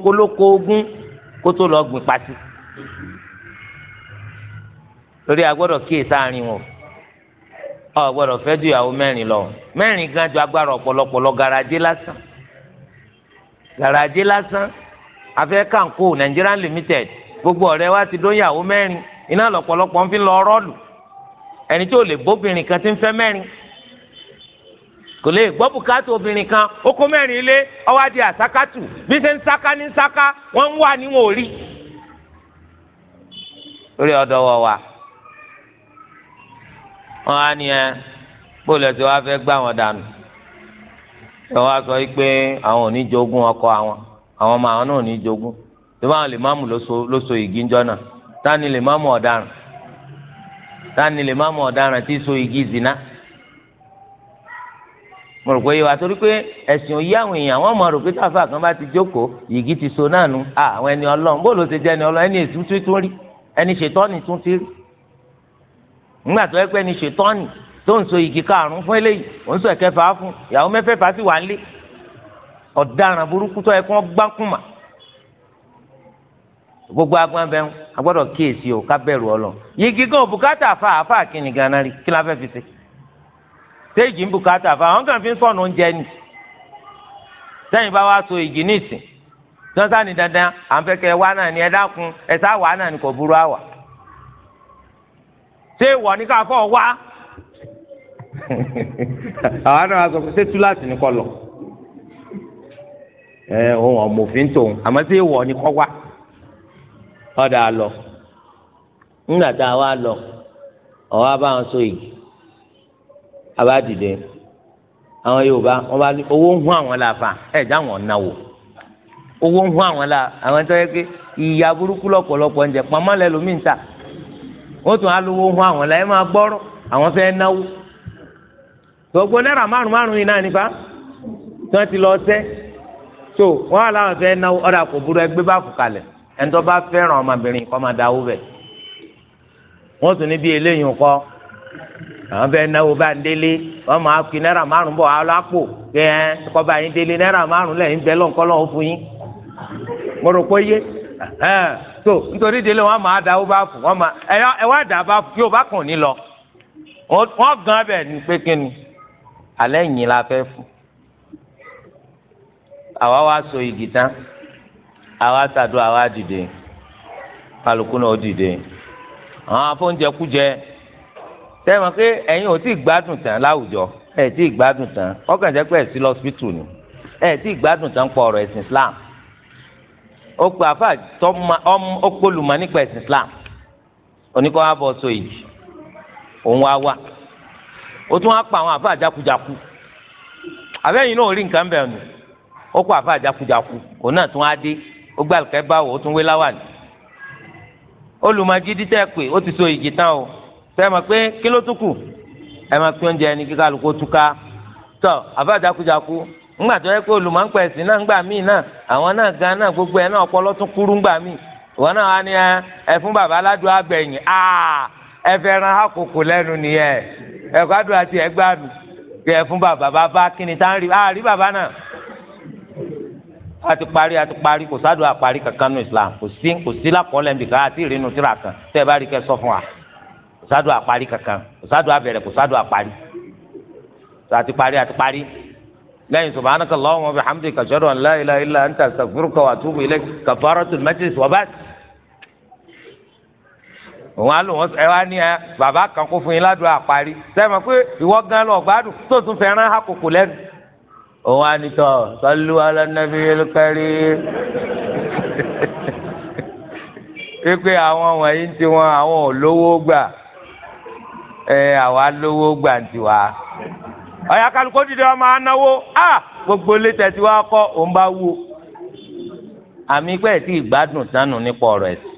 wọn kó tó lọ gbìn pati torí a gbọ́dọ̀ kíyè sáàrin wọn ọ gbọ́dọ̀ fẹ́ ju ìyàwó mẹ́rin lọ mẹ́rin gan ju agbára ọ̀pọ̀lọpọ̀ lọ garaje lásán garaje lásán afẹ́ kanko Nigerian limited gbogbo ọ̀rẹ́ wa ti dóyún ìyàwó mẹ́rin iná lọ́pọ̀lọpọ̀ ń fi lọ rọọlù ẹni tó lè bóbìnrin kan ti ń fẹ́ mẹ́rin kò lè gbọ́ bùkátà obìnrin kan okó mẹ́rin ilé ọwọ́ adìẹ àsákàtù bí ṣe ń sáká ní sáká wọ́n ń wà níwọ̀n orí. lórí ọ̀dọ̀ wọ̀ wá wọ́n á ní ẹ bóòlù ẹ̀sìn wá fẹ́ gbá wọn dànù ẹ wá sọ pé àwọn ò ní jogún ọkọ àwọn àwọn ọmọ àwọn náà ò ní jogún tí wọ́n lè máàmù ló so igi ńjọ́ náà tani lè máàmù ọ̀daràn tani lè máàmù ọ̀daràn tí so igi zina. mo rò pé yìí wá torí pé ẹ̀sìn òye àwọn èèyàn wọ́n mọ̀ rò pé táfà kan bá ti jókòó yìgì ti so náà nu àwọn ẹni ọlọ́run bó ló ṣe jẹ́ ẹni ọlọ́run ẹni èsì tuntun rí ẹni ṣètọ́ni tún ti rí nígbà tó yẹ pé ẹni ṣètọ́ni tó ń so yìgì karùn-ún fún eléyìí òun sọ ẹ̀kẹfà fún ìyàwó mẹ́fẹ̀ẹ̀fà sì wà nílé ọ̀daràn burúkú tó yẹ kí wọ́n gbogbo agbọn agbọ́dọ̀ kíyèsí téèjì ń bùkátà fún àwọn kan fi ń sọnù oúnjẹ ni sẹ́yìn bá wá so ìgì nísìn tọ́sà ní dandan à ń fẹ́ kẹ́ wá náà ni ẹ dákun ẹ sá wà náà ni kò burú àwà ṣé ìwọ ní ká fọ́ wá. *laughs* àwa náà wá sọ pé ṣé túláàsì ni kò lọ ẹ ohun ọmọfin tòun àmọ́ ṣé ìwọ ní kò wá ọ̀dà lọ ńgbà tá a wá lọ ọ̀wá bá wọn so ìgì abádìde àwọn yorùbá wọn bá owó ń hún àwọn láfa ẹ̀já wọn náwó owó ń hún àwọn la àwọn tó yẹ pé ìyá burúkú lọ́pọ̀lọpọ̀ ń jẹ pamọ́ lẹ́lòmí ń ta wọ́n tún á lówó ń hún àwọn la ẹ máa gbọ́rọ̀ àwọn fẹ́ náwó gbogbo náírà márùn márùn yìí náà nípa tí wọn ti lọ sẹ tó wọn wà láwọn fẹẹ náwó ọdà kò burú ẹgbẹ bá fòkalẹ ẹnitọ bá fẹ́ràn ọmọbìnrin kọ máa dáwó bẹ wọn tún ní bí eléyìí kọ àwọn fẹ́ náwó bá ń délé wọ́n máa fi náírà márùn bọ̀ alápò kẹ́ ẹ́ kọ́ba yín délé náírà márùn lẹ́yìn bẹ́ẹ̀ lọ́nkọ́ lọ́wọ́ yín mo rò yé so nítorí délé wọ́n máa da ó bá fún wọ́n máa ẹ wá dà bá fún yóò bá kàn ní lọ wọ́n gan abẹ ní pé kí ni alẹ́ yìí la fẹ́ fún àwa wá so igi tán àwa sàdó àwa dìde kálukú náà ó dìde àwọn afọ́njẹkújẹ. Ah, tẹ́wọ̀n pé ẹ̀yin ò tí ì gbádùn tán láwùjọ ẹ̀ tí ì gbádùn tán ọkàn jẹ́ pé ẹ̀ sí lọ́sibítù ni ẹ̀ tí ì gbádùn tán pọ̀ ọ̀rọ̀ ẹ̀sìn Islam ó pe àfa ọpọlùmọ̀ nípa ẹ̀sìn Islam oníkọ́ wa bọ̀ sọ èyí òun wa wà ó tún wá pa àwọn àfa àjákujáku àbẹ́yìn náà rí nǹkan bẹ̀rẹ̀ nù ó kó àfa àjákujáku òun náà tún á dé ó gbàlùkẹ́ sẹ́mi pé kí ló tún kù ẹ máa pín oúnjẹ ẹni kí kálukú túká tọ́ àbájákujáku ńgbà tó yẹ pé olùmọ̀ọ́pẹ̀ ga náà ńgbà míì gbogbo ẹ̀ náà ọpọlọ tún kúrú ńgbà míì wọn náà wá ní ẹ fún bàbá aládùn ẹ fẹ́ ran àkókò lẹ́nu nìyẹn ni tá ń rí bàbá a parí parí kò sádùn àparí kankan nù Islam kò sí kò sí lákọọ́lẹ̀ nbìkan àti ìrìnnù kan tẹ́ ẹ kò sádùn àparí kankan kò sádùn àbẹ̀rẹ̀ kò sádùn àparí sọ àti parí àti parí lẹ́yìn subhanaka Allahumma wa bihamdika ashhadu an la ilaha illa anta astaghfiruka wa atubu ilayk kafaratul majlis wa bas. òun á lò wọ́n ẹ wá ni ẹ bàbá kan kó fún yín ládùn àparí sẹ́mi pé ìwọ gan lọ gbádùn tó tún fẹ́ràn àkókò lẹ́nu. òun á ní tọ́ sallu ala nabiyil karim *laughs* wípé àwọn wọ̀nyí ti wọn àwọn olówó gbà ẹ àwa lówó gbàǹtì wa ọ̀yà kálukó dìde ọmọ anáwó a gbogbo létẹ̀ tí wàá kọ́ òun bá wú àmì pẹ́ tí ìgbádùn sánú nípa ọ̀rọ̀ ẹ̀sìn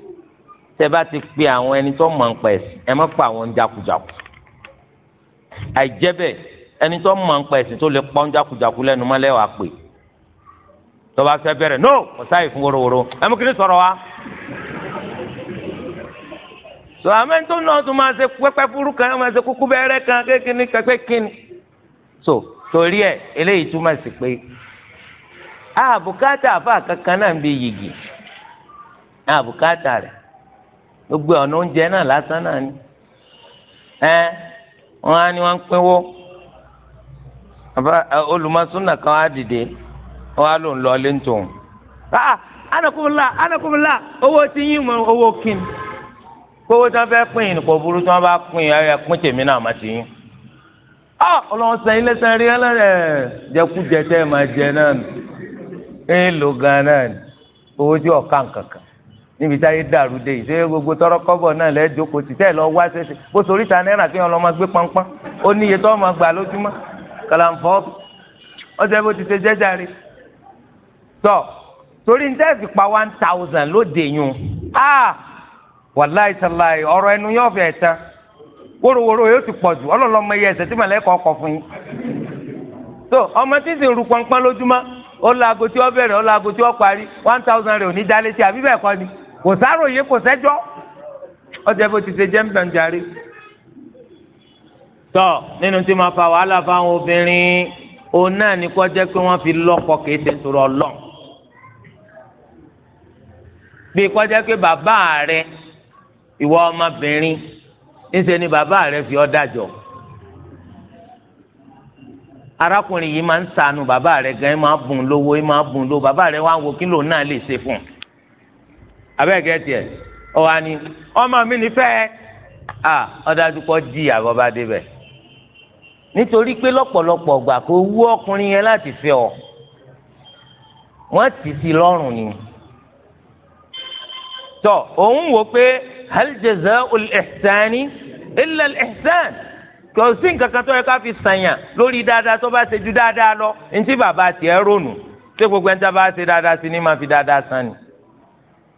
tẹ́ bá ti pe àwọn ẹni tó mọ̀ nípa ẹ̀sìn ẹ má pa àwọn ń jákujàku àìjẹ́bẹ̀ ẹni tó mọ̀ nípa ẹ̀sìn tó lè pọ́ ń jákujàku lẹ́nu mọ́lẹ́wàá pè tọ́ba fẹ́ bẹ̀rẹ̀ no ọ̀sáyè fún worowóró ẹ mú kí ni sọ̀rọ̀ wa tó amẹ́ńtò náà tó máa ṣe pẹ́pẹ́ fúru kan máa ṣe kúkú bẹ́rẹ́ kan kékeré kíni so torí ẹ eléyìí túmọ̀ sí pé àbùkátà àfa kankan náà ń bi yìgì àbùkátà rẹ̀ gbogbo ọ̀nà oúnjẹ náà lásán náà ni ẹ á ní wọn ń pínwó kan á dìde á lò ń lọ ń tòun. Ah, owó yín gbowó tí wọ́n pín in burú tí wọ́n bá pín in ẹ pín tèmi náà má ti yín. ọ ọlọ́run rí máa jẹ náà ẹ lò gan náà owó tí níbi tọrọ kọbọ náà lẹ jókòó wá ṣẹṣẹ bó sori ta náírà kí wọn lọ máa gbé pọnpọn ó máa gbà kàlàǹfọ ọsẹ one thousand lóde yun ah wàláì sàláì ọ̀rọ̀ ẹnu yóò fẹ́ tán wórówóró yóò ti pọ̀ jù ọlọ́lọ́ mọ iye ẹ̀ṣẹ̀ tí màlẹ́kọ̀ ọkọ̀ fún yín. tó ọmọ tí sì ń ru pọnpọ́n lójúmọ́ ó lọ aago tí ó bẹ̀rẹ̀ ó lọ aago tí ó parí one thousand rẹ̀ ò ní dálé tí àbí bẹ́ẹ̀ kọ́ ni kò sáròyé kò sẹ́jọ́ ọjà bó ti ṣe jẹ́ ń bẹ̀ ń jarí. tọ́ nínú tí máa fa wàhálà fáwọn obìnrin òun náà ní kó jẹ́ pé wọ́n fi lọ́kọ kìí ṣe sọ̀rọ̀ ọlọ́ọ̀ bí kó jẹ́ pé bàbá rẹ̀ ìwọ ọmọbìnrin níṣẹ́ ni bàbá rẹ fi ọ́ dájọ́ arákùnrin yìí máa ń sànù bàbá rẹ gan ẹ máa bùn lówó ẹ máa bùn lówó bàbá rẹ wá ń wo kí lòun náà lè ṣe fún un abẹ́ẹ̀kẹ́ tiẹ̀ ọ wá ní ọmọ mi nífẹ̀ẹ́ à ọ̀dájú pọ̀ di àbọ̀bá débẹ̀ nítorí pé lọ́pọ̀lọpọ̀ ọgbà kò wú ọkùnrin yẹn láti fẹ́ ọ wọ́n ti sí lọ́rùn ni tọ́ òun wò pé hal jazaa'ul ihsani illa al ihsan kò sí nǹkan kan tó yẹ ká fi sànyà lórí dáadáa tó bá ṣe ju dáadáa lọ ntí bàbá tiẹ̀ ronú tó gbogbo ẹni tó bá ṣe dáadáa sí ni máa fi dáadáa sàn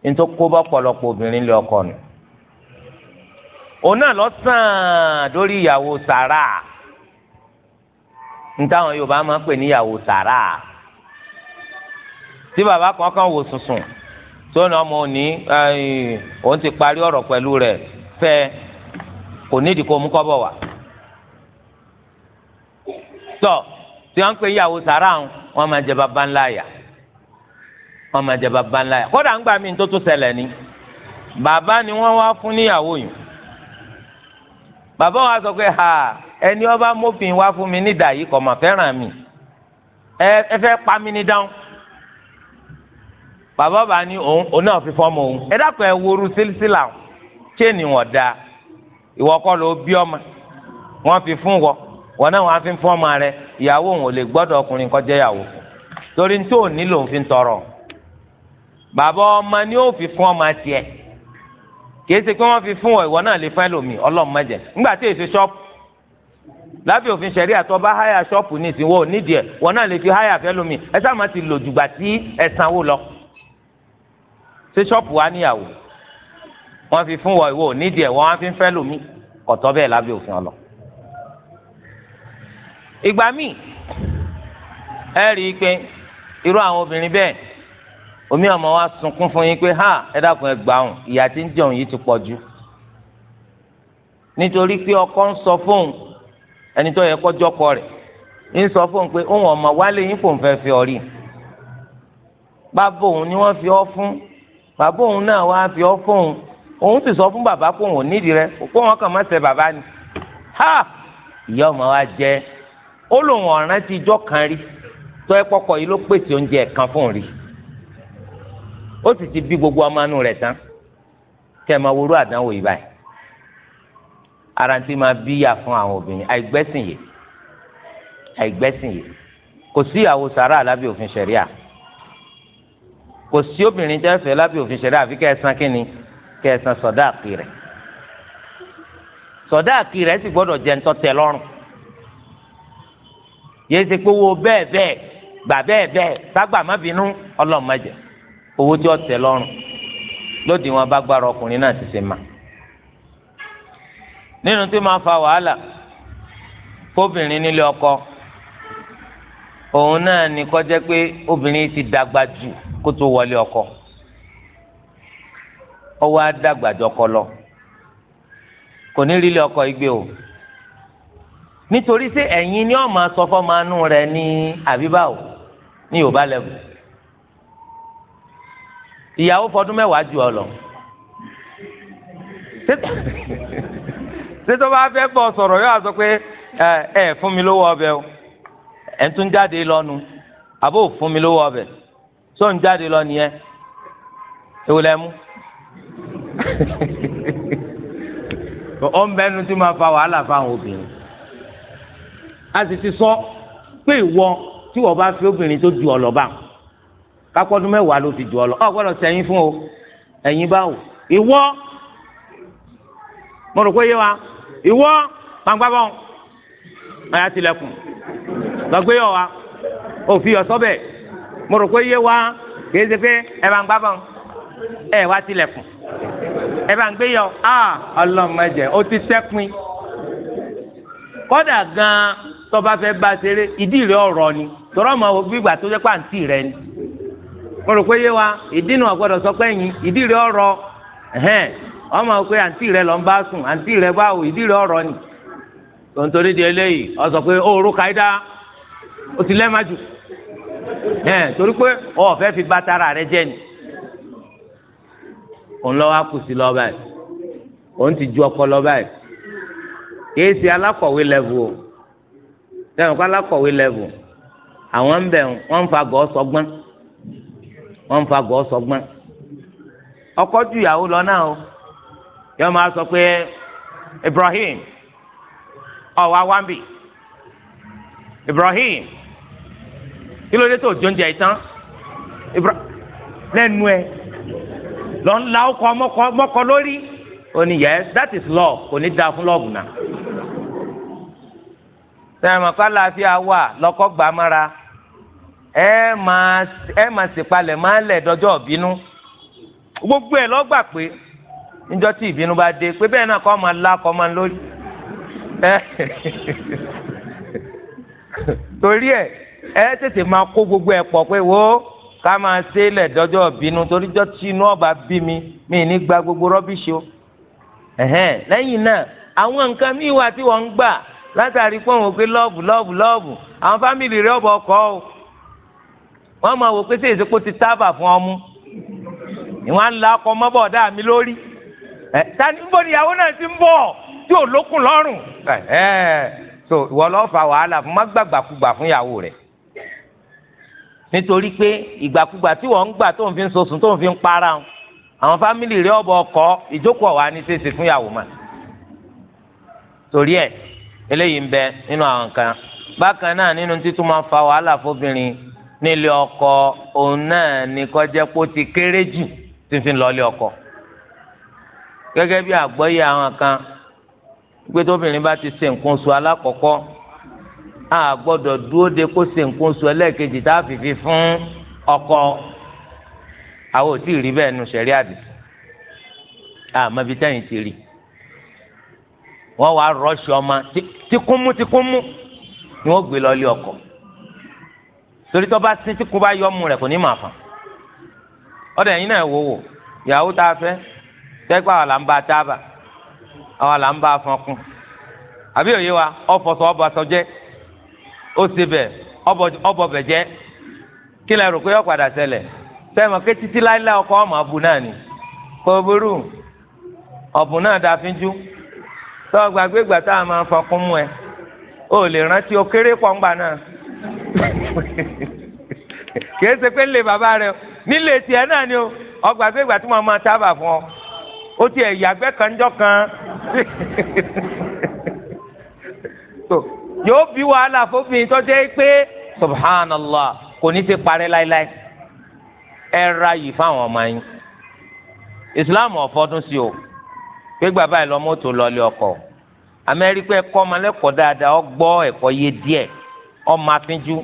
ni ntó kó bá pọ̀lọpọ̀ obìnrin lé ọkọ nù. òun náà lọ sàn lórí ìyàwó sàrà ntáwọn Yorùbá máa ń pè ní ìyàwó sàrà tí bàbá kan kan wò sùnsùn sọ́nà ọmọ òní òun ti parí ọ̀rọ̀ pẹ̀lú rẹ̀ fẹ́ kò nídìí kó mú kọ́bọ̀ wá. tọ́ tí wọ́n ń pè ìyàwó sàrà wọn máa jẹ bàbá ńlá yà wọn máa jẹ bàbá ńlá yà kódà ń gbà mí tó tún ṣẹlẹ̀ ni bàbá ni wọ́n wá fún níyàwó yìí bàbá wa sọ pé ha ẹni ọba mọ́fìn wá fún mi nídàá yìí kọ̀ mà fẹ́ràn mi ẹ fẹ́ pa mí ní dáhùn bàbá bá ní òun òun náà fi fọ́ọ̀mù òun ẹ dákun ẹ woru sílísílà chéènì wọn da ìwọ kọ́ ló bí ọmọ wọn fi fún wọ wọn náà wọn fi fún ọmọ rẹ ìyàwó òun ò lè gbọ́dọ̀ ọkùnrin kọjá ìyàwó torí ní tó ní lòun fi ń tọrọ bàbá ọmọ ni ó fi fún ọmọ tiẹ̀ kìí ṣe pé wọn fi fún ọ ìwọ náà lè fún ẹlòmíì Ọlọ́run nígbà tí èsì ṣọ́ọ̀pù lábẹ́ òfin ṣẹ̀rí àtọ́ bá háyà ṣọ́ọ̀pù ní ìsìnwó nídìí ẹ̀ wọn náà lè fi háyà fẹ́ ẹ sáà má ti lò jùgbà tí ẹ sanwó lọ ṣé ṣọ́ọ̀pù wa níyàwó wọ́n fi fún wọ ìwọ nídìí ẹ̀ wọ́n á fi ń fẹ́ lómi ọ̀tọ́ bẹ́ẹ̀ lábẹ́ òfin ọlọ. ìgbà míì ẹ rí i pé irú àwọn obìnrin bẹ́ẹ̀ omi ọmọ wa sunkún fún yín pé ha ẹ dákun ẹ gbà òun ìyá tí ń jẹun yìí ti pọ̀ jù nítorí pé ọkọ ń sọ fóun ẹni tó yẹ kọjọ́ kọ rẹ̀ ń sọ fóun pé òun ọmọ wálé yín fòun fẹ́ fi ọ rí bá bóun ni wọ́n fi ọ fún bàbá òun náà wá fi ọ́ fóun òun sì sọ fún bàbá pé òun ò nídìí rẹ kó wọn kàn má ṣe bàbá ni ha ìyá ọmọ wa jẹ ó lòun ọ̀ràn ti ijọ́ kan rí tó ẹ pọkọ yìí ló pèsè oúnjẹ kan fún un rí ó sì ti bí gbogbo ọmọ inú rẹ̀ tán kẹ máa worú àdánwò yìí báyìí ara ti máa bíyà fún àwọn obìnrin àìgbẹ́sìn yìí àìgbẹ́sìn yìí kò sí ìyàwó sàrà lábẹ́ òfin ṣẹ̀ríà kò sí obìnrin tẹ́ fẹ́ lábẹ́ òfin ṣẹ̀dá àfi kẹsàn kínni kẹsàn sọ̀dáàkì rẹ̀ sọ̀dáàkì rẹ̀ sì gbọ́dọ̀ jẹ́ ńtọ́ tẹ́ lọ́rùn yéé ṣe pé owó bẹ́ẹ̀ bẹ́ẹ̀ gbà bẹ́ẹ̀ bẹ́ẹ̀ ságbà má bínú ọlọ́mọdé owó tí ó tẹ́ lọ́rùn lódì wọn bá gbára ọkùnrin náà ti ṣe mà nínú tí máa fa wàhálà fóbìnrin nílé ọkọ òun náà ni kọjá pé obìnrin ti dàgbà jù kó tó wọlé ọkọ ọwọ́ adágbàjọ kọ lọ kò ní rí ilé ọkọ igbe o nítorí ṣé ẹ̀yin ni ọ̀ma sọ fọ́mọ anú rẹ ní àbíbá o ní yorùbá lẹ́bù ìyàwó fọdún mẹ́wàá ju ọ lọ ṣé tó *laughs* bá fẹ́ bọ̀ sọ̀rọ̀ yóò sọ pé ẹ ẹ fún mi lówó ọbẹ̀ o ẹ̀ ń tún jáde lọ́nu àbó fún mi lówó ọbẹ̀ o tó ń jáde lọ nìyẹn ewu lẹ mú ó ń bẹnu tí máa fa wàhálà fáwọn obìnrin a sì ti sọ pé ìwọ tí wọ́n bá fi obìnrin tó ju ọlọ́ba kápọ́dún mẹ́wàá ló fi ju ọlọ́ ọ gbọ́dọ̀ sẹ́yìn fún o ẹ̀yin báwo ìwọ mo rò pé yé wa ìwọ gbangbabọ ọ̀yà tilẹ̀kùn lọ́gbẹ́yọ̀ wa òfin ọ̀sọ́ bẹ́ẹ̀. mo rò pé yé wa kìí ṣe pé ẹ bá ń gbá bọ̀ ẹ wá tilẹ̀kùn ẹ bá ń gbé yọ ọlọ́mọdé ó ti kọ́dà gan-an ni tọ́rọ̀ mọ̀ wọ́n gbígbà tó ni mo rò wa ìdí náà gbọ́dọ̀ sọ pé yín ìdí àǹtí bá sùn àǹtí ìdí ni di eléyìí ẹn torí pé ọ̀fẹ́ fi bá tara rẹ jẹ́ ni òun lọ wá kùsì lọ báyìí òun ti ju ọkọ lọ báyìí kìí ṣe alákọ̀wé lẹ́vù o sẹ́wọ̀n kọ́ alákọ̀wé lẹ́vù àwọn ń bẹ̀ wọ́n ń fa gọ́ sọgbọ́n wọ́n ń fa gọ́ sọgbọ́n ọkọ ju ìyàwó lọ náà o yọ máa sọ pé Ibrahim ọ̀wá wámbì Ibrahim. kí tó jóúnjẹ yìí lẹ́nu lọ ń la ọkọ mọ́kọ lórí that is law kò ní da fún lọ́ọ̀bù náà sẹ́yìnmọ̀ kọ́ àlàáfíà wà lọ́kọ́ gbà mára ẹ máa ẹ máa máa gbogbo ẹ̀ lọ́gbà pé níjọ́ tí ìbínú bá dé pé bẹ́ẹ̀ náà kọ́ máa la kọ́ máa lórí *laughs* torí ẹ tètè máa kó gbogbo ẹ̀ pọ̀ pé wo ká máa ṣe lẹ́dọ́jọ́ bínú torí tí inú ọba bí mi mi ní gba gbogbo rọ́bìṣì o náà àwọn nǹkan míì tí gbà látàrí pé pé lọ́ọ̀bù lọ́ọ̀bù lọ́ọ̀bù àwọn fámìlì máa wò pé sí ti tábà fún ọmú ìwọ́n ń la ọkọ̀ mọ́bọ̀ ọ̀dá mi lórí ẹ̀ tani níbo níyàwó náà ti bọ̀ tí ò lókun lọ́rùn so ìwọ lọ́ọ́ fa wàhálà fún nítorí pé ìgbàkúgbà tí wọ́n ń gbà tó ń fi ń sosùn tó ń fi ń para wọn àwọn fámìlì rẹ ọbọ ọkọ ìjókòó wa ní sèse fún ìyàwó mà torí ẹ eléyìí ń bẹ nínú àwọn nǹkan bákan náà nínú títún máa fa wàhálà fóbìnrin nílé ọkọ òun náà ní kọjá pé ó ti kéré jù tí ń fi lọ ọkọ gẹ́gẹ́ bí àgbọ́yé àwọn kan gbé tóbìnrin bá ti ṣe nǹkan oṣù alákọ̀ọ́kọ́ a gbọ́dọ̀ dúró de kó ṣe nǹkan oṣù ẹlẹ́ẹ̀kejì tá a fìfi fún ọkọ àwọn ò tí ì rí bẹ́ẹ̀ nu sẹ̀rí àdìsí àmọ́ ibi tẹ́yìn ti rí wọ́n wá rọ́ọ̀ṣì ọmọ tìkúnmú tìkúnmú ni wọ́n gbé lọ ilé ọkọ torí tó bá sin tìkún bá yọ ọmú rẹ̀ kò ní máa fà ọ̀dọ̀ ẹ̀yin náà wò wò ìyàwó tá a fẹ́ tẹ́gbà wà là ń a tábà àwọn là ń bá a fọn kún àbí òye wa ọ̀fọ̀sọ̀ ọ̀bọ̀sọ̀ jẹ́ ó ṣe bẹ ọbọ bẹ jẹ kí lẹ rò pé ó padà ṣẹlẹ̀ sẹmọ ké títí ọkọ ọmọ abu náà ni kò ọbùn náà da fínjú tó gbàgbé ìgbà tá a máa fọkún mú ẹ lè rántí *laughs* o kéré náà kìí *laughs* yóò bí wàhálà fófin tọ́jú pé subhanallah kò ní ti parẹ́ láéláé ẹ ra yìí fáwọn ọmọ yín islam ọ̀fọ́dún sí o pé bàbá ẹ lọ mọ́tò lọ́ọ́lẹ́ ọkọ̀ amẹ́ríkà ẹ̀kọ́ ọmọlẹ́kọ̀ọ́ dáadáa ọ gbọ́ ẹ̀kọ́ yé díẹ̀ ọmọ afínjú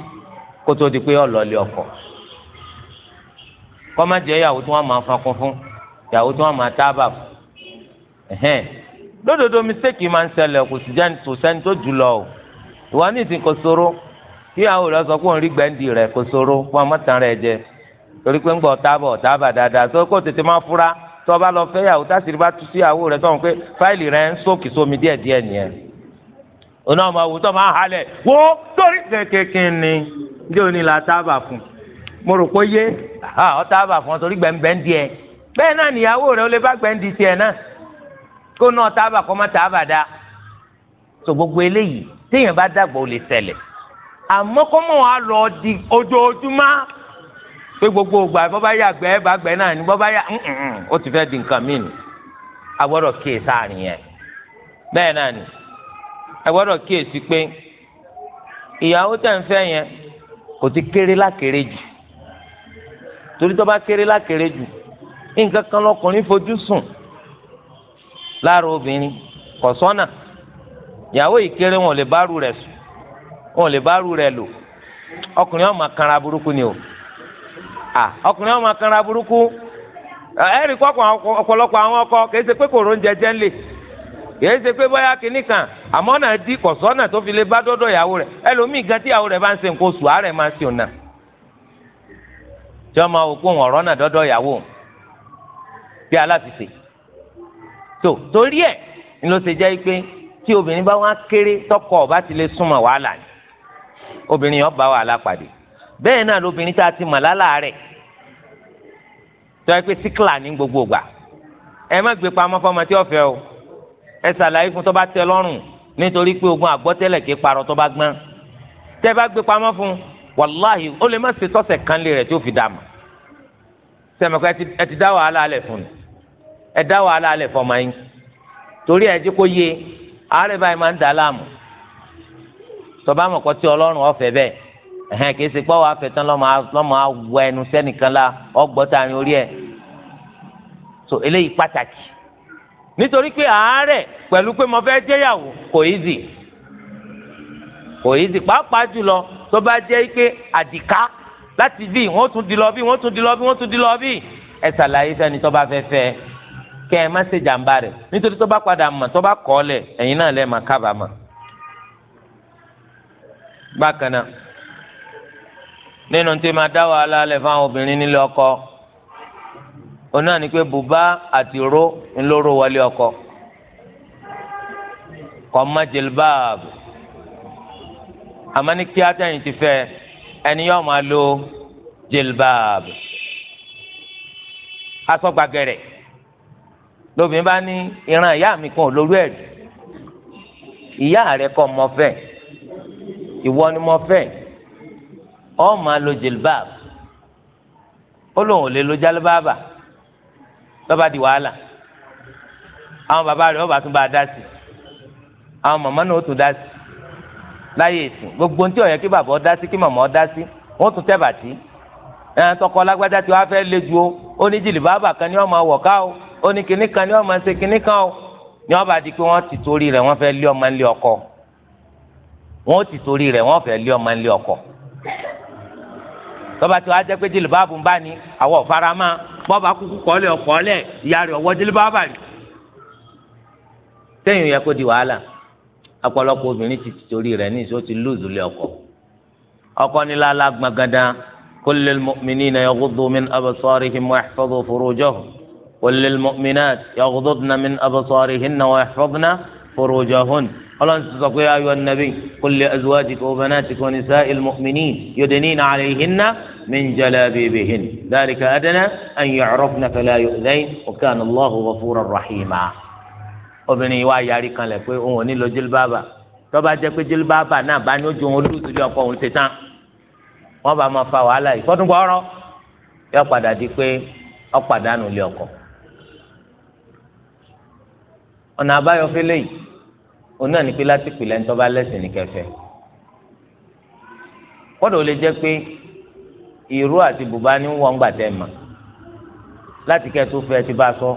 kó tó di pé ọ lọ́ọ́lẹ́ ọkọ̀ kọ́májẹ́ ìyàwó tí wọ́n máa fankun fún ìyàwó tí wọ́n máa tábà fún lódodo mistake máa ń ṣẹlẹ̀ kò sí jẹ́ tòsẹ́ni tó jù lọ o ìwà ní ìsìn kò sóró kí àwọn olùdó sọ pé òun rí gbẹ̀ǹdì rẹ̀ kò sóró fún ọmọọ̀tàn rẹ̀ jẹ torí pé ń gbọ́ tábà tábà dáadáa tó kó tètè máa fura tó o bá lọ fẹ́ yàwó tásìrì bá tú sí àwò rẹ̀ tó ń pé fáìlì rẹ̀ ń sókè sómi díẹ̀ díẹ̀ nìyẹn oná ọmọ òwú tó máa halẹ̀ wo torí kékeré ni ilé òní la tábà fún mo rò pé yé ọ tábà fún ọ torí gbẹ̀ǹgbẹ̀ǹdì ẹ bẹ́ẹ̀ náà nìyàwó rẹ̀ ó lè bá gbẹ̀ǹdì tiẹ̀ náà kó náà tábà kọ́ má tábà dá so gbogbo eléyìí téèyàn bá dàgbà ò lè ṣẹlẹ̀ àmọ́ kọ́ mọ̀ wá lọ di gbogbo ògbà bọ́ yà gbẹ́ bá gbẹ́ náà ni bọ́ bá yà mm, mm, mm, ti fẹ́ di nǹkan a kíyè sáàrin yẹn náà ni a kíyè sí pé ìyàwó tẹ̀ ń fẹ́ yẹn kò ti kéré lákéré jù torí tó bá kéré lákéré jù nǹkan kan lọkùnrin fojú ìyàwó ìkéré wọn ò lè bárù rẹ̀ sùn wọn ò lè bárù rẹ̀ lò ọkùnrin ọmọ kanra burúkú ni o ọkùnrin ọmọ kanra burúkú ẹ̀rí kọ́kọ́ ọ̀pọ̀lọpọ̀ àwọn ọkọ kìí ṣe pé kòrò ń jẹjẹ́ ńlẹ̀ kìí ṣe pé bóyá kinní kan àmọ́ náà di kọ̀sọ́nà tó fi lè bá dọ́dọ̀ ìyàwó rẹ̀ ẹlòmíì gan tí ìyàwó rẹ̀ bá ń ṣe nǹkan oṣù àárẹ̀ máa ń ṣe òun náà tí wọ́n máa ọ̀rọ̀ náà dọ́dọ̀ ìyàwó bí aláfiṣe tó torí ẹ̀ ni ló ṣe jẹ́ pé tí obìnrin bá wá kéré tọkọ ọba ti lè súnmọ́ wàhálà ni obìnrin yẹn bá wàhálà pàdé bẹ́ẹ̀ náà lobìnrin tá a ti mọ̀ lálà rẹ̀ tó yẹ pé síkìlà ní gbogbo ìgbà ẹ má gbé pamọ́ fọmọ tí ọ̀fẹ́ o ẹ ṣàlàyé fún tó bá tẹ́ lọ́rùn nítorí pé ogun àgbọ́tẹ́lẹ̀ kí parọ́ tó bá gbọ́n tẹ́ bá gbé pamọ́ fún wàláhì ó lè má ṣe tọ́sẹ̀ kan lé rẹ̀ tó fi dààmú sẹ́mẹ̀kọ́ ẹ ti dá wàhálà alẹ̀ fún ẹ dá wàhálà alẹ̀ fọmọ yín torí ẹ jẹ́ kó yé àárẹ̀ báyìí máa ń dà láàmú tọba àmọ̀kọ́ tí ọlọ́run ọ̀fẹ́ bẹ́ẹ̀ ẹ̀hẹ́n kìí ṣe pọ́wọ́ afẹ́tán lọ́mọ awọ ẹnu sẹ́nìkan la ọgbọ́ta ni orí ẹ̀ so eléyìí pàtàkì nítorí pé àárẹ̀ pẹ̀lú pé mo fẹ́ jẹ́yàwó kò easy kò easy pàápàá jùlọ tó bá jẹ́ pé àdìká láti bí wọ́n tún di lọ bí wọ́n tún di lọ bí wọ́n tún di lọ bí ẹ̀ ṣàlàyé fẹ́ni fẹ́ fẹ́ ẹ kẹ́ ẹ má ṣe jàǹbá rẹ̀ nítorí tó bá padà mọ̀ tó bá kọ́ lẹ̀ ẹ̀yin náà lẹ́ẹ̀ máa kábàámọ̀. bákan náà nínú tí máa dá wàhálà lẹ̀ fáwọn obìnrin nílé ọkọ òun náà ni pé bùbá àti ró ńlóró wọlé ọkọ kọ́ má jìlbáàbù àmọ́ ní kí átẹ̀yìn ti fẹ́ ẹni yóò máa lo jìlbáàbù aṣọ gbàgẹ̀rẹ̀ lóbìnrin bá ní ìran ìyá mi kan lórí ẹ̀rí ìyá rẹ kọ́ mọ fẹ́ ìwọ ni mo fẹ́ ọ máa lo jilbab ó lóun ò lè lo jálíbáàbà lọ́ba di wàhálà àwọn bàbá rẹ̀ ọba tún bá a dá sí àwọn màmá náà ó tún dá sí láyé ìsìn gbogbo ohun tí kí bàbá ọ dá sí kí màmá ọ dá sí wọ́n tún tẹ̀ bàtí ẹ̀ tọkọ lágbájá tí wọ́n á fẹ́ lé ju ó ní jìlìbáàbà kan ní ọmọ àwọ̀ ká o ó ní kinní kan ní ọmọ ṣe kinní kan o ní ọba di pé wọ́n ti torí rẹ̀ wọ́n fẹ́ lé ọmọ nílé ọkọ wọ́n ti torí rẹ̀ wọ́n fẹ́ lé ọmọ nílé ọkọ tọ́ba tí wàá jẹ́ pé jìlìbáàbù ń bá ní àwọn ọ̀farama bọ́ba kúkú kọ́lẹ̀ ọ̀kọ́lẹ̀ ìyá rẹ̀ ọwọ́ jìlìbáàbà rí téèyàn yẹ kó di wàhálà ọ̀pọ̀lọpọ̀ obìnrin ti torí rẹ̀ ní ti lùzù lé ọkọ ọkọ nílá alágbọ̀n gandan kullil mu'minina yaghuddu min absarihim wa yahfazu furujahum وللمؤمنات يغضضن من أبصارهن ويحفظن فروجهن الله أنت يا أيها النبي قل لأزواجك وبناتك ونساء المؤمنين يدنين عليهن من جلابيبهن ذلك أدنى أن يعرفن فلا يؤذين وكان الله غفورا رحيما obìnrin yìí wá kan lẹ pé òun ò ní lọ jilbaba tó bá pé jilbaba náà bá ní ojú òun lùtù bí ọkọ òun ti tán wọn bá máa fa wàhálà yìí fọdún yọ padà di pé ọ pàdánù lé ọkọ ọ̀nà àbáyọ fẹlẹ̀ yìí òun náà ní pé láti pìlẹ̀ ńtọ́ bá lẹ́sìn ní kẹfẹ́ kọ́dọ̀ ó lè jẹ́ pé ìró àti bùbá ní wọ́n gbà tẹ́ mà láti kẹ́ tó fẹ́ ti bá sọ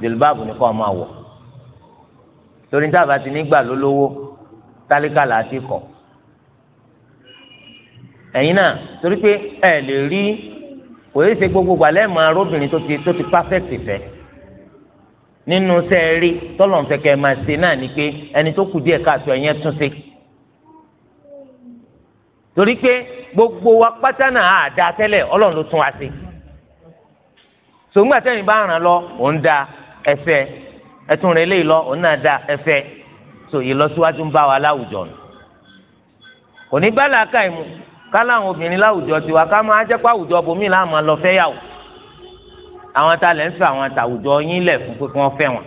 jìlbáàbù ní kọ́ ọ máa wọ̀ torí táàbà ti nígbà lólówó tálíkà láti kọ̀ ẹ̀yin náà torí pé ẹ lè rí kò yẹ ṣe gbogbo gbàlẹ́ mọ́ arúbìnrin tó ti pàfẹ́tì fẹ́ nínú sẹ́ẹ̀rí tọ́lọ̀ máa ṣe náà ni pé ẹni tó kù díẹ̀ káàtó ẹ̀yẹn tún ṣe. torí pé gbogbo wa pátá náà á da tẹ́lẹ̀ ọlọ́run ló tún wa ṣe. sògbà tẹ́yìn bá ràn lọ òun da ẹ̀fẹ́ ẹ̀tún rẹ̀ léyìí lọ òun náà da ẹ̀fẹ́ so ìlọsíwájú ń bá wa láwùjọ nù. kò ní bá làákà ìmú ká láwọn obìnrin láwùjọ tiwa ká máa jẹ́ pé àwùjọ bòmí láàmú lọ fẹ́ yàwó àwọn tá a lè ń fẹ́ àwọn àtàwùjọ yín lẹ̀ fún pé kí wọ́n fẹ́ wọn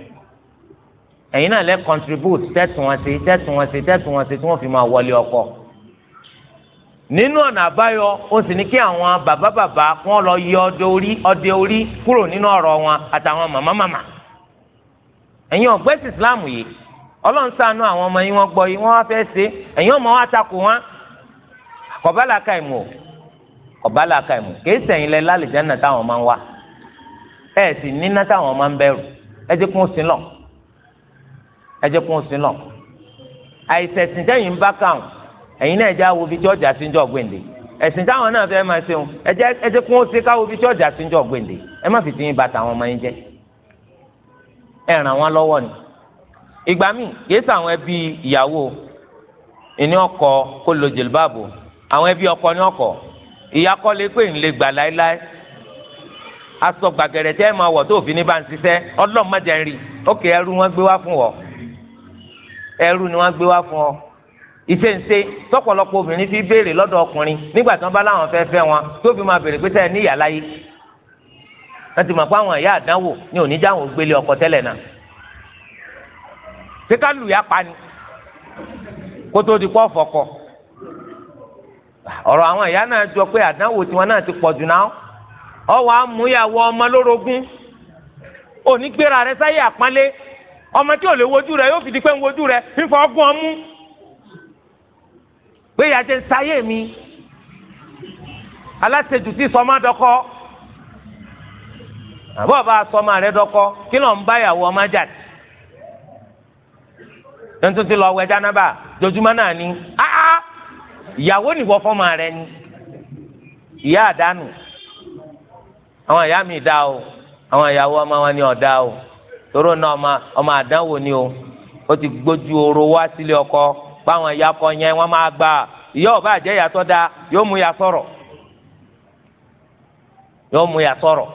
ẹ̀yin náà lẹ́ contribute tẹ́tùn wọn sí tẹ́tùn wọn sí tẹ́tùn wọn sí tí wọ́n fi máa wọlé ọkọ nínú ọ̀nà àbáyọ ó sì ní kí àwọn bàbá bàbá wọn lọ yọ ọdẹ orí ọdẹ orí kúrò nínú ọ̀rọ̀ wọn àtàwọn màmá màmá ẹ̀yin ọ̀gbẹ́sì Islam yìí Ọlọ́run ṣàánú àwọn ọmọ yín wọ́n gbọ́ yìí wọ́n wá fẹ́ ṣe ẹ̀yin ọmọ wa takò wọn kọ̀bálà kàìmù kọ̀bálà kàìmù kèésì ẹ̀yin lẹ́ lálẹ́ jẹ́ nàtàwọn máa ń wá ẹ sì níná táwọn máa ń bẹ̀rù ẹ jẹ́ kún sílọ̀ ẹ jẹ́ kún sílọ̀ àìsẹ̀sìn tẹ̀yìn ń bá káwọn ẹ̀yin náà ẹ̀jẹ̀ awo bí tí ọjà sí ń jọ gbèǹde ẹ̀sìn táwọn náà fẹ́ máa ṣe wọn ẹ jẹ́ kún sí káwo bí tí ọjà sí ń jọ gbèǹde ẹ má fi ti yín ba tàwọn ọmọ yín jẹ́ ẹ ràn wọ́n lọ́wọ́ ni ìgbà míì kìí sàwọn ẹbí ìyàwó ìní ọkọ kó lo jìlbáàbò àwọn ẹbí ọkọ ní ọkọ ìyá pé ń gbà láéláé aṣọ gbàgẹ̀rẹ̀ tẹ́ ẹ máa wọ̀ tó fi ní bá ń ṣiṣẹ́ ọlọ́run má jẹ́ ń rí ókè ẹrú wọn gbé wá fún ọ ẹrú ni wọn gbé wá fún ọ ìṣeǹṣe tọ̀pọ̀lọpọ̀ obìnrin fi béèrè lọ́dọ̀ ọkùnrin nígbà tí wọn bá láwọn fẹ́ẹ́ fẹ́ wọn tó fi máa béèrè pé sẹ́ẹ̀ ní ìyá láyé wọn ti mọ̀ pé àwọn ìyá àdánwò ni òní dáhùn gbélé ọkọ tẹ́lẹ̀ náà ṣé ká lù yá pa ni kótó di pọ́ fọkọ ọ̀rọ̀ àwọn ìyá náà jọ pé àdánwò tiwọn náà ti pọ̀ jù náà ọwọ́ amúyàwó ọmọ lórogún òní gbéra rẹ sáyé àpọ́nlé ọmọ tí ò lè wojú rẹ yóò fi di pé ń wojú rẹ fífọ ọgbọ́n mú pé ìyá jẹ sáyé mi aláṣejù tí sọmọ dọkọ àbọ̀ bá sọmọ rẹ dọkọ kí ló ń báyàwó ọmọ jà tí tuntun lọ wẹ jánábà jojúmọ́ náà ni ìyàwó nìwọ fọmọ rẹ ni ìyá àdánù àwọn ìyá mi dá o àwọn ìyàwó ọmọ wọn ni ọ̀dá o tóró náà ọmọ ọmọ àdánwò ni o ó ti gbójú oró wá sílé ọkọ báwọn ìyá ọkọ yẹn wọn máa gbà ìyá ọba àjẹ ìyàtọ̀ da yóò mú ya sọ̀rọ̀ yóò mú ya sọ̀rọ̀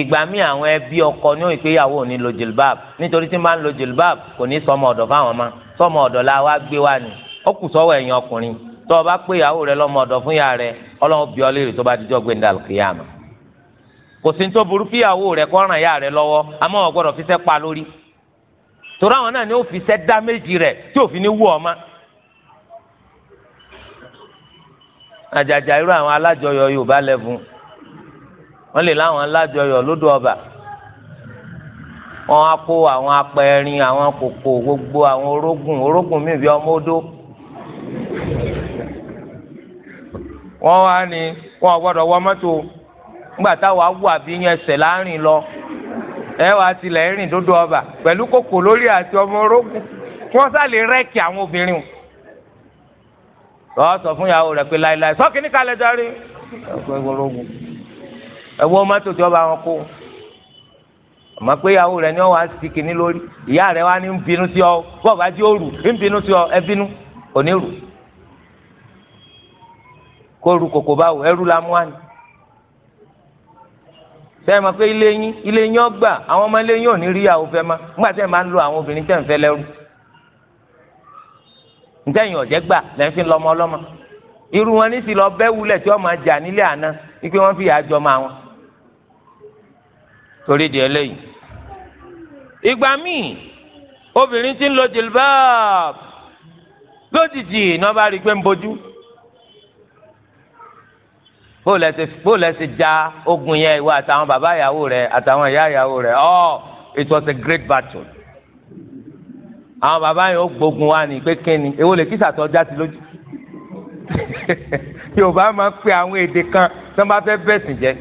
ìgbà míì àwọn ẹbí ọkọ ní ìgbéyàwó ò ní lo jilbab nítorí tí máa ń lo jilbab kò ní sọmọ ọ̀dọ̀ fáwọn ọmọ sọmọ ọ̀dọ̀ la wá gbé wá ni ó kù sọ́wọ́ ẹ̀yin ọkùnrin tó o bá pé ìyàwó rẹ lọ́mọ ọ̀dọ̀ fún ìyá rẹ Ọlọ́run bí ọ léèrè tó bá dijọ́ gbé ní alùkìyàmù kò sí tó burú kíyàwó rẹ kó ràn ya rẹ lọ́wọ́ àmọ́ wọn gbọ́dọ̀ fisẹ́ pa lórí torí àwọn náà ni ó fisẹ́ dá méjì rẹ tí òfin ní wú ọmọ. àjàjà irú àwọn alájọyọ̀ Yorùbá lẹ́fun wọ́n lè láwọn alájọyọ̀ lódò ọba wọ́n á kó àwọn apẹ̀rin àwọn kòkò gbogbo àwọn orógùn orógùn míì bí ọmọ odó wọ́n wá ní wọ́n gbọ́dọ̀ wọ mọ́tò nígbà táwa wù àbí yẹn ẹsẹ̀ láàrin lọ ẹ wàá tilẹ̀ rìn dódó ọba pẹ̀lú kòkò lórí àti ọmọ orógùn kí wọ́n sá lè rẹ́ẹ̀kì àwọn obìnrin lọ́wọ́ sọ fún ìyàwó rẹ̀ pé láéláé sọ́ọ̀kì ní kalẹ̀ darí ẹ̀wọ́ mọ́tò jọba wọn kó àmọ́ pé ìyàwó rẹ̀ ni wọ́n wá sí kìíní lórí ìyá rẹ̀ wá ní ń bínú sí ọ bọ́ọ̀ bá jí ó rù ń bínú sí ọ ẹ bínú kò ní rù kó rù kòkò báwo ẹrú la mú sẹ́yìn mọ̀ pé ilé yín ilé yín ọgbà àwọn ọmọ ilé yín ò ní rí àwọn fẹ́ ma ńgbà sẹ́yìn máa ń lo àwọn obìnrin tẹ̀ ń fẹ́ lẹ́rú ntẹ̀yìn ọ̀jẹ̀ gbà lẹ́yìn fi lọ́mọ ọlọ́mọ irú wọn ní sì lọ bẹ́ wulẹ̀ tí wọ́n máa jà nílé àná wípé wọ́n fi yà á jọ máa wọn. torí di eléyìí ìgbà míì obìnrin ti ń lo jìlbáàbù lójijì náà bá rí i pé ń bojú bóòlù ẹsẹ bóòlù ẹsẹ já ogun yẹn ìwọ àtàwọn bàbá ìyàwó rẹ àtàwọn ìyá ìyàwó rẹ ọ oh, it was a great battle àwọn bàbá yẹn ó gbógun wa ní pé kíni èwo lè kí sàtọ já sí lójú *laughs* yorùbá máa ń pe àwọn èdè kan tí wọn bá fẹ́ bẹ̀sìn jẹ́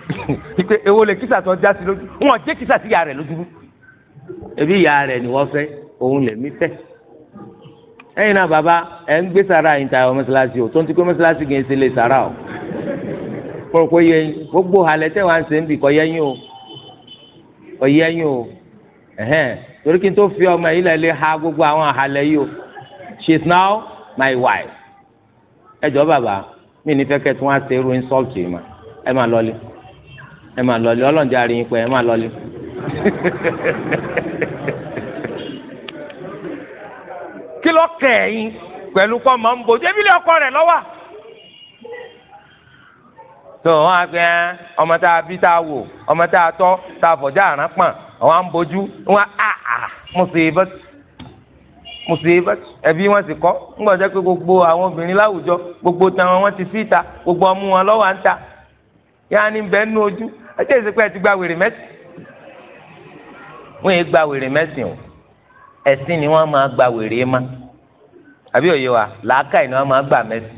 *laughs* pé èwo lè kí sàtọ já sí lójú wọn jẹ́ kí sàtì ìyá rẹ lójú ebi ìyá rẹ ni wọ́n fẹ́ òun lèmi fẹ́ ẹ̀yin náà bàbá ẹ ń gbé sàrà yìí ta ọmọ mọ́sálásí o tó ń ti pé mọ́sálásí kì í ṣe lè sàrà o. kọ̀ọ̀kọ̀ yẹ gbogbo halẹ̀ tẹ́ wàá ṣe ń bì yín o kọ́ o ẹ̀hẹ́n torí kí n tó fi ha gbogbo àwọn halẹ̀ yìí o she is now my wife ẹ baba, bàbá mi ní fẹ́kẹ́ tí wọ́n ṣe irú insult yìí mà ẹ máa lọlé ẹ máa lọlé ọlọ́njà rí yín pé ẹ máa lọlé *laughs* kí tó wọn á fi hàn ọmọ tá a bí tá a wò ọmọ tá a tọ́ tá a fọjá àrán pọ̀n àwọn à ń bójú wọn á à musibat musibat ẹbí wọn sì kọ́ ńgbà jẹ́ pé gbogbo àwọn obìnrin láwùjọ gbogbo tàwọn wọn ti sí ìta gbogbo ọmú wọn lọ́wọ́ à ń ta yáa ní bẹ́ẹ̀ nú ojú ẹjẹ́ ìsìnkú ẹ ti gba wèrè mẹ́sìn wọ́n yẹn gba wèrè mẹ́sìn o ẹ̀sìn ni wọ́n máa gba wèrè ma àbí òye wa làákàyè ni wọ́n máa gba mẹ́sìn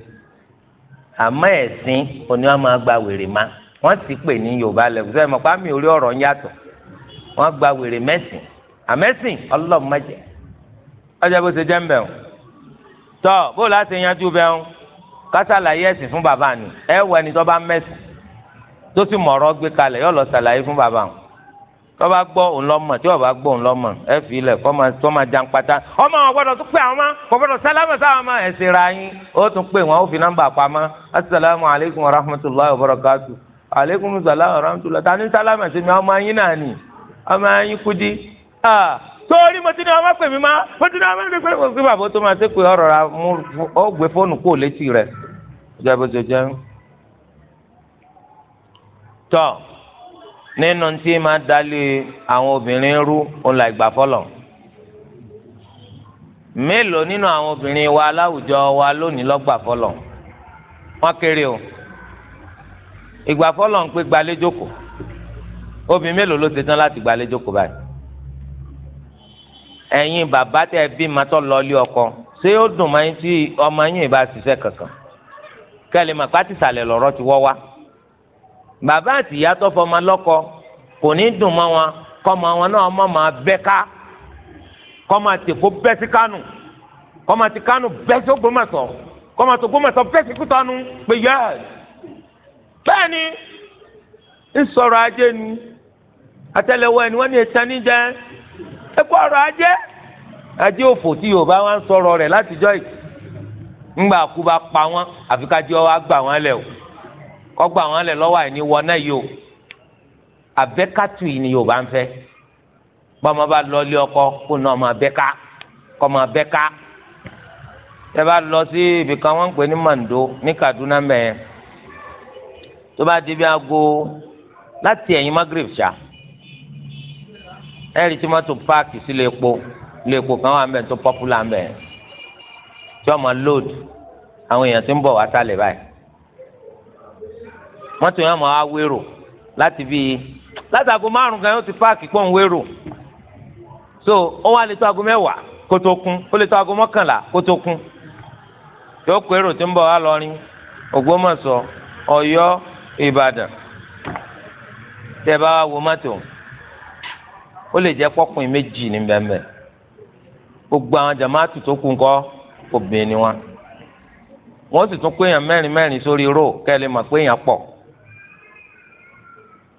àmọ́ ẹ̀sìn òní wọn máa gba wèrè má wọ́n sì pè ní yorùbá lẹ́gùn sọ́yìn mọ̀pá mi orí ọ̀rọ̀ ń yàtọ̀ wọ́n gba wèrè mẹ́sìn àmẹ́sìn ọlọ́mọdé ọjọ́ bó ṣe jẹ́ ń bẹ̀ ọ́ tọ́ bó láti yanjú bẹ́ ọ́ kásàlàyé ẹ̀sìn fún bàbá ni ẹ wọ ẹni tó bá mẹ́sìn tó sì mọ̀ọ́rọ́ gbé kalẹ̀ yóò lọ sàlàyé fún bàbá wọn tọ́ba gbọ́ òun lọ́mọ tí ọba gbọ́ òun lọ́mọ ẹ fi ilẹ̀ kọ́ máa jan pátá ọmọ wọn gbọ́dọ̀ tún pé àwọn ọmọ kò gbọ́dọ̀ sálámù sáwọn ọmọ ẹ̀ ṣera yín ó tún pé wọn ó fi nọ́mbà pamọ́ asalaamu aleykum wa rahmatulahi wa barakatu aleykum salaam rahmatulahi tani sálámù ẹ̀sìn mi ọmọ yín náà ni ọmọ yín kudi torí mo ti ní ọmọ pè mí má mo ti ní ọmọ pè mí kí bàbá tó máa ṣe pé ọ̀rọ̀ ra ó gbé fóònù kó létí rẹ̀ jẹ́ bó ṣe jẹ́ tọ́ nínú tí máa dalí àwọn obìnrin rú òun là ìgbà fọlọ mélòó nínú àwọn obìnrin wa láwùjọ wa lónìí lọ́gbà fọlọ wọn kéré o ìgbà fọlọ ń pé gbalẹjoko obìnrin mélòó ló ṣe tán láti gbalẹjoko báyìí ẹ̀yin bàbá tẹ bí matọ lọlé ọkọ ṣé ó dùn máa ń tí ọmọ yín ìbá ṣiṣẹ́ kankan kẹlẹ màpá ti ti wọ wá bàbá àtìyá tó fọmọ lọ́kọ kò ní dùn mọ́ wọn kọ́mọ wọn náà mọ́ máa bẹ́ ká kọ́mọ àti èkó bẹ́ sí kánù kọ́mọ àti kánù bẹ́ sí ògbómọ̀ṣọ́ kọ́mọ àti ògbómọ̀ṣọ́ bẹ́ sí kútọ́nù pé yẹ́ẹ̀ bẹ́ẹ̀ ni ìsọ̀rọ̀ ajé ni àtẹ́lẹwọ́ ẹni wọ́n ní ẹ̀sán níjẹ́ ẹ̀kọ́ ọ̀rọ̀ ajé ajé òfò tí yorùbá wa ń sọ̀rọ̀ rẹ̀ látijọ́ yìí kú bá pa wọ́n àfi kájí ọ wá gbà wọ́n lẹ̀ o kọgbà wọn lẹ lọ́wọ́ àìní wọn náà yìí o yìí ni yorùbá ń fẹ́ bọ́mọ bá lọ ilé ọkọ kó nà ọmọ abẹ́ká kọ́ ọmọ abẹ́ká tẹ bá lọ sí ibìkan wọn ń pè ní mando ní Kaduna mẹ́ẹ̀ tó bá di bí aago láti ẹ̀yìn magreb ṣá ẹ̀rí tí wọ́n tún páàkì sí lẹ́ẹ̀po lẹ́ẹ̀po kan wà mẹ́ẹ̀ tó pọ́pùlà mẹ́ẹ̀ tí wọ́n máa àwọn èèyàn ti ń bọ̀ wá sálẹ̀ báyìí. mọ́tò yẹn máa wérò láti bíi látàgò márùn gan yóò ti páàkì pọ̀ ń wérò so ó wá lè tó aago mẹ́wàá kó tó kún ó lè tó aago mọ́kànlá kó tó kún yóò kó èrò tó ń bọ̀ wá lọ́rin Ọ̀yọ́ Ìbàdàn tẹ́ bá lè jẹ́ pọ́kùn méjì ní gbogbo àwọn wọ́n sì tún pé èèyàn mẹ́rin mẹ́rin sórí ró kẹ́lẹ́ pé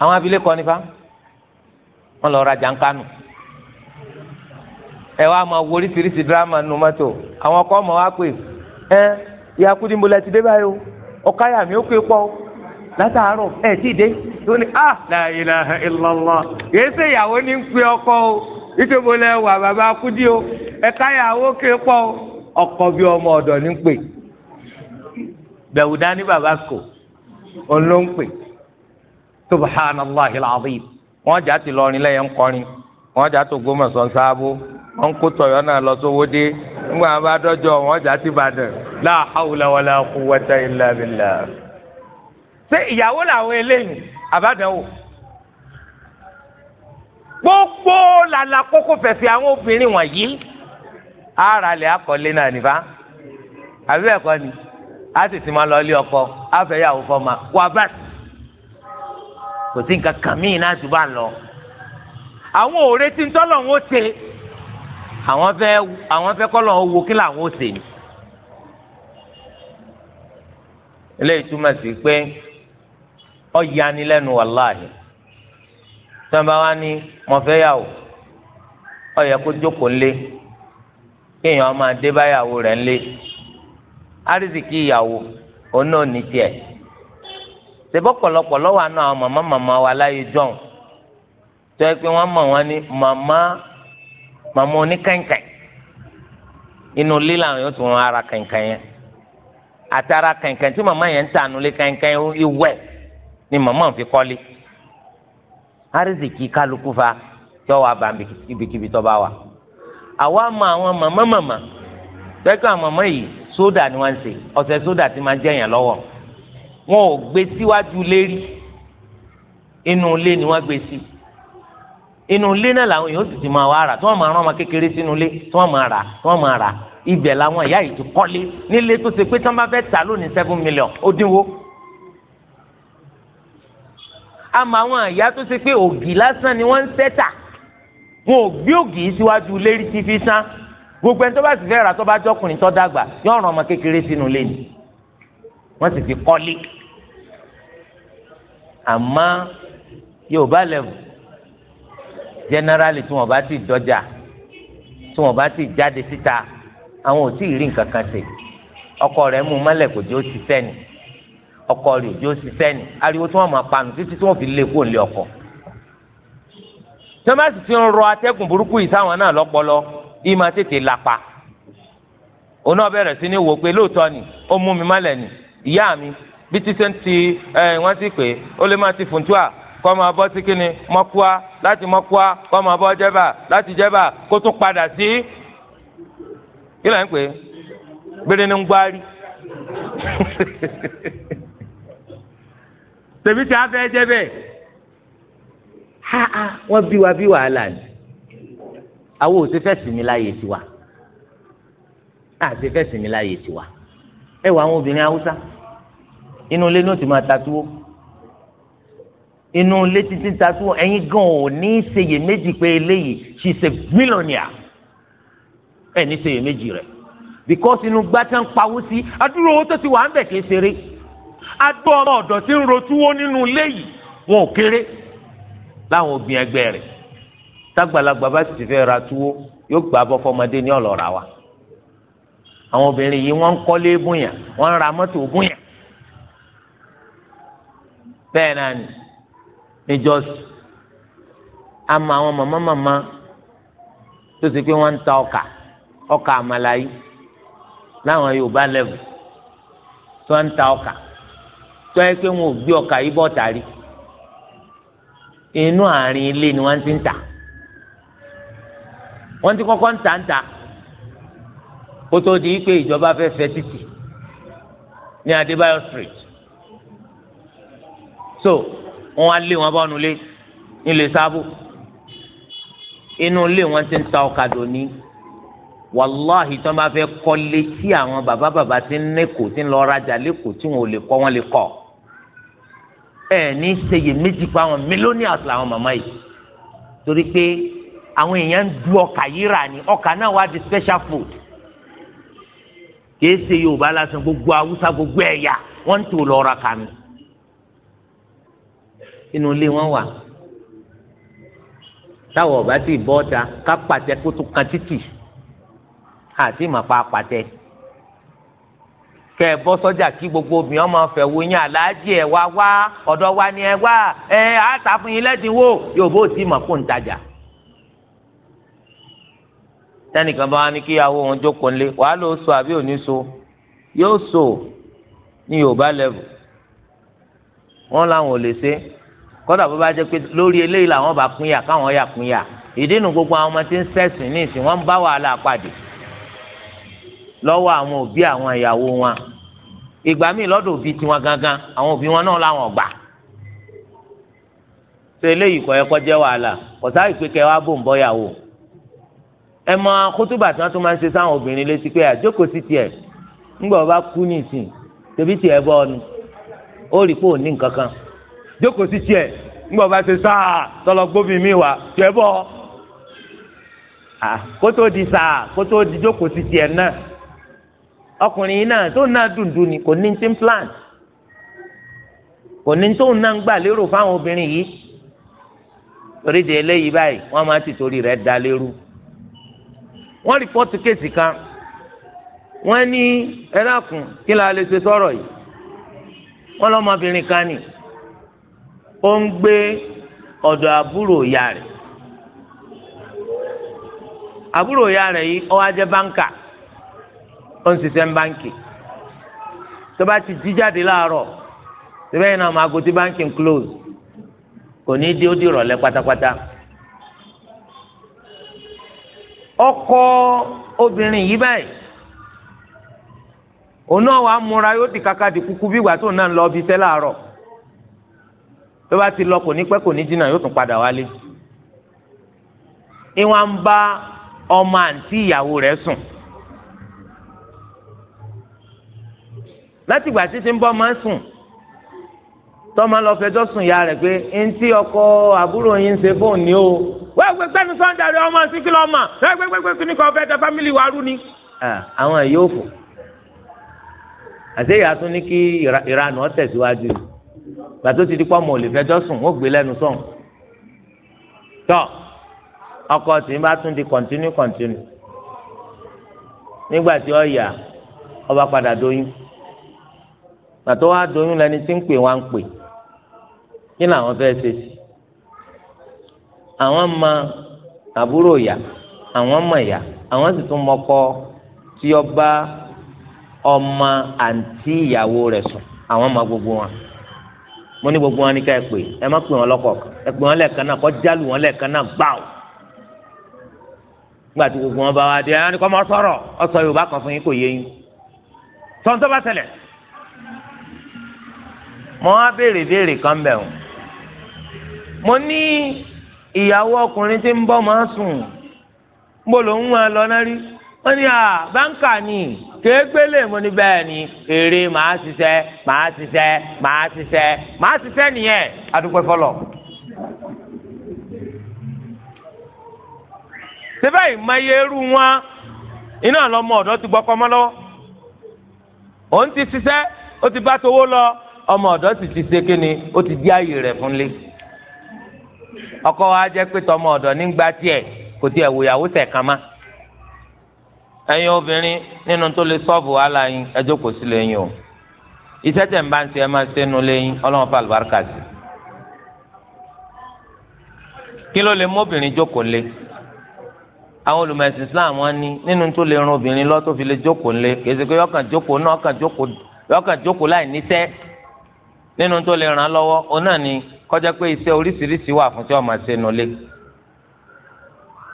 àwọn abilékọ nífa wọn lọ rajà ń kánú ẹ wá máa wo oríṣiríṣi dírámà àwọn ọkọ ọmọ wa pè ẹ ìyá kúndínbó la ti dé báyìí o ọ̀káyà mi ó pè pọ̀ látàárọ̀ ẹ tí ì dé tó ní ah, ṣe ní ń pe ọkọ o wà bàbá o ẹ ké pọ̀ ọkọ bí ọmọ ní ń subhanallahi alazim wọ́n jà ti lọrin lẹ́yìn kọrin wọ́n jà tó Ògbómọ̀ṣọ́ sáábó wọ́n kó tọ̀yọ́ náà lọ sówódé nígbà wọn bá dọ́jọ́ wọ́n jà ti Ìbàdàn la hawla wala quwwata illa billah. ṣé ìyàwó làwọn eléyìí àbádànwò gbogbo làlà kókó fẹ̀fẹ̀ àwọn obìnrin wọ̀nyí àràlẹ̀ akọ̀lé náà nìbá àbí ẹ̀kọ́ ni a sì ti máa lọ ilé ọkọ àfẹ́yàwó fọ́ ma wà bàtì kò sí nǹkan kan míì náà jù bá ń lọ àwọn ò retí ntọ́lọ̀ ń ó ṣe àwọn fẹ́ àwọn fẹ́ kọ́lọ̀ ń wo kí làwọn ó ṣe ni. eléyìí túmọ̀ sí pé ọ̀yanilẹ́nu wàláhì tí wọ́n bá wá ní mo fẹ́ yàwó ó yẹ kó jókòó ńlé kéèyàn máa dé báyàwó rẹ̀ ńlé árísìkí ìyàwó òun náà ní tiẹ̀ ṣèbọ́ pọ̀lọpọ̀ lọ́wọ́ àná àwọn màmá màmá wa láyé jọ̀hún tó yẹ pé wọ́n mọ̀ wọ́n ní màmá màmá oníkànkàn inú ilé làwọn yóò tún wọn ara kànkàn yẹn àtàrà kànkàn tí màmá yẹn ń tà nulẹ̀ kànkàn ìwẹ̀ ni mama òun fi kọ́lé arizikì kálukú fa tí wọ́n wà bá ibikíbi tó bá wà àwa mọ àwọn màmá màmá tó yẹ pé àwọn màmá ni wọ́n ń ṣe ọ̀sẹ̀ sódà ti máa jẹ́yàn lọ́wọ́ wọn ò gbé síwájú lérí inú ilé ni wọ́n gbé sí inú ilé náà làwọn èèyàn sì ti máa wá rà tí wọ́n máa rán ọmọ kékeré sínú ilé tí wọ́n máa rà tí wọ́n máa rà ibẹ̀ làwọn ìyá yìí ti kọ́lé nílé tó ṣe pé tí wọ́n bá fẹ́ tà lónìí seven million ó dínwó àmọ́ àwọn ìyá tó ṣe pé ògì lásán ni wọ́n ń sẹ́tà wọn ò gbé ògì síwájú lérí tí fi sán gbogbo ẹni tó bá sì fẹ́ rà tó bá jọkùnrin tó dàgbà yóò rán ọmọ kékeré sínú ilé ni wọ́n sì fi kọ́lé àmọ́ yorùbá lẹ́wù generally tí wọ́n bá ti dọ́jà tí wọ́n bá ti jáde síta àwọn ò tí ì rí nǹkan kan ṣe ọkọ rẹ̀ mú mọ́lẹ̀ kò jẹ́ ó ti sẹ́ni ọkọ rẹ̀ ò ti sẹ́ni ariwo tí wọ́n máa panu títí tí wọ́n fi lé kó lé ọkọ tí wọ́n bá sì ti ń rọ atẹ́gùn burúkú yìí sáwọn náà lọ́pọlọ yìí máa tètè lapa òun náà bẹ̀rẹ̀ sí ní wò pé lóòótọ́ ni ó mú mi mọ́lẹ̀ ni ìyá mi bí títẹ́ ń ti ẹ̀ wọ́n ti pè ó lè máa ti fùntúà kọ́ máa bọ́ sí kínní mọ́kúá láti mọ́kúá kọ́ máa bọ́ jẹ́bà láti jẹ́bà kó tún padà sí kí ló ń pè gbére ní ń gbárí *laughs* tèmi tí a fẹ́ jẹ́ bẹ́ẹ̀ háà wọ́n bí wa bí wàhálà ni àwọn ò ṣe fẹ́ sinmi láàyè tiwa àti fẹ́ sinmi láàyè tiwa ẹ wọ àwọn obìnrin haúsá inú ilé ní o ti máa ta túwó inú ilé títí ta túwó gan ò ní ṣèyẹ méjì pé eléyìí she's a millionaire ẹ̀ ní ṣèyẹ méjì rẹ̀ because inú gbàtà ń pawó sí adúrò owó tó ti wà ń bẹ̀ kí ṣeré agbọ́ ọmọ ọ̀dọ̀ tí ń ro túwó nínú ilé yìí wọn ò kéré láwọn obìnrin ẹgbẹ́ rẹ̀ tágbàlagbà bá sì fẹ́ ra túwó yóò gbà bọ́ fọmọdé ní ọ̀lọ́ra wa àwọn obìnrin yìí wọ́n ń kọ́lé bóyá wọ́n ń ra mọ́tò bóyá bẹ́ẹ̀ náà ni níjọ́sí àmọ́ àwọn ma màmá tó ti pé wọ́n ń ta ọkà ọkà àmàlàyé láwọn Yorùbá lẹ́bù tó ń ta ọkà tó yẹ pé wọn ò gbé ọkà yìí bọ̀ tàrí inú àárín ilé ni wọ́n ti ń tà wọ́n ti di pé ìjọba fẹ́ fẹ́ títì ní street so wọn wá lé wọn bọ́nu lé nílé sábò inú ilé wọn ti ń ta ọ̀kadà ní wàláhì tí wọn bá fẹ́ kọ́lé tí àwọn bàbá bàbá ti ń nẹ́kọ̀ọ́ tí ń lọ rajà lẹ́kọ̀ọ́ tí wọn ò lè kọ́ wọn lè kọ́ ẹ ní ṣeyè méjì pa àwọn mílíọ̀nìàs làwọn màmá yìí torí pé àwọn èèyàn ń du ọkà yìí rà ọkà náà wá di special food kìí ṣe Yorùbá lásán gbogbo Haúsá gbogbo ẹ̀yà wọ́n ń tò lọ́ọ́ ra inú ilé wọn wà táwọn ọba ti bọ́ ta ká pàtẹ kó tó kan títì àti ìmọ̀pá pàtẹ kẹ ẹ bọ́ sọ́jà kí gbogbo obìnrin ọmọ ọ̀fẹ́ wo yín aláàjì ẹ wá wá ọ̀dọ̀ wa ni ẹ wá ẹ á ta fún yín lẹ́dínwó yóò bó tí mọ̀ kó ń tẹnìkan bá wá ní kíyàwó òun jókòó ńlé wàá ló so àbí òní so yóò so ní yorùbá level wọn làwọn ò lè ṣe kódà bó bá jẹ́ pé lórí eléyìí làwọn bá pínyà káwọn yà pínyà ìdí nu gbogbo àwọn ọmọ tí ń ṣẹ̀sìn ní ìsìn wọ́n ń bá wàhálà pàdé lọ́wọ́ àwọn òbí àwọn ìyàwó wọn ìgbà míì lọ́dọ̀ òbí tiwọn gangan àwọn òbí wọn náà làwọn gbà tó eléyìí kọ́ ẹ kọ́ jẹ́ wàhálà kọ́sá ìpè kẹ́ wá bò ń bọ́ yàwó ẹ mọ kótóbà tí wọ́n tún máa ń ṣe sáwọn obìnrin létí pé àjókòó sí tiẹ̀ ńgbà wọ́n bá kú ní ìsìn tẹ̀bí tiẹ̀ bọ́ ọ ó rí pé ò ní nǹkan kan jókòó sí tiẹ̀ ńgbọ́ bá ṣe mi wá tẹ bọ́ di sáà koto di jókòó sí tiẹ̀ náà ọkùnrin yìí náà tó ni kò ní plant. ń plan kò ní tó náà ń gbà lérò fáwọn obìnrin yìí torí eléyìí báyìí wọ́n máa ti torí rẹ̀ da lérú wọ́n rìpọ́tù kéèsì kan wọ́n ní kí la lè ṣe sọ̀rọ̀ yìí wọ́n lọ́mọbìnrin kan ó ń gbé ọ̀dọ̀ àbúrò ìyá rẹ̀ àbúrò ìyá rẹ̀ yìí ó wá jẹ́ báńkà ó ń ṣiṣẹ́ báńkì tó bá ti jí jáde láàárọ̀ síbẹ̀ yìí náà máa báńkì ń close kò ní í dé ó di ìrọ̀lẹ́ pátápátá ọkọ obìnrin yìí báyìí òun náà wàá múra yóò di kàkà kúkú bí ìgbà tó tó bá ti lọ kò ní pẹ́ kò ní yóò tún padà wálé ìwọ̀n ń bá ọmọ àǹtí ìyàwó rẹ̀ sùn láti gbà títí ń bọ́ máa ń sùn tọ́mọ lọ fẹjọ́ sùn ya rẹ̀ pé ntí ọkọ àbúrò yín ń ṣe o wọ́n gbé ọmọ gbé kí ni kò tẹ fámìlì wa rú ni. àwọn yóò fò àti kí ìranù ọ̀ tẹ̀síwájú yìí. gbàtó ti di pọ́ mọ̀ olùfẹ́jọ́ sùn ó gbé lẹ́nu sọ̀n tọ́ ọkọ tí bá tún di kọ̀ntínú kọ̀ntínú nígbà tí ó yà ọba padà doyún gbàtó wá doyún lẹni tí ń pè wá ń pè kí làwọn fẹ́ ṣe sí àwọn ma àbúrò yà àwọn mọ̀ yà àwọn sì tún mọ́kọ tí ọba ọmọ àǹtí ìyàwó rẹ̀ sùn àwọn ma gbogbo wọn mo ní gbogbo wọn ní ká ẹ pè ẹ má pè wọn lọ́kọ̀ ẹ pè wọn lẹ́ẹ̀kan náà kọ jálù wọn lẹ́ẹ̀kan náà gbáù nígbà tí gbogbo wọn bá wá dé ẹni kọ́ mọ sọ̀rọ̀ ọsọ yorùbá kan fún yín kò yé yín tọ́ntọ́ bá ṣẹlẹ̀ mo á béèrè béèrè kan bẹ̀ wọ́n mo ní ìyàwó ọkùnrin tí ń bọ́ máa sùn mo lòún wọn lọ náà rí wọ́n ní à báńkà ni. kéékpélé mo ní bẹ́ẹ̀ ni èrè màá ṣiṣẹ́ màá ṣiṣẹ́ màá ṣiṣẹ́ màá ṣiṣẹ́ nìyẹn adúpẹ́ fọlọ́. síbẹ̀ ìmọ̀yẹ́rù wọn iná lọ́mọ ọ̀dọ́ ti gbọ́kọ́ mọ́ lọ́wọ́ òun ti ó ti bá towó lọ ọmọ ọ̀dọ́ sì ti kíni ó ti di ààyè rẹ̀ fúnlé ọkọ wa jẹ́ pé tọmọ ọ̀dọ́ nígbà tiẹ̀ kò tiẹ̀ wòyàwó kàn ẹ̀yin obìnrin nínú tó lè sọ́ọ̀bù wàhálà yín ẹ jókòó sí lẹ́yìn o iṣẹ́ tẹ̀ ń bá ń ṣe ẹ máa ṣe nu lẹ́yìn ọlọ́run fà lùbáríkà sí. kí ló lè mú obìnrin jókòó lé àwọn olùmọ̀ẹ̀sìn Islam wọn ní nínú tó lè rún obìnrin lọ tó fi lè jókòó lé kì í ṣe pé yọkàn jókòó náà yọkàn jókòó láì níṣẹ́ nínú tó lè ràn án lọ́wọ́ òun náà ni kọjá pé iṣẹ́ oríṣiríṣi wà fún tí wọ́n máa ṣe nu lé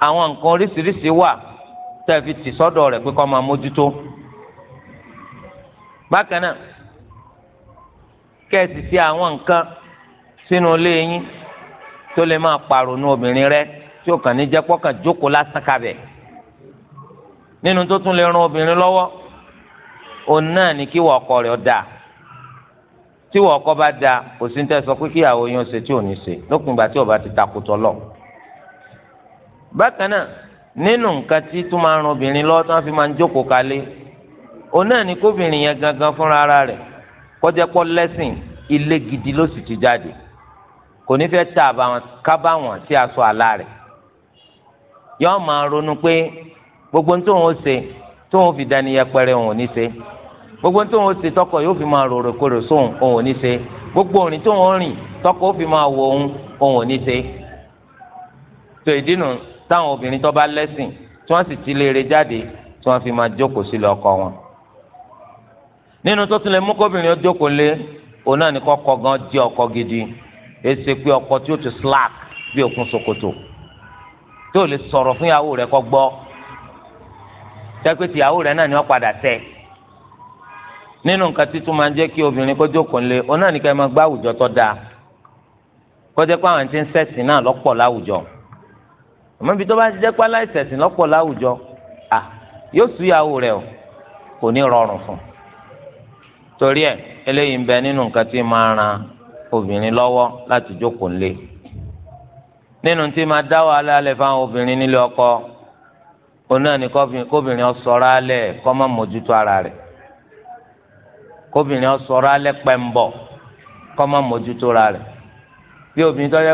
àwọn nǹkan oríṣiríṣi wà tẹ́ẹ̀fi tì sọ́dọ̀ rẹ̀ pé kọ́ máa mójútó bákan náà kẹ́ẹ̀sì sí àwọn nǹkan sínú ilé yín tó lè máa pàrònú obìnrin rẹ tí ó kàn ní jẹ́ pọ́kàn jókòó lásán kabẹ̀ nínú tó tún lè ran obìnrin lọ́wọ́ òun náà ní kí wọ́n ọkọ rẹ̀ dáa tí wọ́n ọkọ bá dáa kò sí ní tẹ́ sọ pé kíyàwó yín ó ṣe tí ò ní ṣe lópin ìgbà tí ó bá ti takùtọ̀ lọ. bákan náà nínú nǹkan tí tó máa ń ran obìnrin lọ́wọ́ tí wọ́n fi máa ń jókòó kalẹ̀ òun náà ni kóbìnrin yẹn gangan fúnra ara rẹ̀ kọjá pọ́ lẹ́sìn ilé gidi ló sì ti jáde kò ní fẹ́ ta àbàwọ̀n kábàwọ̀n sí aṣọ àlá rẹ̀ yọ́n máa ronú pé gbogbo tó ń ṣe tó ń fi dání yẹpẹrẹ òun ò ní ṣe gbogbo tó ń ṣe tọkọ yóò fi máa rorò kórè sóhun òun ò ní ṣe gbogbo òrìn tó ń rìn tọkọ ó fi máa wọ òun òun ò ní ṣe tó ìdí nù táwọn obìnrin tó bá lẹ́sìn tí wọ́n sì ti léèrè jáde tí wọ́n fi máa jókòó sílé ọkọ wọn. nínú tó tún lè mú kóbìnrin ó jókòó lé òun náà ní kọ́kọ́ gan jẹ́ ọkọ gidi èsì pé ọkọ tí ó ti slack bí òkun ṣòkòtò tó lè sọ̀rọ̀ fún ìyàwó rẹ̀ kó gbọ́ tẹ́pẹ́tì ìyàwó rẹ̀ náà ni wọ́n padà tẹ̀ nínú nǹkan títún máa ń jẹ́ kí obìnrin kó jókòó lé òun náà ní ká máa gbá àwùjọ tó dáa kó jẹ́ pé àwọn tí ń ṣẹ̀sìn náà lọ́pọ̀ láwùjọ. àmọ́ ibi tó bá ti jẹ́ pé aláìsẹ̀sìn lọ́pọ̀ láwùjọ à yóò sú rẹ̀ o kò rọrùn fún un torí ẹ eléyìí ń bẹ nínú nǹkan tí ran obìnrin lọ́wọ́ láti jókòó nílé nínú tí máa dá wàhálà alẹ́ fáwọn obìnrin nílé ọkọ òun náà ni kóbìnrin ọ̀sọ̀rọ̀ alẹ́ kọ́ má mójútó ara rẹ̀ kóbìnrin ọ̀sọ̀rọ̀ alẹ́ pẹ̀mbọ̀ kọ́ má mójútó ara rẹ̀ bí obìnrin tó yẹ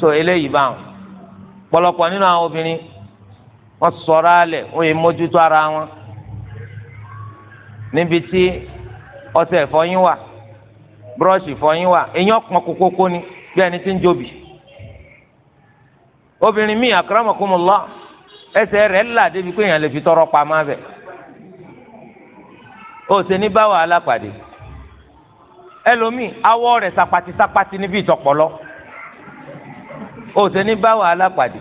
so eléyìí bá wọn pọ̀lọpọ̀ nínú àwọn obìnrin wọn sọ̀rọ̀ alẹ wọn mójútó ara wọn níbi tí ọṣẹ ìfọyín wà búrọ́ọ̀ṣì ìfọyín wà èyàn pọn kókókó ni bí ẹni tí ń jòbì obìnrin míì akramakumullah ẹsẹ̀ rẹ̀ là débi pé o ò sẹ́ni bá wàhálà pàdé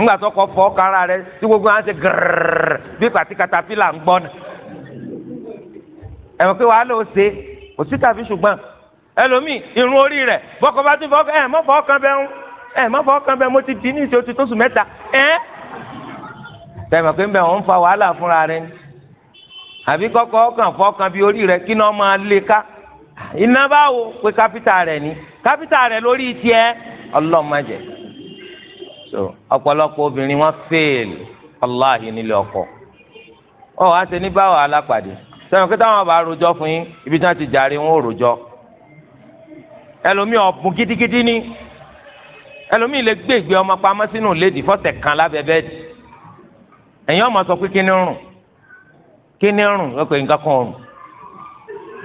ńgbà tó kọ́ fọ́ kára rẹ tí gbogbo wọn á ṣe gírrrr bí pàtí katapila ń gbọ́n ẹ̀wọ̀n pé wàhálà ó ṣe kò sí tàbí ṣùgbọ́n ẹlòmíì irun orí rẹ̀ bọ́kọ bá tún fọ́ ẹ̀ mọ́ fọ́ kan bẹ́ẹ̀ ẹ̀ mọ́ fọ́ kan bẹ́ẹ̀ mo ti di ní ìṣe oṣù tó sùn mẹ́ta ẹ̀ tẹ̀mọ̀ pé mbẹ́ wọn ń fa wàhálà fúnra rẹ ni àbí kọ́kọ́ kàn fọ́kàn bí orí rẹ kí náà máa lé ká iná báwo pé kápítà rẹ ni kápítà rẹ lórí tiẹ̀ ọlọ́mọdé so ọ̀pọ̀lọpọ̀ obìnrin wọn fail aláhi nílé ọkọ ọ wá ṣe ní báwọn alápàdé sẹ́wọ̀n kí táwọn bá rojọ́ fún yín ibi tí wọ́n ti jàre wọn ò rojọ́ ẹlòmíì ọ̀bùn gidigidi ni ẹlòmíì lè gbé ìgbé ọmọ pamọ́ sínú lédi fọ́sẹ̀ kan lábẹ́ bẹ́ẹ̀dì ẹ̀yin ọmọ sọ pé kíní rùn kíní rùn ọkọ̀ nǹkan kan rùn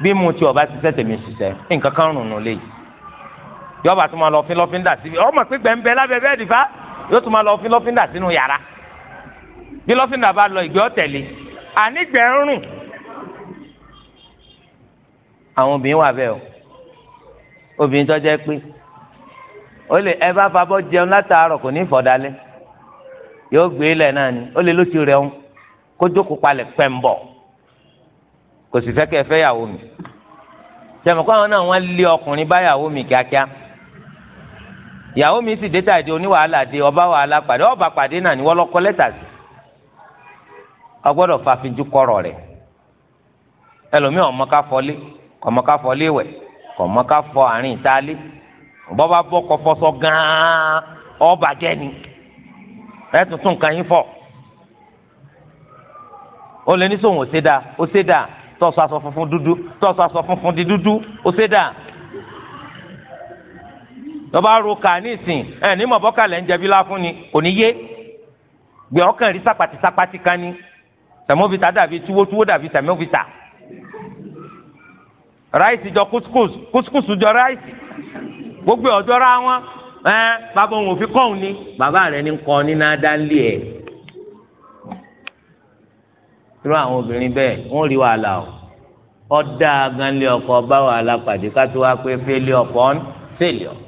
bí mo ti ọba ṣiṣẹ́ tèmi ṣiṣẹ́ nǹkan kan rùn nù léyìí yọba tó máa lọfin lọfin dà síbi ọmọ pé gbẹ̀ǹbẹ̀ lábẹ́ bẹ́ẹ̀ dìfá yóò tó máa lọfin lọfin dà sínú yàrá bí lọfin dà bá lọ ìgbẹ́ ọ̀tẹ̀lẹ̀ àní gbẹ̀rún àwọn obìnrin wà bẹ́ẹ̀ o obìnrin tó jẹ́ pé ó lè ẹ bá fabọ́ jẹun látàárọ̀ kò ní ìfọ̀dálẹ́ yóò gbé ilẹ̀ e náà ni ó lè ló ti rẹun kó jókòó palẹ̀ pẹ́ńbọ̀ kò sì fẹ́ kẹ́ ẹ fẹ́ yàwó mi tẹ̀mọ̀kọ́ àwọn náà wọ́n lé ọkùnrin báyàwó mi kíákíá ìyàwó mi sì dé tàdé oníwàhálà dé ọba wàhálà pàdé ọba pàdé náà ni wọ́n lọ kọ lẹ́tà sí ọgbọ́dọ̀ fàfinjú kọ̀rọ̀ rẹ̀ ẹlòmíì ọmọ ká fọlé ọmọ ká fọlé wẹ̀ ọmọ ká fọ àárín ìtálé bọ́ba bọ́ kọfọ́sọ gan ọba jẹ́ ni ẹ tuntun kan yín fọ ó lè ní sóhun ó ṣe dáa ó ṣe dáa tọ́sọ aṣọ funfun dúdú tọ́sọ aṣọ funfun di dúdú ó ṣe dáa lọ́ba ro kà ní ìsìn ẹ̀ ní mọ̀bọ́kàlẹ̀ ń jẹbi láfún ni kò ní yé gbé ọkàn rí sápàtì sápàtì kan ní tẹ̀mọ́fìtà dàbí túwótúwó dàbí tẹ̀mọ́fìtà ráìsì jọ kúskúsù kúskúsù jọ ráìsì gbogbo ọ̀dọ́ ra wọn ẹ bàbá òun ò fi kọ́ òun ni bàbá rẹ̀ ní kọ́ ní náà dá lé ẹ̀ irú àwọn obìnrin bẹ́ẹ̀ wọ́n rí wàhálà o ọ̀dà ganlé ọkọ̀ bá wàhálà pàdé ká tó wá pé fẹ́lẹ́ ọkọ̀ ń fẹ́lẹ́ ọkọ̀.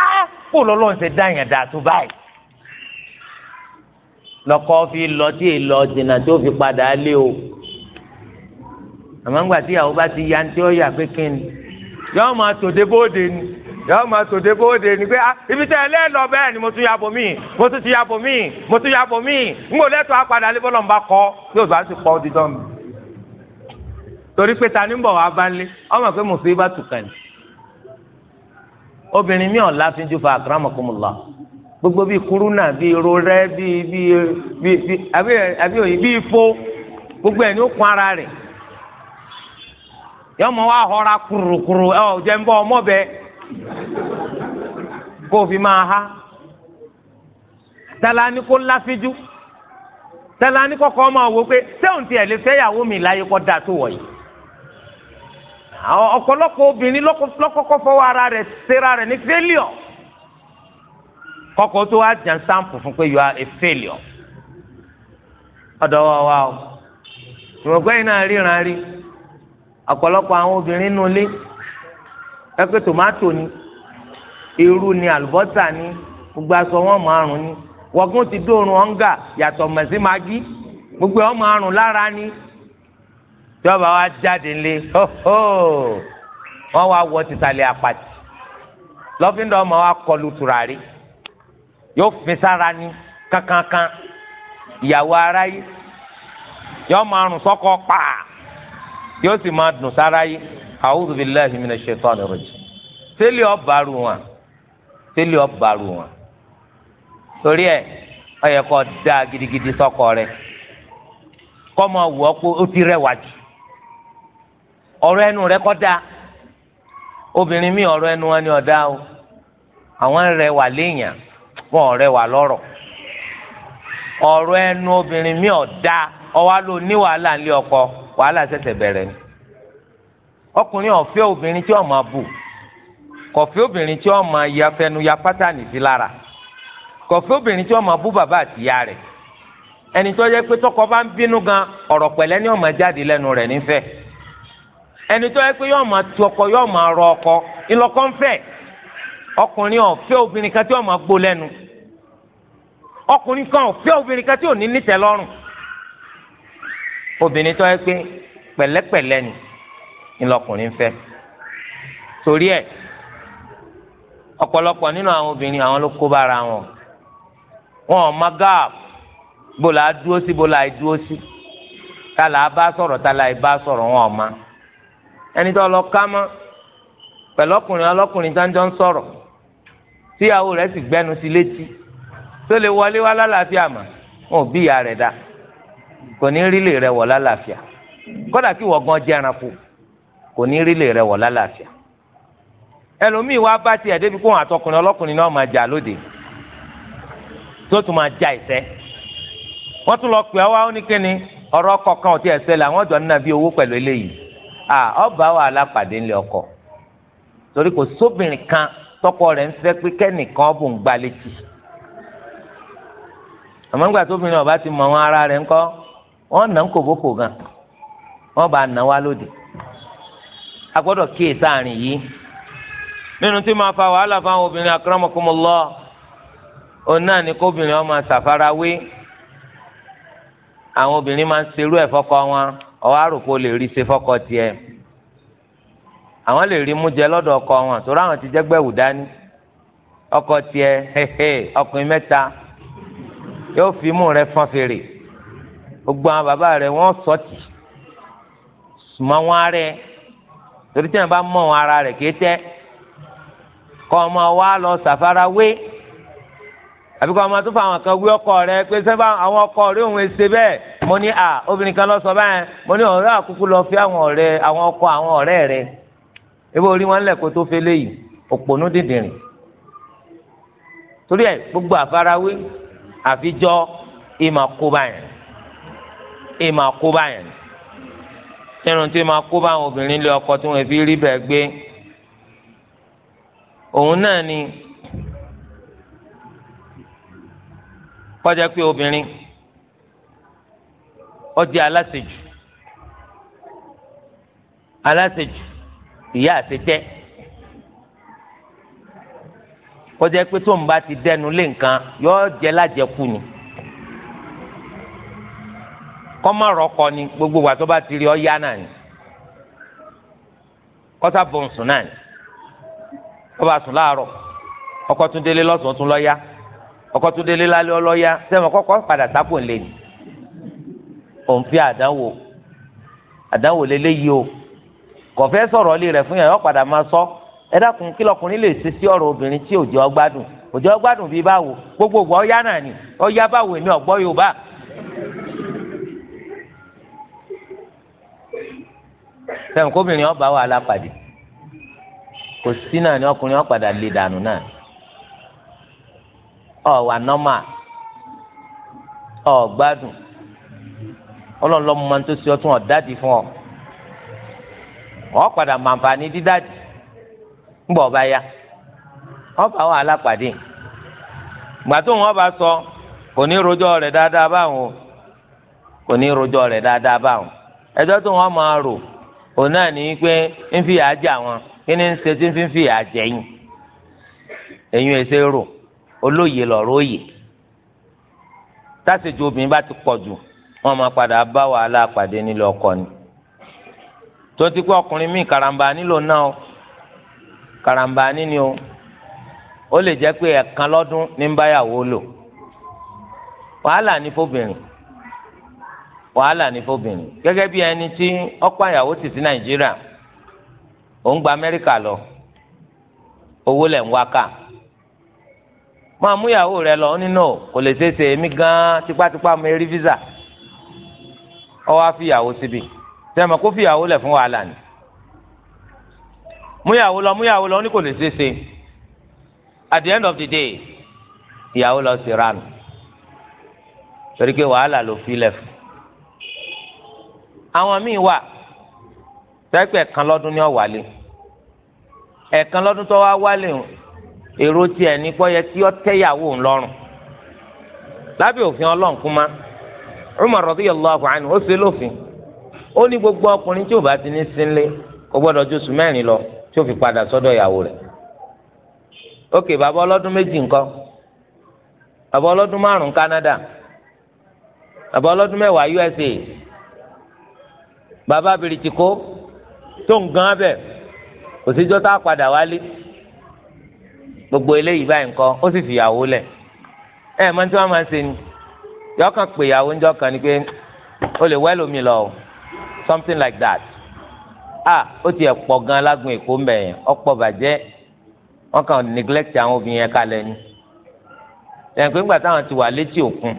kó lọ́lọ́run ṣe dá yẹn dáa tó báyìí lọ́kọ́ fi lọ tí èè lọ jìnnà tó fi padà lé o àmọ́ tí ìyàwó bá ti ya ní tí ó yà pé kí ni yọ́ọ́ máa tòde bóde ni yọ́ọ́ máa tòde bóde ni pé ah, ibi tẹ́ ẹ lẹ́ẹ̀lọ bẹ́ẹ̀ ni mo tún yàbò míì mo tún ti yàbò míì mo tún yàbò míì ń gbò lẹ́tọ̀ọ́ apàdà alẹ́ bọ́lọ̀ ń bá kọ́ yóò bá ti pọ́ dídán mi torí pé ta ni ń bọ̀ wá bá ń lé ọmọ pé mùsùlùmí bá tù kàn ní obìnrin mi ò láfin ju fa akramakumullah gbogbo bíi kuruna bíi rorẹ bíi bíi bíi àbí àbí òyìn bíi fo gbogbo ẹ̀ ó kún ara rẹ̀ yọmọ wa họra kurukuru ẹ ọ jẹ ń bọ ọmọ bẹ kó o fi máa ha tala ni kó ju tala ni kọkọ ọmọ wò pé sẹ́wọ̀n tiẹ̀ lè fẹ́ yàwó mi láyé kọ́ da tó wọ̀ yìí. ọ̀pọ̀lọpọ̀ obìnrin lọ́kọ́kọ́ fọwọ́ ara rẹ̀ ṣera rẹ̀ ní failure kọ́kọ́ tó wá jẹ́ sáǹpù fún pé you are a failure ọ̀dọ̀ wa wa o ìrọ̀gbẹ́ yìí náà ríran rí ọ̀pọ̀lọpọ̀ àwọn obìnrin nù lé ẹgbẹ́ tòmátò ni irú ni àlùbọ́sà ni gbogbo aṣọ wọn márùn ni wọ́gùn ti dóorun ọ̀ǹgà yàtọ̀ mẹ̀sí magi gbogbo wọn márùn lára ni tí wọn bá wá jáde lé wọn wá wọ tìsàlẹ̀ àpàtì lọ́fíńdọ̀ ọmọ wa kọlu tùràrí yóò fi sára ní kankankan ìyàwó ara yìí yóò máa rùn sọ́kọ pàà yóò sì máa dùn sára yìí a'udhu billahi minash shaitani rajim tẹ́lẹ̀ ọba rù wọn tẹ́lẹ̀ ọba rù wọn torí ẹ̀ ó yẹ kó dáa gidigidi sọ́kọ rẹ̀ kọ́ máa wù ọ́ pé ó ti rẹwà jù Ọrọ ẹnu rẹ kọ da obìnrin mi ọrọ ẹnu wọn ni ọ̀dá o àwọn rẹwà léèyàn wọn wà lọrọ. Ọrọ ẹnu obìnrin mi ọ̀dá ọwọ́ ló ní wàhálà ńlẹ̀ ọkọ wàhálà ṣẹ̀ṣẹ̀ bẹ̀rẹ̀ ni ọkùnrin ọ̀fẹ́ obìnrin tí ó máa bù obìnrin tí ó máa ya fẹnu ya pátánì sí lára kọ̀fẹ́ obìnrin tí ó máa bú bàbá àtìyá rẹ̀ ẹni tó yẹ pé tọkọ bá ń bínú gan ọ̀rọ̀ pẹ̀lẹ́ ni ó máa jáde lẹ́nu rẹ̀ nífẹ̀ẹ́ ẹni tó yẹ pé yọọ máa tu ọkọ yọọ máa rọ ọkọ ńlọkọ ńfẹ́ ọkùnrin ọfẹ obìnrin kan tí yọọ gbó lẹ́nu kan ọfẹ obìnrin kan tí ò ní nítẹ́ lọ́rùn obìnrin tó yẹ ni ńlọkùnrin fẹ́ torí ẹ̀ ọ̀pọ̀lọpọ̀ nínú àwọn obìnrin àwọn ló kó bára wọn wọn ò má bó la dúró sí bó la dúró sí tá bá sọ̀rọ̀ tá ẹni tó lọ ká mọ́ pẹ̀lú ọkùnrin ọlọ́kùnrin jáńjọ́ ń sọ̀rọ̀ tíyàwó rẹ̀ sì gbẹ́nu sí létí tó lè wọlé wá lálàáfíà mà wọn ò bí ìyá rẹ̀ dá kò ní rí lè rẹ̀ wọ̀ lálàáfíà kódà kí wọ́n gan jẹ́ ẹranko kò ní rí lè rẹ̀ wọ̀ lálàáfíà ẹlòmíì wá bá tiẹ̀ débi kó wọn àtọkùnrin ọlọ́kùnrin náà máa jà lóde tó tún máa já ìṣẹ́ wọ́n tún lọ pè ọ́ wá ó ní kíni ọ̀rọ̀ kọ̀ọ̀kan ò tiẹ̀ ṣẹlẹ̀ àwọn jọ ń owó pẹ̀lú eléyìí A ọba wàhálà pàdé ńlẹ ọkọ torí kò sóbìnrin kan tọkọ rẹ̀ ń fẹ́ pé kẹ́nìkan ń gba létí àmọ́ nígbà tóbìnrin ọba ti mọ àwọn ará rẹ̀ ńkọ́ wọ́n nà ń kòbókò gan wọ́n bá nà wá lóde a gbọ́dọ̀ kíyè sáàrin yìí nínú tí máa fa wàhálà fáwọn obìnrin akramakumullah òun náà ni kóbìnrin ọmọ ṣàfarawé àwọn obìnrin máa ń ṣerú ẹ̀ fọ́kọ wọn. ọwọ́ àròkọ lè rí ṣe fọ́kọ tiẹ̀ àwọn lè rí mú jẹ lọ́dọ̀ ọkọ wọn torí àwọn ti jẹ́gbẹ́ wù dání ọkọ tiẹ̀ ọkùnrin mẹ́ta yóò fi mú rẹ fọ́n fèrè gbogbo àwọn bàbá rẹ wọ́n sọ́ọ̀tì mọ wọn rẹ torí tí wọn bá mọ wọn ara rẹ kéé tẹ́ ọmọ wa lọ sàfarawé àbí kọ́ ọmọ tó fa àwọn kan wí ọkọ rẹ pé sẹ́fà àwọn ọkọ rẹ òun ṣe bẹ́ẹ̀ mo ní à obìnrin kan lọ sọ báyẹn mo ní ọ̀rẹ́ àkúkú lọ fi àwọn ọ̀rẹ́ àwọn ọkọ àwọn ọ̀rẹ́ rẹ ebi orí wọn lẹ̀ kó tó fẹ́ léyìí òpònú dìndìnrín torí ẹ gbogbo àfarawé àfijọ́ ìmọ̀ kó báyẹn ìmọ̀ kó báyẹn nínú tí ìmọ̀ kó báwọn obìnrin lé ọkọ tí wọ́n fi rí bẹ́ẹ̀ gbé òun náà ni. kọjá pé obìnrin ọdí aláṣejù aláṣejù ìyá àṣejẹ kọjá pé tó ń bá ti dẹnu lé nǹkan yóò jẹ lájẹkù ni kọ́mọ̀rọ̀ kọ ni gbogbo wa tó bá ti rí ọ yá náà ni kọ́sà bọ̀nsùn náà ni ọba sùn láàárọ̀ ọkọ̀ tún délé lọ́sàn tún lọ́ọ́ yá. ọkọ tó délé lálẹ́ ọlọ́yà sẹ́mi kọ́kọ́ padà sápò ńlẹ̀ ni òun fi àdánwò àdánwò lélẹ́yìí o kò fẹ́ sọ̀rọ̀ lé rẹ̀ fún yàn yọ padà máa sọ ẹ dákun kí lọkùnrin lè ṣe sí ọ̀rọ̀ obìnrin tí òjò ọgbádùn òjò ọgbádùn bíi báwo gbogbogbò ọ̀yá náà ni ọ̀yá báwo èmi ọ̀gbọ́ Yorùbá. sẹ́mi kóbìnrin ọba wà lápàdé kò sí náà ni ọkùnrin ọ̀padà lè dànù náà. ọ̀wà nọ́mà ọ̀gbádùn ọlọ́ọ̀lọ́mọ máa ń tó ṣe ọ tún ọ̀dádì fún ọ wọ́n padà máa ń fa ní dídádì ńgbọ̀ ọba ya wọ́n bá wọn alápàdé ìgbà tó wọn bá sọ kò ní rojọ́ rẹ̀ dáadáa báwọn kò ní rojọ́ rẹ̀ dáadáa báwọn ẹjọ́ tó wọn máa rò òun náà ní pé ń fìyà jẹ àwọn kí ni ń ṣe tí ń fi ń fìyà jẹ yín èyí ẹ rò. olóye lọ̀rọ̀ òye tásìjú obìnrin bá ti pọ̀ jù wọ́n máa padà bá wàhálà pàdé nílé ọkọ ni tó ti kó ọkùnrin míì karamba nílò náà o karamba níní o ó lè jẹ́ pé ẹ̀kan lọ́dún ní ń báyàwó lò wàhálà ní fóbìnrin wàhálà ní fóbìnrin gẹ́gẹ́ bí ẹni tí ọ̀pọ̀ àyàwó ti sí nàìjíríà òun gba amẹ́ríkà lọ owó lẹ̀ ń wá káà máa mú ìyàwó rẹ lọ nínú kò lè ṣeé ṣe èmi gan tipátipá mi rí visa ọ wá fi ìyàwó síbi sẹ́mi kó fi ìyàwó lẹ̀ fún wàhálà ni mú ìyàwó lọ mú ìyàwó lọ ó ní kò lè ṣeé ṣe at the end of the day ìyàwó lọ sí ránù torí pé wàhálà ló fi lẹ̀ fún àwọn míì wà sẹ́pẹ̀ kan lọ́dún ní ọ̀wálé ẹ̀ẹ̀kan lọ́dún tó wá wálé èrò tiẹ̀ ní kọ́ yẹ kí ọ tẹ́yàwó ńlọrùn lábẹ́ òfin ọlọ́run kú ma Umar radiyallahu anhu ó ṣe lófin ó ní gbogbo ọkùnrin tí ò bá ti ní sínlé kò gbọ́dọ̀ ju oṣù mẹ́rin lọ tí ó fi padà sọ́dọ̀ ìyàwó rẹ̀ ókè bàbá ọlọ́dún méjì ńkọ́ bàbá ọlọ́dún márùn-ún Canada bàbá ọlọ́dún mẹ́wàá USA bàbá abirìtìkó tó ń gan abẹ kò síjọ́ tá a padà wálé gbogbo eléyìí báyìí nǹkan ó sì fìyàwó lẹ̀ ẹ mọ tí wọ́n máa ń ṣe ni yọkàn pé ìyàwó ń jọ kàn ni pé o lè wẹ́ lómi lọ something like that ah ó tiẹ̀ pọ̀ gan lágùn èkó ń bẹ̀ yẹn ọ̀pọ̀ bàjẹ́ wọ́n kàn neglect àwọn obìnrin yẹn kalẹ̀ ni ẹ̀yìn pé ńgbà táwọn ti wà létí òkun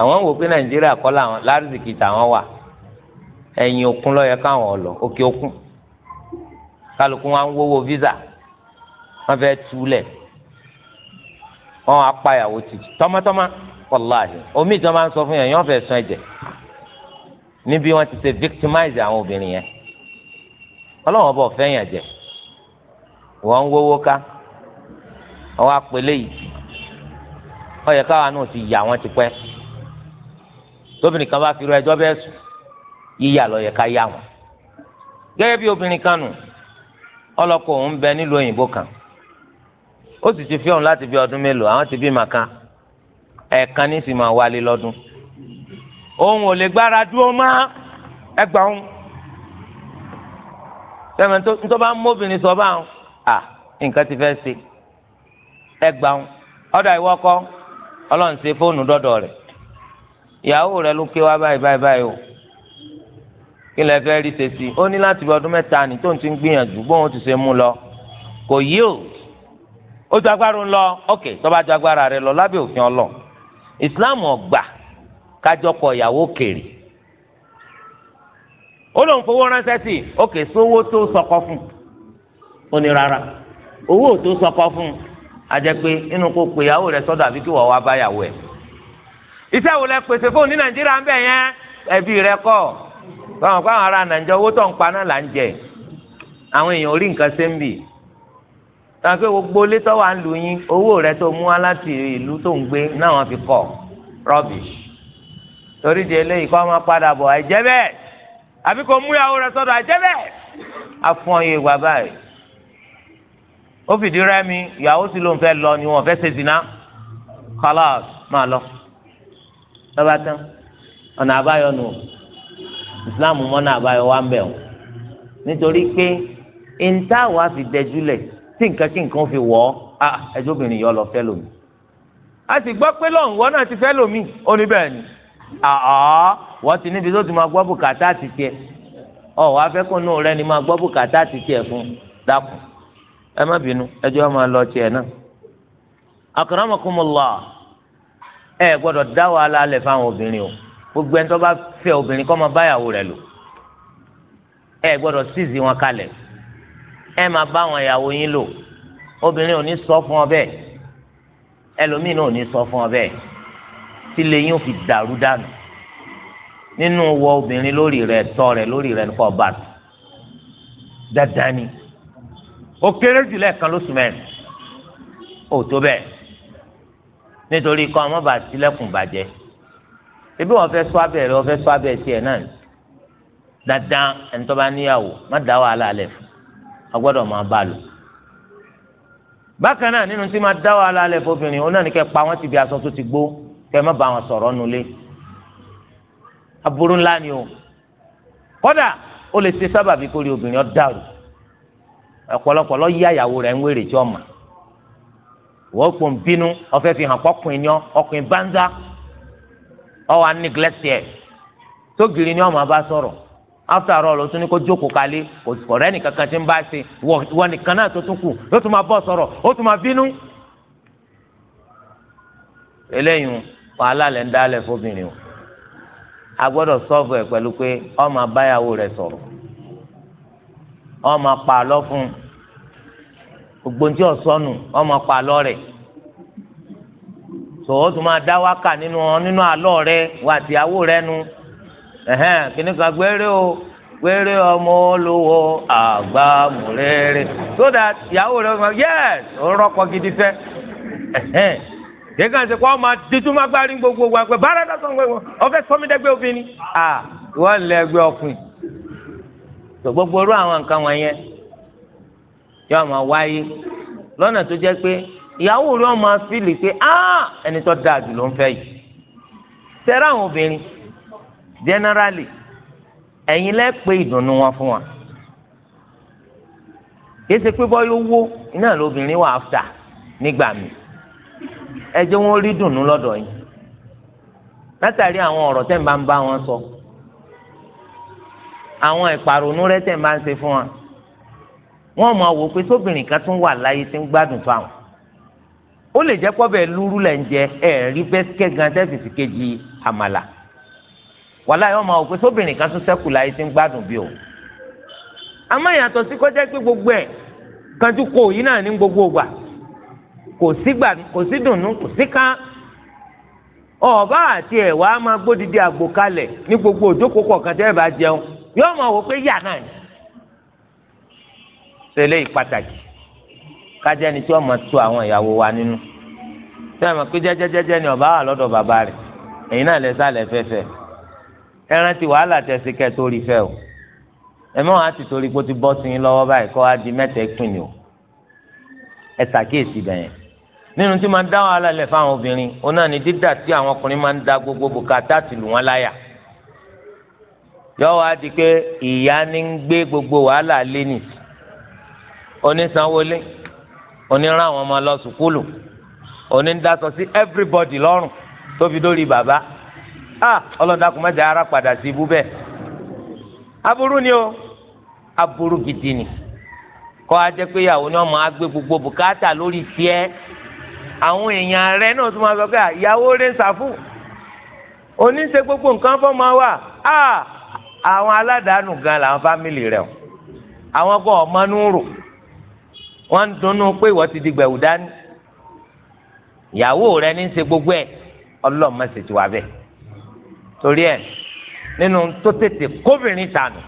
àwọn ń wò pé nàìjíríà kọ́ làwọn lárìsìkì tàwọn wà ẹ̀yìn òkun ló yẹ káwọn lọ òkè òkun kálukú wọn á ń wówó visa wọn fẹẹ túlẹ wọn apáyàwó ti tọmọtọmọ wàláhì omi ìjọba máa ń sọ fún yẹn yẹn fẹẹ sún ẹ̀jẹ̀ níbi wọn ti ṣe victimize àwọn obìnrin yẹn Ọlọ́run ọba ọfẹ yẹn jẹ wọn ń wówó ká wọn apẹlẹ yìí ó yẹ káwa náà ti yà wọn ti pẹ́ tóbìnrin kan bá fi ro ẹjọ́ bẹ́ẹ̀ sùn yíyà lọ yẹ ká yà wọn gẹ́gẹ́ bí obìnrin kan nù ọlọ́kọ òun bẹ nílùú òyìnbó kan ó sì ti fi ọ̀hún láti bí ọdún mélòó àwọn ti bí màkàn ẹ̀ẹ̀kan ní sì máa wálé lọ́dún òun ò lè gbára dúró mọ́ ẹgbà òun sẹ́mi tó bá ń móbìnrin sọ báwọn à nǹkan ti fẹ́ ṣe ẹgbà òun ọ̀dọ̀ ìwọ kọ́ ọlọ́run ṣe fóònù dọ́dọ̀ rẹ̀ ìyàwó rẹ̀ ló ké wá báyìí báyìí báyìí o kí lẹ fẹ́ rí ṣe sí i ó ní láti bí ọdún mẹ́ta ní tóun ti ń gbìyànjú bóun ti ṣe mú lọ kò yí o ó ju agbára ń lọ ok tó agbára rẹ lọ lábẹ́ òfin ọlọ islam ọgbà kájọpọ̀ ìyàwó kèrè ó lóun fowó ránṣẹ́ sí i ok sówó tó sọkọ fún ó rárá owó tó sọkọ fún a jẹ́ pé inú kó pe ìyàwó rẹ sọ́dọ̀ àbí kí wá bá ìyàwó iṣẹ́ wo lẹ pèsè fóònù ní nàìjíríà ń bẹ̀ yẹn ẹbí rẹ kọ́ báwọn ará tàbí gbogbo létọ́ wa ń lu yín owó rẹ tó mú wá láti ìlú tó ń gbé náà wọ́n fi kọ́ rubbish torí di eléyìí kọ́ máa padà bọ̀ àìjẹ́ bẹ́ẹ̀ àbí kò mú ìyàwó rẹ sọ́dọ̀ àìjẹ́ bẹ́ẹ̀ afọ́nyé ìwà báyìí ó fìdí rẹmi ìyàwó sì ló ń fẹ́ lọ ni wọ́n fẹ́ ṣe zina kọ́lọ́s máa lọ lọ́ba tán ọ̀nà àbáyọ nù ìsìláàmù mọ́nà àbáyọ wà ń bẹ̀ wọ́n nítorí pé ìntàwọ̀ á dẹjú lẹ̀ tí nǹkan kí nǹkan fi wọ̀ ọ́ ah, ẹjọ́ obìnrin yọ lọ fẹ́ lómi. a sì gbọ́ pé lọ́n wọ́n náà ti fẹ́ lómi ó ní bẹ́ẹ̀ ni wọ́n ti níbi tó ti máa gbọ́ bùkátà àti tiẹ̀ ọ wàá fẹ́ kó nù rẹ ni máa gbọ́ bùkátà àti tiẹ̀ fún dákun ẹ má bínú ẹjọ́ máa lọ tiẹ̀ náà. akramakumullah ẹ gbọ́dọ̀ dá wàhálà alẹ́ fáwọn obìnrin o gbogbo ẹni tó bá fẹ́ obìnrin kó máa báyàwó rẹ̀ lò ẹ gbọ́dọ̀ síìzì wọn kalẹ̀ o ẹ máa bá àwọn ìyàwó yín lò obìnrin ò ní sọ fún ọ bẹ́ẹ̀ ẹlòmíì náà ò ní sọ fún ọ bẹ́ẹ̀ tí ilé yín ò fi dàrú dànù nínú wọ obìnrin lórí rẹ tọ rẹ lórí rẹ kọ bá tù dandan ni ó kéré jù lẹ́ẹ̀kan lóṣù mẹ́rin ò tó bẹ́ẹ̀ nítorí kọ́ ọmọ bá tilẹ̀kùn bàjẹ́ ebi wọn fẹ́ sọ abẹ́ rẹ wọn fẹ́ sọ abẹ́ tiẹ̀ náà dandan ẹni tó bá níyàwó má dá wàhálà lẹ̀ fún a gbọ́dọ̀ máa bá lò bákan náà nínú tí máa dá wàhálà alẹ fóbìnrin òun náà ní kẹ pa wọn ti bí aṣọ tó ti gbó kẹ má bá wọn sọ̀rọ̀ nulẹ aburú ńlá ni o kódà ó lè ṣe sábàbí kórè obìnrin ọdàrú ọ̀pọ̀lọpọ̀ lọ yí àyàwó rẹ̀ ń wèrè tí ọ mà wọ́n pò ń bínú ọ̀fẹ́ fi hàn pọ́kùnrin yan ọkùnrin bánzá ọ̀wà neglect yẹ tó gírí ni ọmọ bá sọ̀rọ̀ after all o tún ní kó jókòó kalẹ̀ kò kọ̀rẹ́ nìkan kan tí ń bá ṣe wọ nìkan náà tó tún kù ló tún máa bọ́ sọ̀rọ̀ ó tún máa bínú. eléyìí wàhálà lẹ̀ ń dálẹ̀ fóbìnrin o a gbọ́dọ̀ sọ́ọ̀bù ẹ̀ pẹ̀lú pé ó máa báyàwó pa fún gbogbo tí ò sọnù ó máa pa àlọ́ rẹ̀ tòun ó tún máa dá wákà nínú wà nu. ẹ̀hẹ́n kìnnì kan gbére o gbére ọmọ olówó àgbà múrèrè so that ìyàwó rẹ ọmọ yes rọpò gidi fẹ ẹ̀hẹ́n kéka ṣe kó ọmọ dídúmọ agbárí gbogbo wa pé bára dọ́sán gbogbo ọfẹ sọmídẹgbẹ obìnrin à ìwọ lẹ ẹgbẹ ọkùnrin tó gbogbo orú àwọn nǹkan wọn yẹn yóò máa wáyé lọ́nà tó jẹ́ pé ìyàwó rẹ ọmọ fílì pé ah, ẹni tó dáa jù ló ń fẹ́ yìí tẹ́ra àwọn obìnrin generally ẹ̀yin lẹ pé ìdùnnú wọn fún wa kìí ṣe pé bọ́yọ̀ owó náà lóbìnrin wà áfta nígbà mi ẹ jẹ́ wọn rí dùnnú lọ́dọ̀ yìí látàrí àwọn ọ̀rọ̀ tẹ̀ ń bá ń bá wọn sọ àwọn ìpàrònú rẹ tẹ̀ ń bá ń ṣe fún wa wọ́n máa wò pé sóbìnrin kan tún wà láyé tí ń gbádùn fáwọn ó lè jẹ́ pọ́ bẹ́ẹ̀ lúrú lẹ̀ ń jẹ ẹ̀ẹ́rí bẹ́sikẹ́ gan tẹ́sìsì kejì àmàlà wàhálà yóò máa wò pé sóbìnrin kan tún sẹ́kù láyé tí ń gbádùn bí o àmọ́ ìyàtọ̀ sí kọjá pé gbogbo ẹ̀ kanjú kò yìí náà ní gbogbo gbà kò sí gbà kò sí dùnnú kò sí kán ọba àti ẹ̀wà máa gbódìdí àgbò kalẹ̀ ní gbogbo òjókòó kọ̀ọ̀kan tẹ́ ẹ bá jẹun yóò máa wò pé yà náà ni ṣẹlẹ̀ ìpàtàkì kájẹ́ ni tí wọ́n tu àwọn ìyàwó wa nínú sẹ́wọ̀n pé jẹ́jẹ́jẹ́jẹ́ ni ọba wà lọ́dọ̀ bàbá rẹ̀ èyí náà lẹ́sà lẹ́fẹ́fẹ́ ẹran ti wàhálà tẹsí kẹ tó rí fẹ o ẹ mọ àti torí pé ó ti bọ́ sí yín lọ́wọ́ báyìí kọ́ á di mẹ́tẹ̀ pin ni o ẹ ṣàkíyèsí bẹ́ẹ̀ nínú tí máa ń dá wàhálà lẹ̀ fáwọn obìnrin ó náà ní dídà tí àwọn ọkùnrin máa ń da gbogbo bùkátà ti lù wọ́n láyà yọ wá di pé ìyá ni ń gbé gbogbo wàhálà lé nì onísanwólé onírán àwọn ọmọ lọ sùkúlù onídàsọ sí everybody lọ́rùn tó fi bàbá ah ọlọ́dàkùn mẹ́ta ara padà sí ibú bẹ́ẹ̀ aburú ni o aburú gidi ni kọ́ ajẹ́ pé ìyàwó ni wọ́n máa gbé gbogbo bùkátà lórí tiẹ̀ àwọn èèyàn rẹ náà tún máa sọ pé ah, ìyàwó rẹ̀ ń sàfù oníṣe gbogbo nǹkan fọ́ máa wà á àwọn aládàánù gan làwọn fámìlì rẹ̀ o àwọn kò ọmọnú rò wọ́n ń dunnú pé ìwọ ti di gbẹ̀wù dání ìyàwó rẹ̀ ní í ṣe gbogbo ẹ̀ ọlọ́mọ sì ti wà bẹ́ẹ̀ torí ẹ nínú tó tètè kóbìnrin tànù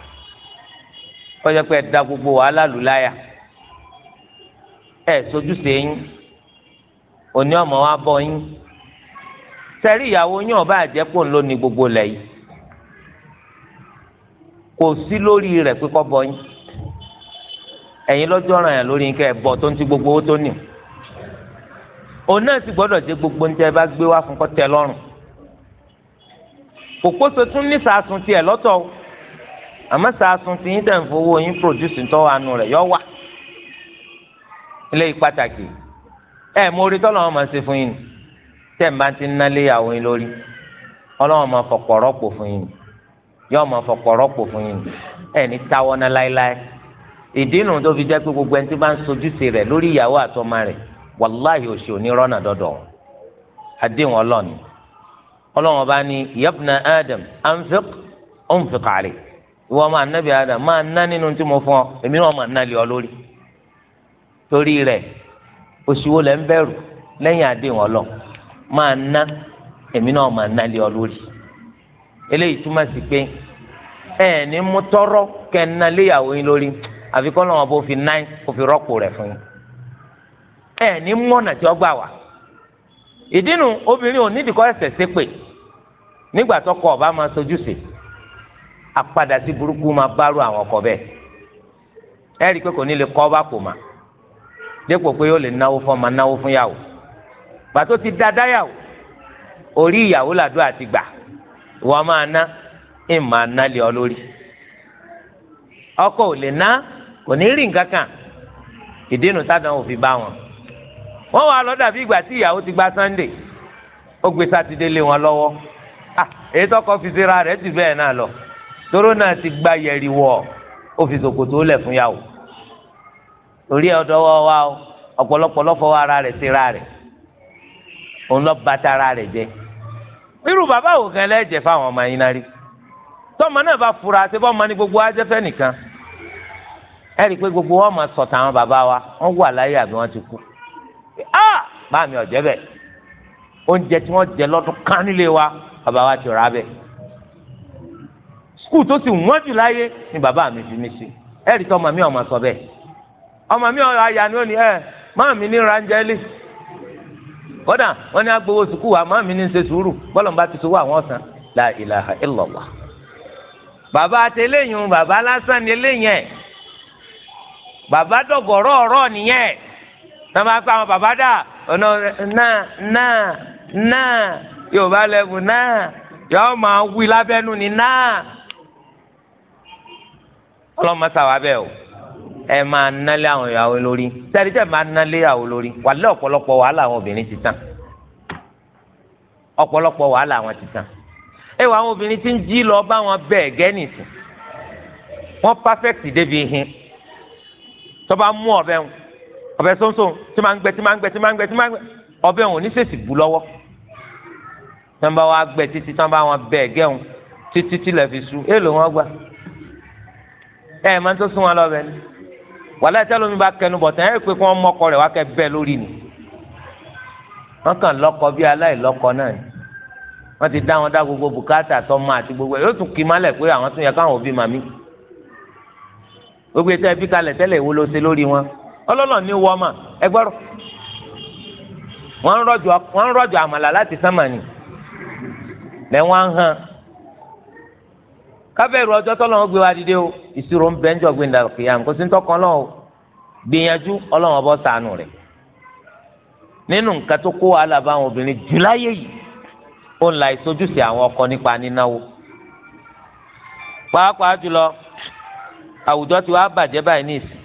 kọjá pé ẹ da gbogbo wàhálà lù láyà ẹ sojúṣe yín òní ọmọ wa bọ yín sẹ́rí ìyàwó yín ọba àjẹpò ńlọ ní gbogbo lẹ̀ yìí kò sí lórí rẹ̀ pé kọ́ bọ yín ẹ̀yin lọ́jọ́ ràn yàn lórí yín kẹ́ ẹ bọ̀ tó ń ti gbogbo owó tó nì òun náà sì gbọ́dọ̀ jẹ́ gbogbo ń tẹ́ bá gbé wá fún kọ́ tẹ́ kòkóso tún ní sàásùn tiẹ̀ lọ́tọ̀ o àmọ́ sàásùn ti yín tẹ̀sán fowó yín pòdùsì tó wà nù yọ wà eléyìí pàtàkì ẹ máa ṣe fún yín tẹ̀ ń bá ti ń nálé ìyàwó yín lórí ọlọ́wọ́n máa fọ̀pọ̀ rọ́pò fún yín yọ máa fọ̀pọ̀ rọ́pò fún yín ẹ ní táwọ́ ná láéláé ìdí nù tó fi jẹ́ pé gbogbo ẹni tí bá ń sojúṣe rẹ̀ lórí ìyàwó àtọmọ rẹ̀ wàláhì òṣì ọlọ́run ọba ní yabna adam anfiq unfiq alayk ìwọ ọmọ anabi adam máa ná nínú tí mo fún ọ èmi náà máa ná lé ọ lórí torí rẹ̀ òṣìwò lẹ ń bẹ̀rù lẹ́yìn àdéhùn ọlọ máa ná èmi náà máa ná lé ọ lórí eléyìí túmọ̀ sí pé ẹ ní mú tọrọ kẹ ń ná léyàwó yín lórí àfi kọ́ lọ́wọ́ bó fi náà kó fi rọ́pò rẹ̀ fún yín ẹ ní mọ̀nà tí ó gbà wá ìdí nu obìnrin ò nídìí kọ́ ẹsẹ̀ ṣépè nígbà tọkọ ọba máa sojú sí apadà sí burúkú máa bárò àwọn ọkọ bẹ́ẹ̀ ẹ rí i pé kò ní lè kọ́ ọba kò mà dépò pé ó lè náwó fún ọmọ náwó fún yàwó bàtó ti da dáyàwó orí ìyàwó làdúrà ti gbà wọ́n máa ná ẹ̀ máa ná lé ọ lórí ọkọ ò lè ná kò ní rí nǹkan kan ìdínú sádàn ò bá wọn wọ́n wà lọ́dà bí ìgbà tí ìyàwó ti gba Sunday ó gbé sátidé lé wọn lọ́wọ́ èyí tọkọ fi síra rẹ̀ ti bẹ́ẹ̀ náà lọ tóró náà ti gba yẹ̀rì wọ̀ ó fi ṣòkòtò lẹ̀ fún yàwó torí ọ̀dọ́ wa o ọ̀pọ̀lọpọ̀ lọ́fọ̀ ara rẹ̀ síra rẹ̀ òun lọ bàtà ara rẹ̀ jẹ́ irú bàbá wò kan lẹ́jẹ̀ fáwọn ọmọ yín náà rí tọ́mọ náà bá fura ṣe bọ́ ní gbogbo ajẹ́fẹ́ nìkan ẹ rí i pé gbogbo wọn máa sọ̀tà àwọn bàbá wa wọ́n wà láyé àbí wọ́n ti kú ah, báàmì ọ̀jẹ́ bẹ̀ oúnjẹ tí wọ́n jẹ lọ́dún kan wa ọba wa ti rà bẹ Sukuu tó ti wọ́n jù láyé ni bàbá mi fi mi ẹ ọmọ mi ọmọ sọ bẹ ọmọ mi ọ̀rọ̀ aya ni ó ní ẹ máa mi ní ranjẹ́lì kódà wọn ní agbowó sukù wa máa mi ní ṣe sùúrù bá ti sọ wà wọ́n san la ilaha illallah bàbá bàbá lásán ni bàbá àwọn bàbá yorùbá lẹ́bù náà yọọ máa wí lábẹ́nu ni náà ọlọ́mọsà wà bẹ́ẹ̀ o ẹ máa nálé àwọn ìyàwó lórí sẹ́ni tẹ́ máa nálé ìyàwó lórí wàlẹ́ ọ̀pọ̀lọpọ̀ wàhálà àwọn obìnrin ti tàn ọ̀pọ̀lọpọ̀ wàhálà àwọn ti tàn ẹ wọ àwọn obìnrin tí ń jí lọ bá wọn bẹ́ẹ̀ gẹ́nìsì wọ́n perfect débi hin tó bá mú ọ̀bẹ wọn ọ̀bẹ sọ́nsọ́n tí máa ń gbẹ tí máa ń gbẹ tí máa ń gbẹ tí wọn ò ní sèṣì bù lọ́wọ́ tán bá wá gbẹ títí tán bá wọn bẹ gẹun títí tílẹ̀ fi su èèlò wọn gbà ẹ máa ń tó sún wọn lọ bẹ ni wàlẹ́ tẹ́lẹ̀ omi bá kẹnu bọ̀ tán ẹ pé kí wọ́n mọ́kọ rẹ̀ wá kẹ́ bẹ́ẹ̀ lórí ni wọ́n kàn lọ́kọ bí aláìlọ́kọ náà ni wọ́n ti dá wọn dá gbogbo bùkátà tọ́mọ àti gbogbo ẹ̀ yóò tún kì í málẹ̀ pé àwọn tún yẹ káwọn òbí màmí gbogbo ètò ẹbí kalẹ̀ tẹ́lẹ̀ ìwo ló ṣe lórí wọn ọlọ́lọ́ ní wọ́ọ́mà ẹgbọ́rọ̀ wọ́n ń rọ̀jò àmàlà láti sánmà ni lẹ́wọ̀n á hàn kábẹ́rù ọjọ́ tọ́lọ́wọ́ gbé wa dìde o ìṣirò ń bẹ́ ń jọ gbẹ̀ndà kìyàm kò sí ń tọkàn lọ́wọ́ gbìyànjú ọlọ́wọ́ bọ́ sànù rẹ̀ nínú nǹkan tó kó wàhálà bá àwọn obìnrin jù láyé yìí ó ń la ìsojúṣe àwọn ọkọ nípa nínáwó pàápàá jùlọ àwùjọ tí wàá bàjẹ́ báyìí ní ìsìn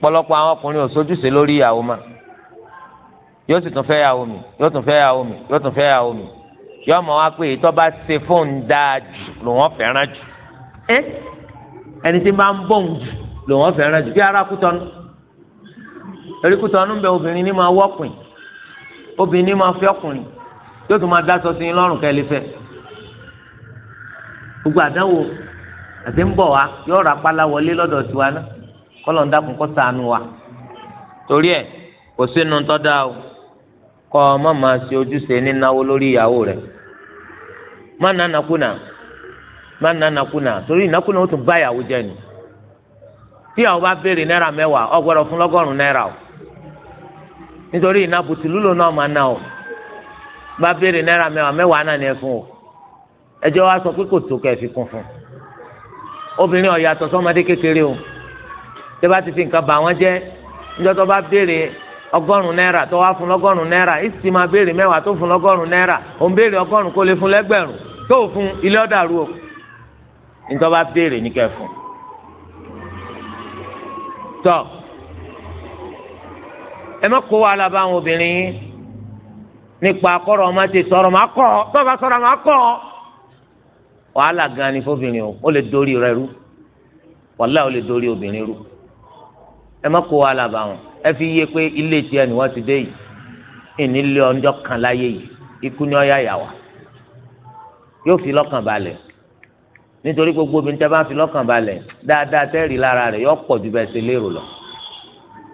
pọ̀lọpọ̀ àwọn ọkùnrin ò sojúṣe lórí ìyàwó ma yóò sì tún fẹ́ yàwó mi yóò tún fẹ́ yàwó mi yóò tún fẹ́ yàwó mi yọ ọmọ wa pé ìtọ́ bá ṣe fóun dáa jù lòun fẹ́ràn jù ẹ ẹni tí bá ń bọ̀ ń jù lòun fẹ́ràn jù bí ara kútọ́nù torí kútọ́nù ń bẹ obìnrin ní máa wọ́pìn obìnrin ní máa fẹ́ ọkùnrin yóò tún máa dáṣọ sí i lọ́rùn kẹ́lẹ́ fẹ́ gbogbo àdánwò àti ń bọ̀ wá yóò rà pálá wọlé lọ́dọ̀ tiwa náà kọ́lọ̀ ń dákun kó ṣàánú wa torí ẹ kò sínú tọ́da o kọ́ ọ má máa ṣe ojúṣe nínáwó lórí ìyàwó rẹ̀ má nà nàkúnà má nà nàkúnà torí ìnákúnà ó tún bá ìyàwó jẹ ni tí ìyàwó bá béèrè náírà mẹ́wàá ó fún náírà o nítorí ìná bùtùlù náà máa ná o bá béèrè náírà mẹ́wàá mẹ́wàá náà ni ẹ fún o ẹjọ́ wa sọ pé kò tó fi kún fún obìnrin bá ti fi nǹkan ọgọ́rùn náírà tó wá fún lọ́gọ́rùn náírà ìsì máa béèrè mẹ́wàá tó fún lọ́gọ́rùn náírà òun béèrè ọgọ́rùn kó lè fún lẹ́gbẹ̀rún tó fún ilé ọ̀dàrú o nítorí bá béèrè ní kẹfún. tọ́ ẹ má kó wàhálà bá àwọn obìnrin yín nípa akọ́rọ̀ ọmọ ti sọ̀rọ̀ máa kọ́ ọ tọ́ bá máa kọ́ ọ. wàhálà gan ni fóbìnrin o ó lè dórí rẹ rú wàhálà ó lè dórí obìnrin rú ẹ má kó wàhálà bá wọn ẹ fi yé pé ilé tiẹ̀ ni wọ́n ti dé yìí ìní lé ọjọ́ kan láyé yìí ikú ni ọ̀yà yà wá yóò fi lọ́kàn balẹ̀ nítorí gbogbo obìnrin tẹ́ bá fi lọ́kàn balẹ̀ dáadáa tẹ́rì lára rẹ̀ yọ pọ̀ ju bẹ́ẹ̀ lérò lọ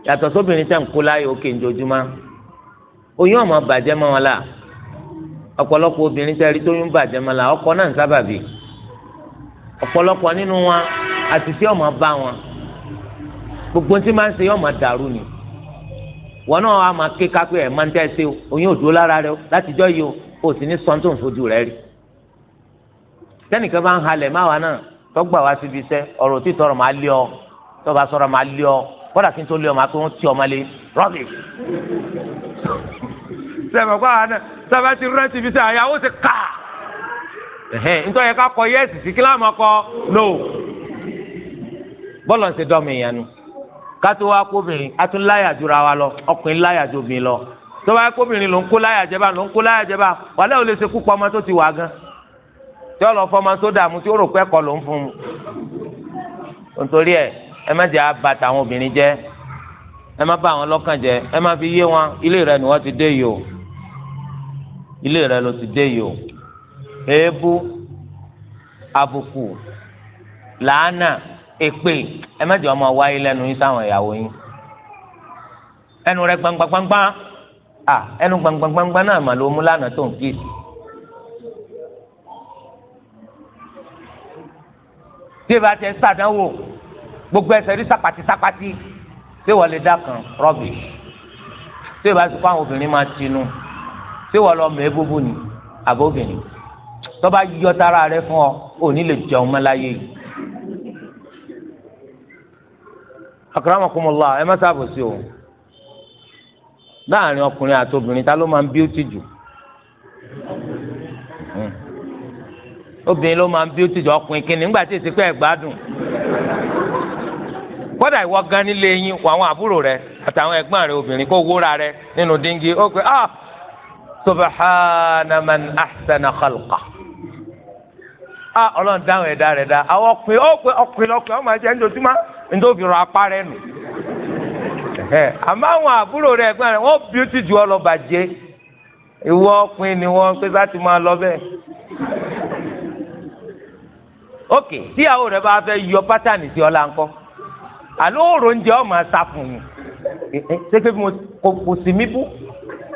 yàtọ̀ sóbìnrin tẹ́ ń kó láyé òkè njojúmọ́ oyún ọmọ bàjẹ́ mọ́ wọn la ọ̀pọ̀lọpọ̀ obìnrin tẹ́rí tó yún bàjẹ́ mọ́ la ọkọ náà ń sábàbí ọ̀pọ̀lọpọ̀ nínú wọn àtìsí ọmọ bá wọn gbogbo tí máa ń ṣe ọmọ dàrú ni wọn náà wà máa ké kápẹ́ ẹ̀ máa ń tẹ́ o oyún ò dúró lára rẹ o látijọ́ yìí o o sì ní sọ́n tó ń fojú rẹ rí. tẹ́nìkan bá ń halẹ̀ máwa náà tọ́gbà wá síbi iṣẹ́ ọ̀rọ̀ tí tọrọ máa lé ọ tọ́ba sọ̀rọ̀ máa lé ọ kọ́dà kí n tó lé ọ máa tó ń tí ọ máa lé rọ́bì. sẹ́fọ̀ kọ́ àwọn náà sábà ti rẹ́ síbi iṣẹ́ àyàwó ti kà. nítorí ká kọ yẹ́sì sí kílámù ọkọ no bọ́ọ̀lù ń kátó wá kóbìnrin atún láyà jura wa lọ ọkùnrin láyà ju obìnrin lọ tó bá kóbìnrin ló ń kó láyà jẹba ló ń kó láyà jẹba wàlẹ́ ò lè ṣe kúpa ọmọ tó ti wà gan tí ó lọ fọmọ tó dààmú tí ó rò pẹ́kọ̀ ló ń fún un nítorí ẹ ẹ má jẹ àbàtà àwọn obìnrin jẹ ẹ má bà àwọn lọ́kàn jẹ ẹ má fi yé wọn ilé rẹ ni wọ́n ti dé yìí o ilé rẹ ló ti dé yìí o èébú àbùkù làánà èpè ẹ má jẹ́ ọmọ wáyé lẹ́nu yín sáwọn ìyàwó yín ẹnu rẹ gbangbangba à ẹnu gbangbangba náà mà ló mú lánàá tó ń kíyèsí. tí ìbá tẹ sàdánwò gbogbo ẹsẹ̀ rí sàpàtì sàpàtì tí wọ́n lè dá kan rọ́bì tí ìbá sọ fáwọn obìnrin máa tinú tí wọ́n lọ mẹ́ búbú ni àbóbìnrin tó bá yọ tara rẹ fún ọ ò ní lè jẹun mọ́ láyé yìí. akramakumullah ẹ má sábò sí o láàrin ọkùnrin àti obìnrin ta ló máa ń bíútì jù hmm. obìnrin ló máa ń bíútì jù ọkùnrin kìnnìún nígbà tí ìsìnkú ẹ̀ gbádùn kódà ìwọ gan nílé yín wọ àwọn àbúrò rẹ àtàwọn ẹ̀gbọ́n rẹ obìnrin kó wúra rẹ nínú dingi ó pé ah subahana man ahsana ah ọlọ́run dáhùn ẹ̀dá rẹ̀ dá àwọn ọkùnrin ó ọkùnrin lọkùnrin ọmọ ń nítorí fi rọ apá rẹ nù àmọ́ àwọn àbúrò rẹ ẹ̀gbọ́n rẹ wọ́n bí ó ti ju ọ lọ bàjẹ́ ìwọ ọkùnrin ni wọ́n pé sá ti máa lọ bẹ́ẹ̀. ok tíyàwó rẹ bá fẹ́ yọ pátánì sí ọlá ńkọ́ àlọ́ òòrò oúnjẹ ọmọ ṣàfùn ni ṣé pé kò sí mí bú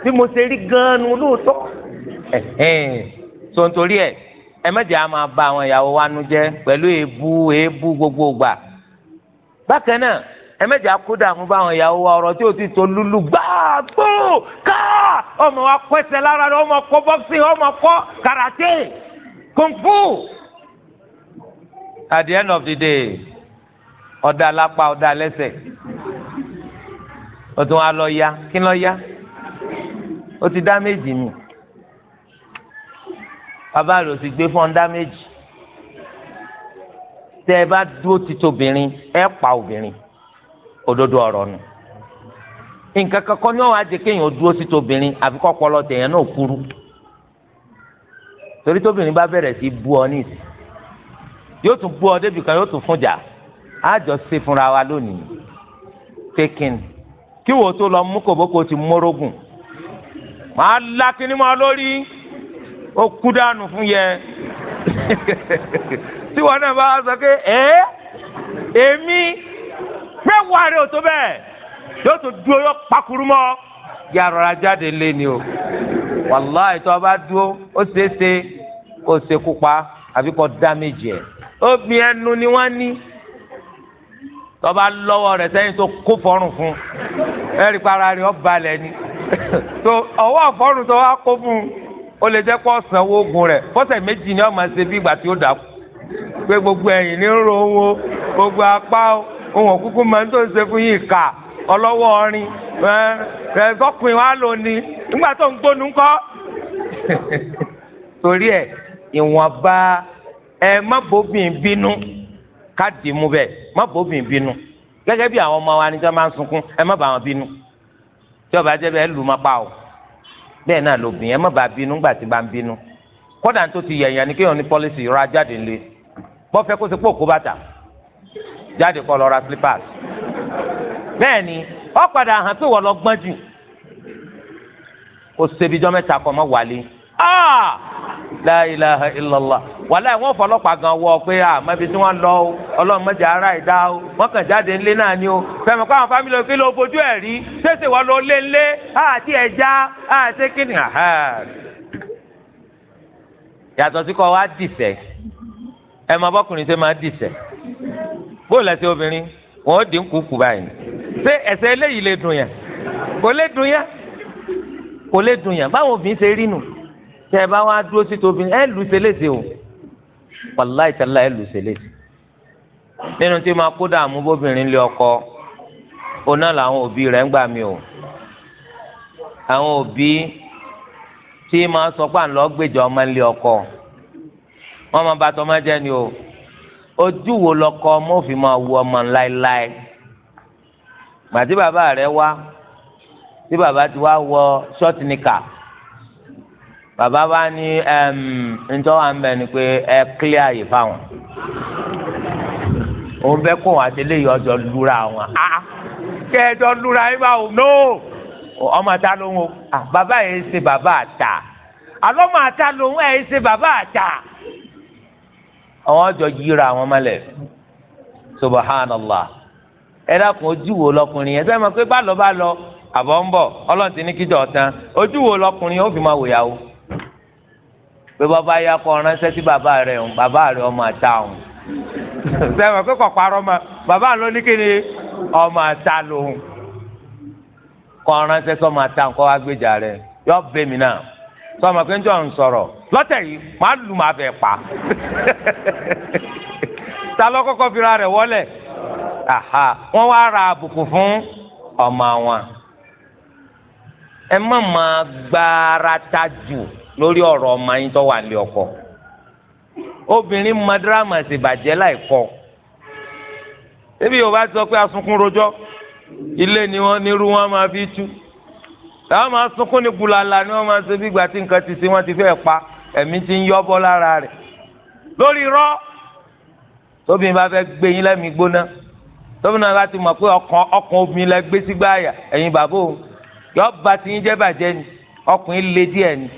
bí mo ṣe rí gan-an lóòótọ́ sọ̀ntorí ẹ̀ ẹ mẹ́jẹ̀ á máa bà àwọn ìyàwó wa nu jẹ́ pẹ̀lú èébú èébú gbogbo gbà bákan náà ẹ̀mẹ́jẹ̀ akúdà mú báwọn ìyàwó wa ọ̀rọ̀ tí o ti tó lulu gbàgbó ká ọmọ wa kọ́ ẹsẹ̀ lára rẹ̀ ọmọ kọ́ bọ́ksì ọmọ kọ́ karate kung fu. at the end of the day ọ̀dà lápá ọ̀dà lẹ́sẹ̀ o tún wa lọ ya kí lọ ya o ti dá méjì mi bàbá rẹ̀ o sì gbé fún ọ dá méjì tẹ ẹ bá dúró títí obìnrin ẹ pa obìnrin òdodo ọ̀rọ̀ nù nǹkan kankan ní ọ̀hún ajẹ́ kéèyàn dúró títí obìnrin àfi kọ́ ọpọlọ tẹ̀yàn náà kúrú torí tóbìnrin bá bẹ̀rẹ̀ sí bú ọ ní ìsìn yóò tún bú ọ débi yóò tún fún jà á jọ ṣe fúnra wa lónìí pékin kí wò ó tó lọ mú kòbókò ti mórógùn màá lákínní mọ́ lórí ó kú dànù fún yẹ. *laughs* tí wọn náà bá sọ pé ẹ èmi pé wà rẹ ò tó bẹ́ẹ̀ yóò tún dúró yóò pakuru mọ́ yàrá jáde lé ni o wàláì tó o bá dúró ó ṣeéṣe kó o ṣe kópa àfi kó o dá ẹ obìnrin ẹnu ni wọn ní tó o bá lọ́wọ́ rẹ̀ sẹ́yìn tó kó fọ́rùn fún ẹ̀rí para rẹ̀ ó balẹ̀ ni tó *laughs* ọwọ́ fọ́rùn tó wá kó fún un ó lè jẹ́ kó ọ̀sán owó oògùn rẹ̀ fọ́sẹ̀ méjì ni ó máa ṣe bí ìgbà tí ó dà kú pé gbogbo ẹ̀yìn ní ro wo gbogbo apá ohun òkúkú máa ń tó ń ṣe fún yìí kà ọlọ́wọ́ ọrin ẹ̀ sọ́kùnrin wa lò ní nígbà tó ń gbónú kọ́ *laughs* torí ẹ̀ ìwọ̀nba ẹ má bóbìn bínú ká mú bẹ́ẹ̀ má bóbìn bínú gẹ́gẹ́ bí àwọn ọmọ wa ni jẹ́ máa ń sunkún ẹ má bà wọn bínú tí ọba jẹ́ bẹ́ẹ̀ lù má pa o bẹ́ẹ̀ náà lòbìn ẹ má bà bínú gbà tí bá ń bínú kódà tó ti yẹ̀yàn ni kéèyàn ní pọ́lísì rọ ajáde lé. bọ́fẹ́ kó sepò kó bàtà jáde kọ lọ ra slippers bẹ́ẹ̀ ọ padà hàn pé wọ́n lọ gbọ́n jù kó sebijọ́ mẹ́ta kọ mọ wálé aa ah! la ilaha illallah wàlá wọn fọlọ́pàá gan wọ pé a mẹbi tí wọn lọ o Ọlọ́run mẹjẹ ara ẹ dá o wọn kàn jáde ńlé náà ni o fẹmi kó àwọn fámìlì òkè ló bójú ẹ rí ṣèṣe wọn lọ lé ńlé àti ẹja àti kíni yàtọ̀ sí kọ́ wa dìsẹ́ ẹ máa bọ́kùnrin ṣe máa dìṣẹ́ bóòlù ẹsẹ̀ obìnrin wọn ò dín kùkù báyìí ṣé ẹsẹ̀ eléyìí lè dùn yàn kò lè dùn yàn kò lè dùn yàn báwọn obìnrin ṣe rí nù tẹ ẹ bá wá dúró sí tóbi ẹ lù ú ṣe léṣe o wàláì tẹ́lá ẹ lù ú ṣe nínú tí máa kó dààmú bóbìnrin lé ọkọ oná làwọn òbí rẹ̀ ń gbà mí o àwọn òbí tí máa sọ pé gbèjọ ọmọ ń lé ọkọ wọn máa bá tọmọ jẹ ni o ojú wo lọkọ mo fi máa wu ọmọ láéláé gbàtí bàbá rẹ wá tí bàbá ti wá wọ ṣọ́ọ̀tì níkà bàbá bá ní ntọ́ wa ń bẹ̀ ni pé ẹ clear àyè fáwọn òun fẹ́ kó wọn àtẹlẹ́ yìí ọjọ́ lura wọn kẹjọ lura yín bá wọn nóò ọmọ ta ló ń wo bàbá yẹn ṣe bàbá àtà àlọ́ mọ̀ àtà ló ń wọ́n ẹ̀ ṣe bàbá àtà. àwọn ọjọ́ yíra àwọn mọ́lẹ̀ subhanallah ẹ dákun ojú wo lọkùnrin yẹn sẹ́yìn mọ̀ pé bá lọ bá lọ àbọ̀ ń bọ̀ ọlọ́run ní kíjọ tán ojú wo lọkùnrin yóò fi máa wò yàwó pé bàbá ya kọ ránṣẹ́ sí bàbá rẹ̀ òun bàbá rẹ̀ ọmọ àta sẹ́yìn ma bàbá ló ní kíni ọmọ àta lòun ránṣẹ́ àta kọ́ wá gbèjà yọ lọ́tẹ̀ yìí màá lù màá fẹ́ pa ta ló kọ́kọ́ fira rẹ̀ wọlé aha wọ́n wá ra àbùkù fún ọmọ wọn ẹ má máa gbára ta jù lórí ọ̀rọ̀ ọmọ yín tó wà nílé ọkọ obìnrin madrama sì bàjẹ́ láìkọ ebi yorùbá sọ pé asunkun rojọ́ ilé ni wọ́n nírú wọn máa fi tú táwọn máa sunkún ní bulala ni wọ́n máa ṣe bí ìgbà tí nǹkan ti ṣe wọ́n ti fẹ́ pa ẹ̀mí ti ń yọ́bọ́ lára rẹ̀ lórí rọ́ tóbi bá fẹ́ gbé yín lẹ́mìí gbóná tóbi náà bá ti mọ̀ pé ọkàn ọkàn obìnrin lẹ gbé sígbà àyà ẹ̀yin bàbá òun yọ ba ti yín jẹ́ bàjẹ́ ni ọkùnrin le díẹ̀ ni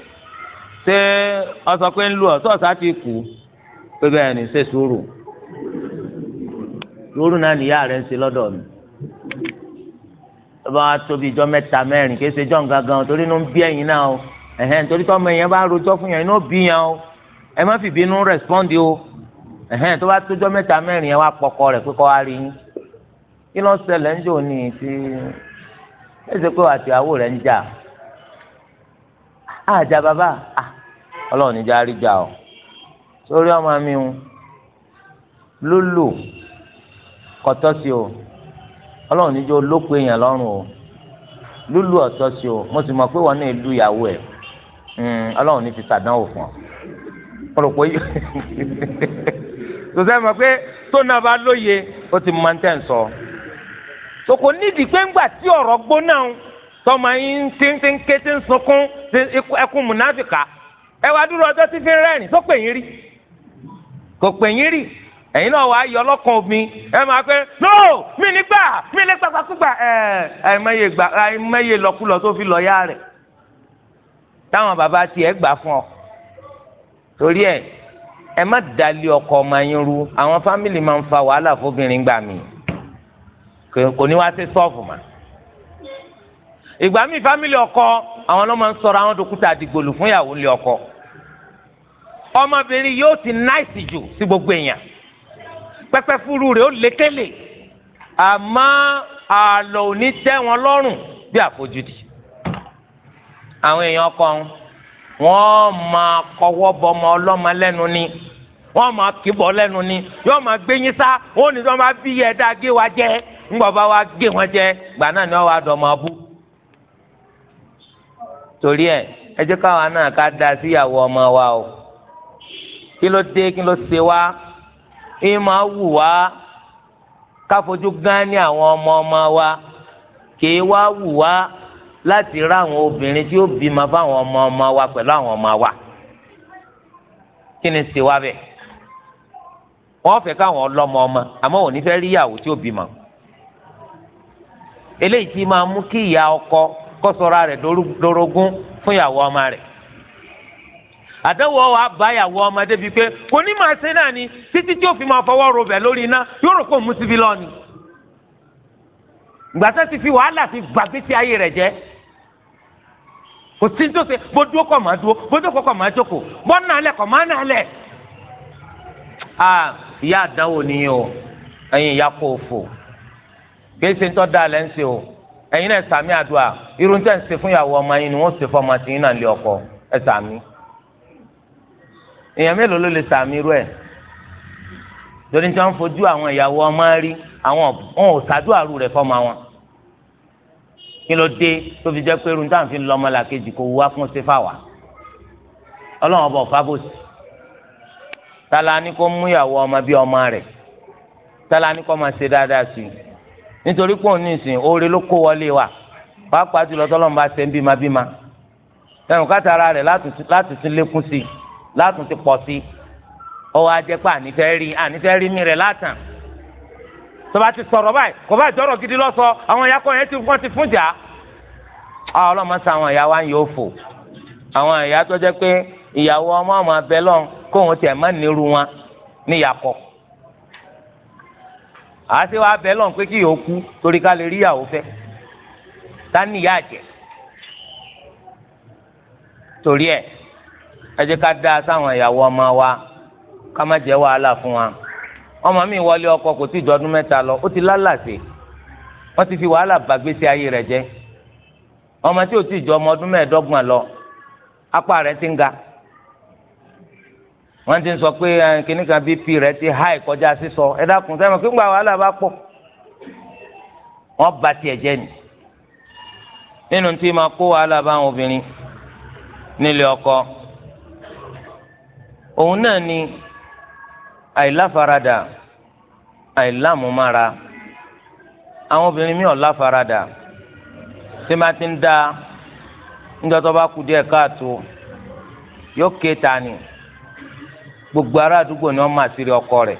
ṣé ọsọ pé ń lu ọ̀sọ́ ọ̀sá ti kú pé bẹ́ẹ̀ ni ṣe sùúrù sùúrù náà nìyá rẹ̀ ń ṣe lọ́dọ̀ mi tó bá tóbi ijọ́ mẹ́ta mẹ́rin kì í ṣe jọ́ torí inú bí ẹ̀yin náà ẹ̀hẹ́n torí tó ọmọ yẹn bá rojọ́ fún yẹn inú bí yẹn o ẹ má fi bínú rẹ̀spọ́ndì o ẹ̀hẹ́n tó bá tójọ́ mẹ́ta mẹ́rin yẹn wá pọkọ rẹ̀ pé kọ́ wá rí yín kí ló ń ṣẹlẹ̀ ń jò ní ti ẹ ṣe pé àtìyàwó rẹ̀ ń jà àjà bàbá ọlọ́run níjà rí jà o sórí ọmọ mi o lólò kọtọ́ sí o ọlọ́run níjà olóko èèyàn lọ́rùn o lólò ọ̀tọ́ sí o mo sì mọ̀ pé wọ́n náà lu ìyàwó ẹ̀ Mm, ọlọ́run ní fi sàdánwò fún ọ kọlọpọ yìí tòṣẹ́ mọ̀ pé tó náà bá lóye ó ti máa ń tẹ̀ ń sọ tòkò nídìí pé ńgbà tí ọ̀rọ̀ gbóná yín ti ń ti ń ké ti ń sunkún ẹkún ẹ dúró ọjọ́ tí fi rẹ́rìn tó kò pè yín rí ẹ̀yin náà wàá yọ ọlọ́kan omi ẹ máa pé no mi mi gbàgbàkúgbà ẹ ẹ tó fi yá táwọn bàbá tiẹ̀ gbà fún ọ torí ẹ ẹ má dalẹ̀ ọkọ ọmọ yín ru àwọn fámìlì máa ń fa wàhálà fóbìnrin gbà mí kò ní wá sí sọ́ọ̀fù mà ìgbà míì fámìlì ọkọ àwọn náà máa ń sọ̀rọ̀ àwọn dòkúta àdìgbòlù fún ìyàwó ọkọ ọmọbìnrin yóò ti náìsì jù sí gbogbo èèyàn pẹpẹ fúru rẹ̀ ó lékele àmọ́ àlọ ò ní wọn lọ́rùn bí àfojúdi àwọn èèyàn kan wọn wọ́n máa kọ́wọ́ bọmọ ni wọn máa kíbọ̀ lẹnu ni yóò máa gbé yín sá wọ́n ní máa bí ẹdá gé wa jẹ ńgbọ̀ bá gé wọn jẹ gbà náà ni wọ́n wá dọ̀ máa bú. torí ẹ ẹ náà ká da ọmọ wa o kí ló dé kí ló ṣe wá ẹ máa wù wá ọmọ ọmọ wa kì í wá wù láti rá àwọn obìnrin tí ó bímọ fáwọn ọmọ ọmọ wa pẹ̀lú àwọn ọmọ wa kí ni ṣe wá bẹ̀ wọ́n fẹ́ káwọn ọlọ́mọ ọmọ àmọ́ òní fẹ́ rí ìyàwó tí ó bímọ eléyìí ti máa mú kí ìyá ọkọ kó sọra rẹ̀ dorogún fún ìyàwó ọmọ rẹ̀ àdáwọ̀ wa báyàwó ọmọdé bíi pé kò ní máa ṣe náà ni títí tí ó fi máa fọwọ́ robẹ̀ lórí iná yóò rò kó mú síbi lọ ni. ìgbà ti fi wàhálà fi gbàgbé sí ayé rẹ̀ jẹ́ kò sí ní tó ṣe bó dúró kọ̀ máa dúró bó jókòó kọ̀ máa jókòó bó nà á lẹ̀ kọ̀ máa nà á lẹ̀. a ìyá àdánwò ni o ẹ̀yin ìyá kò fò kì í ṣe ń tọ́ da ẹ̀ ń ṣe o ẹ̀yin náà sàmì àdúrà irun tẹ̀ ń ṣe fún ìyàwó ọmọ ni wọ́n ṣe fún ọmọ tìyín náà lé ọkọ ẹ̀ sàmì. èèyàn mélòó ló lè sàmì irú ẹ̀ lórí tí wọ́n fojú àwọn ìyàwó ọmọ rí àwọn ò sàdúrà rú rẹ̀ fọ́mọ wọn kí ló dé tó fi jẹ́ pé irun táwọn fi ń lọ ọmọlàkejì kò wá fún sífà wá ọlọ́run ọba ọ̀fábòsì tala ni kó mú ìyàwó ọmọ bíi ọmọ rẹ̀ tala ni kó máa ṣe dáadáa sí i nítorí pé òun ní ìsìn oore ló kó wọlé wa pàápàá jùlọ tọ́lọ́mù bá ṣe ń bímọ bímọ ẹnu káta ara rẹ̀ láti tún lékún sí i láti tún pọ̀ sí i ọwọ́ ajẹ́pẹ́ ànífẹ́ rí ànífẹ́ rí mi rẹ̀ látàn tọba ti sọ̀rọ̀ báyìí kọba ìjọrọ gidi lọsọ àwọn ìyá kọ yẹn ti wọn ti fún jà. Ah, ọlọ́mọ sọ àwọn ìyá wa ń yóò fò àwọn ìyá tó jẹ́ pé ìyàwó ọmọ ọmọ abẹ lọ́n kó wọn tiẹ̀ má nírú wọn níyàkọ. àti wàá bẹ lọ́n pé kí yòó kú torí ká lè rí ìyàwó fẹ́ tá níyà jẹ. torí ẹ ẹ jẹ́ ká dá sáwọn ìyàwó ọmọ wa ká má jẹ́ wàhálà fún wa ọmọ mi wọlé ọkọ kò tí ì dọdún mẹ́ta lọ ó ti lálàsè wọ́n ti fi wàhálà bàgbèsè ayé rẹ̀ jẹ́ ọmọ tí ò tí ì jọ ọmọ ọdún mẹ́ẹ̀ẹ́dọ́gbọ̀n lọ apá rẹ̀ ti ń ga wọ́n ti ń sọ pé kìnnì kan bp rẹ̀ ti háì kọjá sísọ ẹ dákun sẹ́mi kí n gba wàhálà bá pọ̀ wọ́n ba tiẹ̀ jẹ́ ni nínú tí máa kó wàhálà bá àwọn obìnrin nílé ọkọ òun náà ni. àìláfaradà àìlámúmára àwọn obìnrin mi ò láfaradà tí ma ti ń da nígbà tó bá kú díẹ̀ káàtó yóò ké ta gbogbo ará àdúgbò ni máa ọkọ rẹ!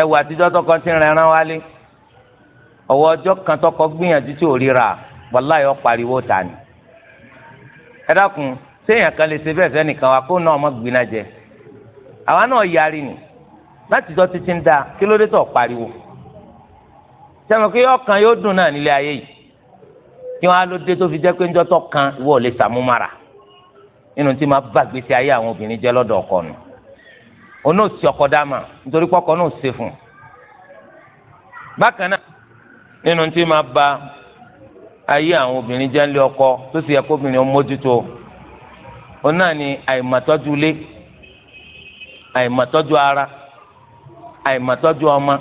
ẹwà àtijọ́ tọkọ ti rẹran wálé ọwọ́ ọjọ́ kan tọkọ gbìyànjú tí ò ríra pariwo ta ni ẹ dákun séèyàn kan lè ṣe bẹ́ẹ̀ àwa náà yarí ni láti jọ títí ń da kí ló dé tó pariwo sẹ́mi pé ọkàn yóò dùn náà nílé ayé yìí kí wọ́n á ló dé tó fi jẹ́ pé ńjọ́ tó kan ìwọ lè sàmúmára nínú tí máa bá gbèsè ayé àwọn obìnrin jẹ́ lọ́dọ̀ ọkọ nù òun náà sì ọkọ dáàmà nítorí pọ́kọ náà ṣe fún un bákan náà nínú tí máa ba ayé àwọn obìnrin jẹ́ ńlé ọkọ tó sì yẹ kóbìnrin ó mójútó òun náà ni àìmọ̀tọ́jú lé àìmọ̀tọ́jú ara àìmọ̀tọ́jú ọmọ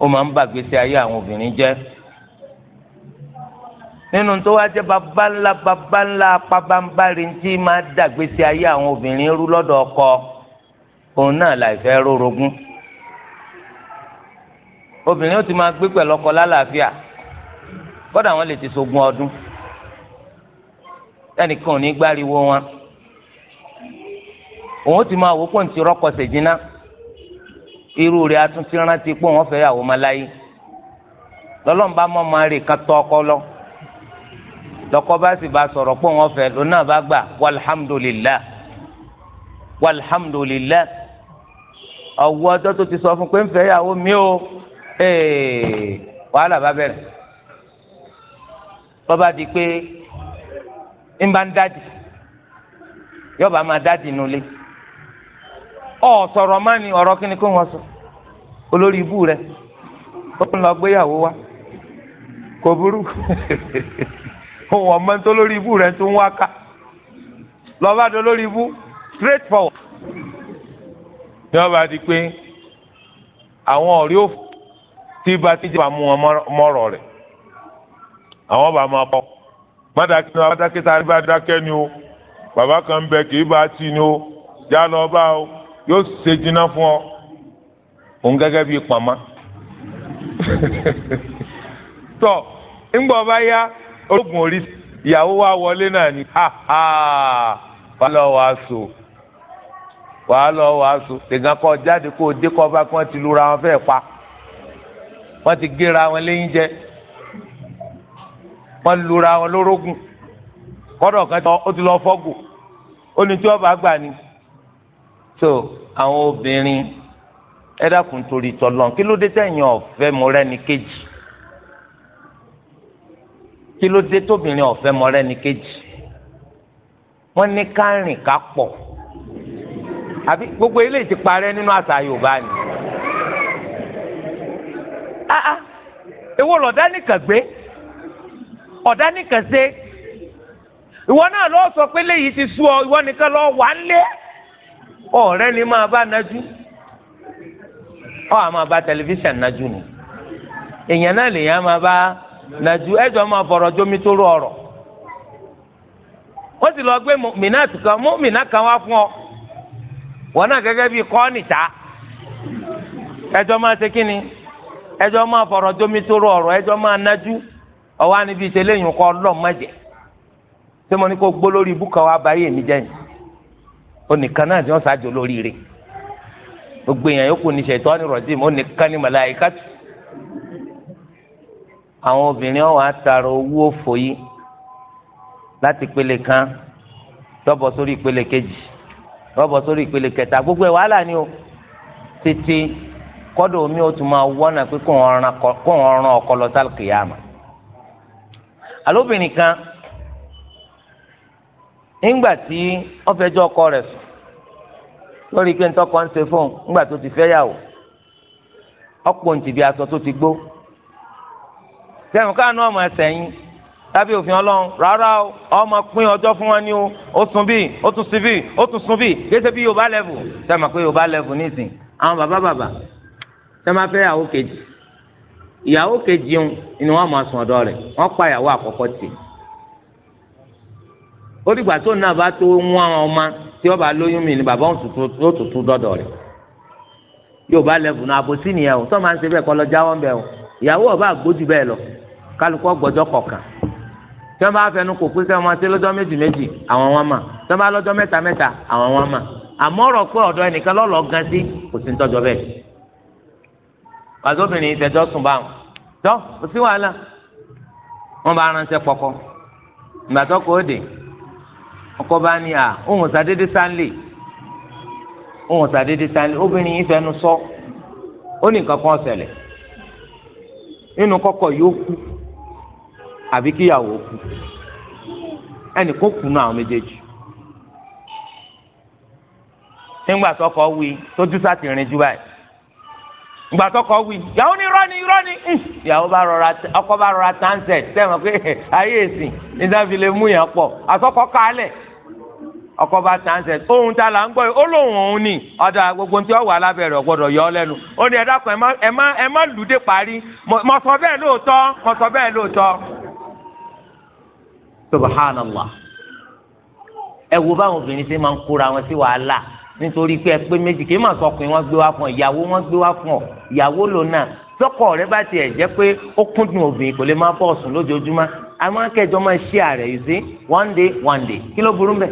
ó máa ń bàgbèsè ayé àwọn obìnrin jẹ́ nínú tó wá jẹ́ bàbá ńlá bàbá ńlá pabambarì tí máa dàgbèsè ayé àwọn obìnrin rú lọ́dọ̀ ọkọ òun náà láìfẹ́ rórogún obìnrin ó ti máa gbé pẹ̀lú ọkọ lálàáfíà kódà wọ́n lè ti ṣogún ọdún ẹnìkan ò ní gbáriwo wọn òun ti máa wò pọ̀ ní ti rọ́kọ̀ ṣèjìnà irú rẹ̀ atúntí rántí pé wọ́n fẹ́ yàwó máa láyé lọ́lọ́mùbá mọ́ máa rè kan tọ́ ọkọ lọ lọ́kọ bá sì bá sọ̀rọ̀ pé wọ́n fẹ́ lónà bá gbà walhamdulillah walhamdulillah ọwọ́ ọjọ́ tó ti sọ fún pé ń fẹ́ yàwó mi o wàhálà bá bẹ̀rẹ̀ lọ́ba di pé ń bá ń dádì yọba máa dádì nulẹ̀ ọ sọ̀rọ̀ má ni ọ̀rọ̀ kí ni kó wọn sọ olórí ibú rẹ ó ń lọ gbéyàwó wa kò burú *laughs* òun ọmọ tó lórí ibú rẹ tó ń wá ká lọ́ba tó lórí ibú straight forward ní ọba di pé àwọn ọ̀rẹ́ òfò tí bá ti jẹ́ àmú wọn mọ́rọ̀ rẹ̀ àwọn bá máa bọ̀ mọ́tàkì ní wọn pátákì tá a rí bá dákẹ́ ni o bàbá kan bẹ kì í bá tì ní o já lọ bá o. yóò ṣe jiná fún ọ òun gẹ́gẹ́ bíi pàmò *laughs* tọ ńgbọ́ bá yá ológun orí ìyàwó wa wọlé náà ni ha ha á lọ wàá so wàá lọ á so tẹ̀gàn kọ jáde kó o dé kọ́ bá kí wọ́n ti lura wọn fẹ́ pa wọ́n ti gera wọn léyìn jẹ́. wọ́n lura wọn lórógùn kọ́dọ̀ kan ó ti lọ fọ́gùn ó ní tí wọ́n bá gbà ni. so àwọn obìnrin ẹ dákun torí tọlọ́n kí ló dé tẹ̀yìn ọ̀fẹ́ mọ́rẹ́ni kejì kí ló dé tóbìnrin ọ̀fẹ́ mọ́rẹ́ni kejì wọ́n ní ká rìn ká pọ̀ àbí gbogbo eléyìí ti parẹ́ nínú àṣà Yorùbá ni. ìwọ ah, ah. lọ̀dá nìkan gbé ọ̀dá nìkan ṣe ìwọ náà lọ sọ pé léyìí ti sú ọ ìwọ nìkan lọ wà ń lé. ọ̀rẹ́ ni máa bá nájú ọ̀ àmọ́ bá tẹlifíṣàn nájú ni èèyàn náà lè máa bá nájú ẹjọ́ máa fọ̀rọ̀ jómi tó rú ọ̀rọ̀ wọ́n sì lọ gbé mìnàtì kan mú wá fún ọ wọ́n náà gẹ́gẹ́ bíi máa ṣe kí ni ẹjọ́ máa fọ̀rọ̀ jómi tó rú ọ̀rọ̀ ẹjọ́ máa nájú ọ̀wá níbi kọ́ sẹ́mo ní kó ibùkọ̀ wa jẹ́yìn onìkan náà tí wọ́n ṣáájú olóríire gbogbo èèyàn yòókù ní ṣètò ní rọ̀jìm onìkan ní màláíkà tù àwọn obìnrin ọ̀hún àtàrà owó òfò yìí láti pele kan lọ́bọ̀ sórí ìpele kejì lọ́bọ̀ sórí ìpele kẹta gbogbo ẹ̀ wàhálà ni o tètè kọ́dọ̀ omi ó tún máa wọ́nà pé kó ń ran alóbìnrin kan nígbà tí ó fẹjọ́ ọkọ rẹ̀ sùn lórí pé ntọ́kọ ń ṣe fóun nígbà tó ti fẹ́yàwó ọ̀pọ̀ ntì bí aṣọ tó ti gbó sẹ́yìn káànú ọmọ ẹsẹ̀ yín lábẹ́ òfin ọlọ́run rárá o ọmọ pín ọjọ́ fún wọn ni o ó sùn bíi ó tún sùn bíi ó tún sùn bíi gẹ́gẹ́ bí yorùbá lẹ́vù sẹ́yìn pé yorùbá lẹ́vù nísìn àwọn bàbá bàbá sẹ́yìn máa fẹ́ ìyàwó kejì ìyàwó kejì ń ni wọ́n máa sùn ọ̀dọ́ rẹ̀ wọ́n pa ìyàwó àkọ́kọ́ tì í ó dìgbà tó náà bá tó wọn ọmọ tí ó bá lóyún mi ni bàbá ó tutù dọ́dọ̀ rẹ̀ yóò bá lẹ́bùn náà àbòsí nìyẹn o tó máa ń ṣe bẹ́ẹ̀ kọ́ lọ jáwọ́ ń bẹ̀ o ìyàwó ọba àgbójú bẹ́ẹ̀ lọ kálukọ́ gbọ́jọ́ kọ̀ọ̀kan tí wọ́n bá fẹnu kò pé sẹ́wọ́n máa ṣe lọ́jọ́ méjì méjì àwọn wọn mà tí wọ́n bá lọ́jọ́ mẹ́ta mẹ́ta àwọn wọn mà àmọ́ ọ̀rọ̀ pé ọ̀dọ̀ ẹnìkan lọ́lọ́ gan sí kò sí ń tọ́jọ́ bẹ́ẹ̀ pàtóbìnrin ìfẹjọ́ sùn bá wọn tọ́ ọkọ bá ní à òun ṣàdédé sáńlé òun ṣàdédé sáńlé obìnrin yìí fẹnu sọ ó ní nǹkan kan nínú yóò kú àbí kíyàwó kú ẹnì kó àwọn méjèèjì nígbà tọkọ wí tójú sá ti rìn jù báyìí ìgbà tọkọ wí irọ́ ni irọ́ ni bá rọra ọkọ bá rọra tánsẹ̀ sẹ́wọ̀n pé *laughs* ayé èsì nígbà mú yàn àtọkọ ọkọ bá tà ń sẹ ohun tá là ń gbọ́ yìí ó lóun òun ni ọdọ gbogbo tí ó wà lábẹ́rẹ́ ọgbọ́dọ̀ yọ ọ lẹ́nu ó ní ẹ dákun ẹ má ẹ má lùdé parí mo sọ bẹ́ẹ̀ lóòótọ́ mo sọ bẹ́ẹ̀ lóòótọ́. subhanallah ẹ wo báwọn obìnrin ṣe máa ń kóra wọn sí wàhálà nítorí pé ẹ pé méjì kì í mà sọkùnrin wọn gbé wá fún ọ ìyàwó wọn gbé wá fún ọ ìyàwó lòun náà tọkọ rẹ bá tiẹ̀ jẹ́ pé ó kúndùn obìnrin kò lè má bọ ọsùn lójoojúmọ́ àmọ́ akẹjọ máa ṣí ààrẹ yìí sí one day one day kí ló burú mbẹ.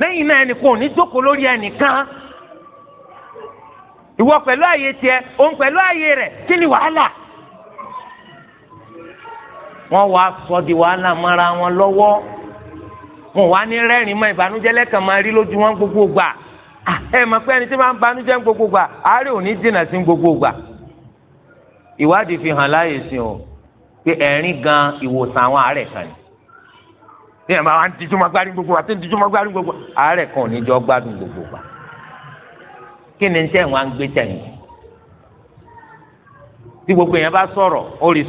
lẹ́yìn náà ẹnìkan ò ní jókòó lórí ẹnìkan ìwọ pẹ̀lú ààyè tiẹ̀ òun pẹ̀lú ààyè rẹ̀ kí ni wàhálà wọ́n wá sọ di wàhálà mọ́ra wọn lọ́wọ́ wọn wá ní rẹ́rìn mọ́ ìbànújẹ́ lẹ́kàn máa rí lójú wọn gbogbo gbà ẹ mọ̀ pé ẹni tí fi hàn sí o pé ẹ̀rín gan ìwòsàn àwọn àárẹ̀ kan ní ẹ̀ máa wá ń tijú gbádùn gbogbo àti tijú máa gbádùn gbogbo àárẹ̀ kan ní gbádùn gbogbo gbà kí ni tẹ̀ wọ́n á tí gbogbo èèyàn bá sọ̀rọ̀ ó lè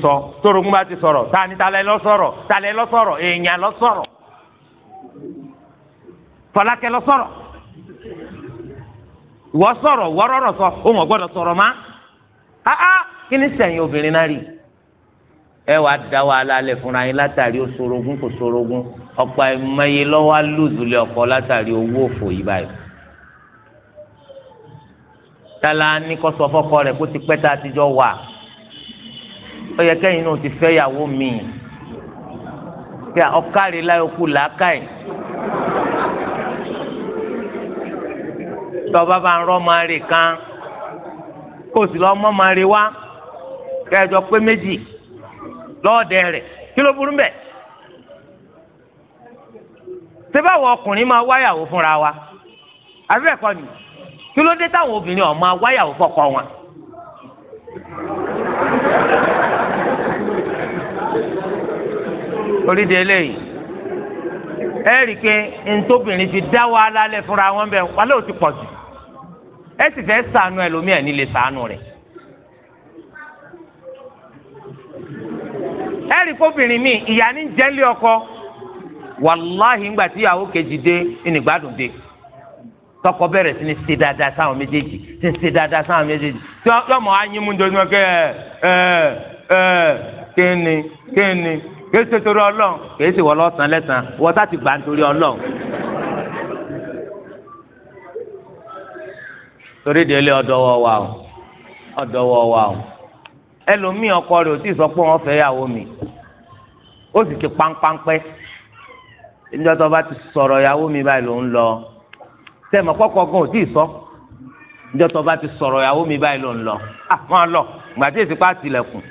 ti sọ̀rọ̀ ta ni talẹ̀ lọ sọ̀rọ̀ talẹ̀ lọ sọ̀rọ̀ èèyàn lọ sọ̀rọ̀ fọlákẹ́ lọ sọ̀rọ̀ sọ̀rọ̀ sọ sọ̀rọ̀ má kí ni obìnrin náà ẹ wàá da wàhálà lẹ fúnra yín látàrí oṣoorogún kò ṣoorogún ọ̀pọ̀ ẹ̀mọye lọ́wọ́ lùzùlẹ̀ ọ̀pọ̀ látàrí owó òfò yìí báyìí. tala ní kó sọ fọ́kọ rẹ̀ kó ti pẹ́ tá a ti jọ wà ó yẹ kẹ́yìn náà ti fẹ́ yàwó mi kí ọkàrí láyọ̀ kú làákàyè. tọ́ba bá ń rọ́ máa rè kan kó o sì lọ́ mọ́ máa wá kẹ́ẹ̀jọ pé méjì. lọ́ọ̀dẹ rẹ̀ kí ló burú mbẹ̀. sẹ́báwọ̀ ọkùnrin máa wáyàwó fúnra wa àbí ẹ̀kọ́ ni kí ló dé táwọn obìnrin ọ̀ máa wáyàwó wọn. orí eléyìí ẹ rí i pé ntòbìnrin fi dá fúnra wọn bẹ ẹ̀rí kóbìnrin mi ìyá ní jẹ́lé ọkọ wàláhì ńgbà tí ìyàwó kejì dé ìnìgbàdùn dé tọkọ bẹ̀rẹ̀ sí ní ṣe dáadáa sáwọn méjèèjì ṣe ṣe dáadáa sáwọn méjèèjì tí ọmọ anyimu dojú wọn kẹ ẹ ẹ kéènì kéènì kéè ṣe torí Ọlọ́run kéè ṣe wọlé ti gbà nítorí Ọlọ́run. torí délé wa o wa o. ẹlòmíì ọkọ rẹ̀ ò tí ì sọ pé wọ́n fẹ́ yàwó mi ó sì ti pánpánpẹ́ níjọ́ tó bá ti yàwó mi báyìí ló ń lọ gan ò tí ì sọ níjọ́ tó bá ti yàwó mi báyìí ló ń lọ máa lọ gbàtí èsì pa tilẹ̀kùn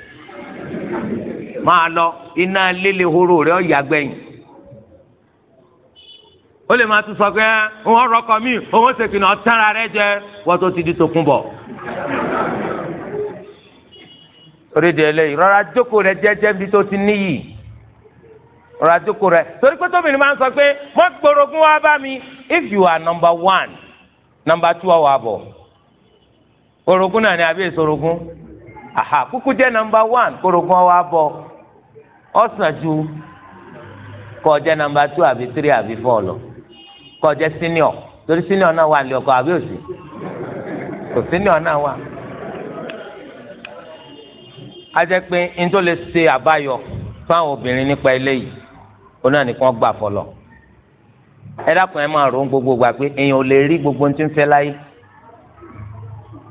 máa lọ iná líle horo rẹ̀ ó lè máa tún sọ pé rọkọ mi òun ṣèkìnnà orí di eléyìí rọra jókòó rẹ jẹ́jẹ́ bí tó ti níyì rọra jókòó rẹ torí pé tóbi ni máa ń sọ pé mọ gbòrògùn wa bá mi if you are number one number two ọwọ àbọ orogún náà ni àbí èsorogún aha kúkú jẹ́ number one korogún ọwọ àbọ ọsàn ju kó jẹ́ number two àbí three àbí four lọ kó jẹ́ senior torí senior náà wà ní ọkọ àbí òsì kò senior náà wà. ajẹ́ pé nítorí lè ṣe àbáyọ fáwọn obìnrin nípa eléyìí ó náà nìkan gbà fọlọ ẹ dákun ẹ máa ròó gbogbo gbà pé èèyàn ò lè rí gbogbo ohun tí ń fẹ́ láyé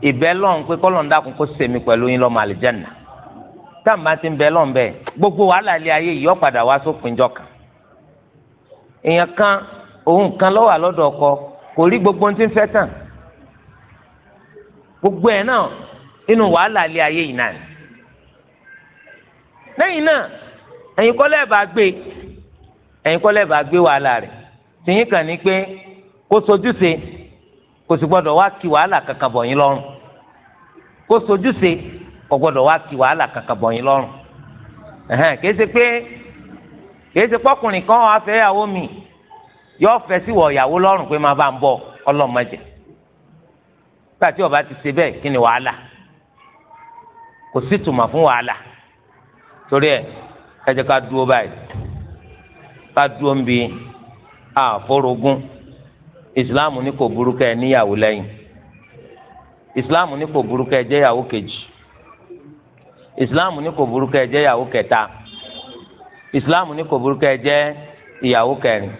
ìbẹ́ lọ́n pé kọ́lọ́n dákun kó sèmi pẹ̀lú yín lọ́mọ àlìjẹ́nà táàmù ti ń bẹ lọ́n bẹ́ẹ̀ gbogbo wàhálà ilé ayé yìí ọ̀padà wá sópin jọ èèyàn kan òun kan lọ́wọ́ àlọ́dọ̀ ọkọ kò rí gbogbo ohun ń fẹ́ tán gbogbo ẹ̀ náà nínú wàhálà ilé ayé yìí náà ni lẹ́yìn náà ẹ̀yin kọ́ lẹ́ẹ̀ bá gbé ẹ̀yin kọ́ lẹ́ẹ̀ bá gbé wàhálà rẹ̀ tìyín kàn ní pé kó sojúse kò sì gbọ́dọ̀ wá kí wàhálà kankan bọ̀ yín lọ́rùn kó kò gbọ́dọ̀ wá kí wàhálà kankan bọ̀ yín lọ́rùn pé kìí ṣe kan wàá ìyàwó mi yọ fẹ́ sí ìyàwó lọ́rùn pé máa bá ń bọ̀ ọlọ́mọdé ọba ti ṣe bẹ́ẹ̀ kí ni wàhálà kò sí torí ẹ ẹ jẹ́ ká dúró báyìí ká dúró ń bi àforogún ìsìláàmù ní kò burú kẹ́ ẹ níyàwó lẹ́yìn ìsìláàmù ní kò burú kẹ́ ẹ jẹ́yàwó kejì ìsìláàmù ní kò burú kẹ́ ẹ jẹ́yàwó kẹta ìsìláàmù ní kò burú kẹ́ ẹ ìyàwó kẹrin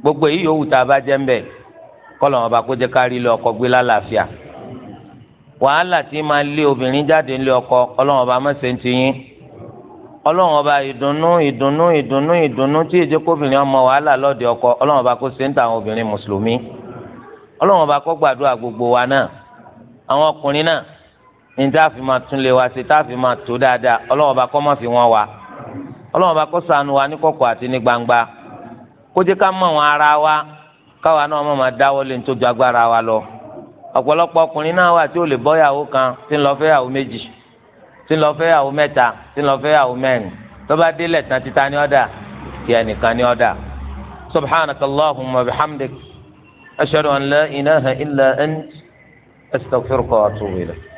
gbogbo èyí yòówù tá a bá jẹ́ ń bẹ̀ kọ́lọ̀ wọn bá kó jẹ́ ká rí ọkọ gbé lálàáfíà wàhálà tí máa lé obìnrin jáde ńlé ọkọ ọlọ́wọ́n bá mọ̀ ṣe ń ti ọlọ́run ọba ìdùnnú ìdùnnú ìdùnnú ìdùnnú tí èjì kóbìnrin ọmọ wàhálà lọ́ọ̀dẹ ọkọ ọlọ́run ọba kó ṣe ń ta àwọn obìnrin mùsùlùmí ọlọ́run ọba kó gbàdúrà gbogbo wa náà àwọn ọkùnrin náà ní tá a fi máa tún lé wa ṣe tá a fi máa tó dáadáa ọlọ́run ọba kó má fi wọ́n wa ọlọ́run ọba kó ṣàánú wa ní kọ̀kọ̀ àti ní gbangba kó jẹ́ ká mọ̀ wọn ara wa káwa náà má máa dáwọ́ tí ń lọ fẹ́ yàwó mẹ́ta tí ń lọ fẹ́ yàwó mẹ́rin tó bá délẹ̀ tán títa ní ọ̀dà tí ẹnìkan ní ọ̀dà subhanaka allahumma bihamdik ashhadu an la ilaha illa ant astaghfiruka wa atubu ilayk.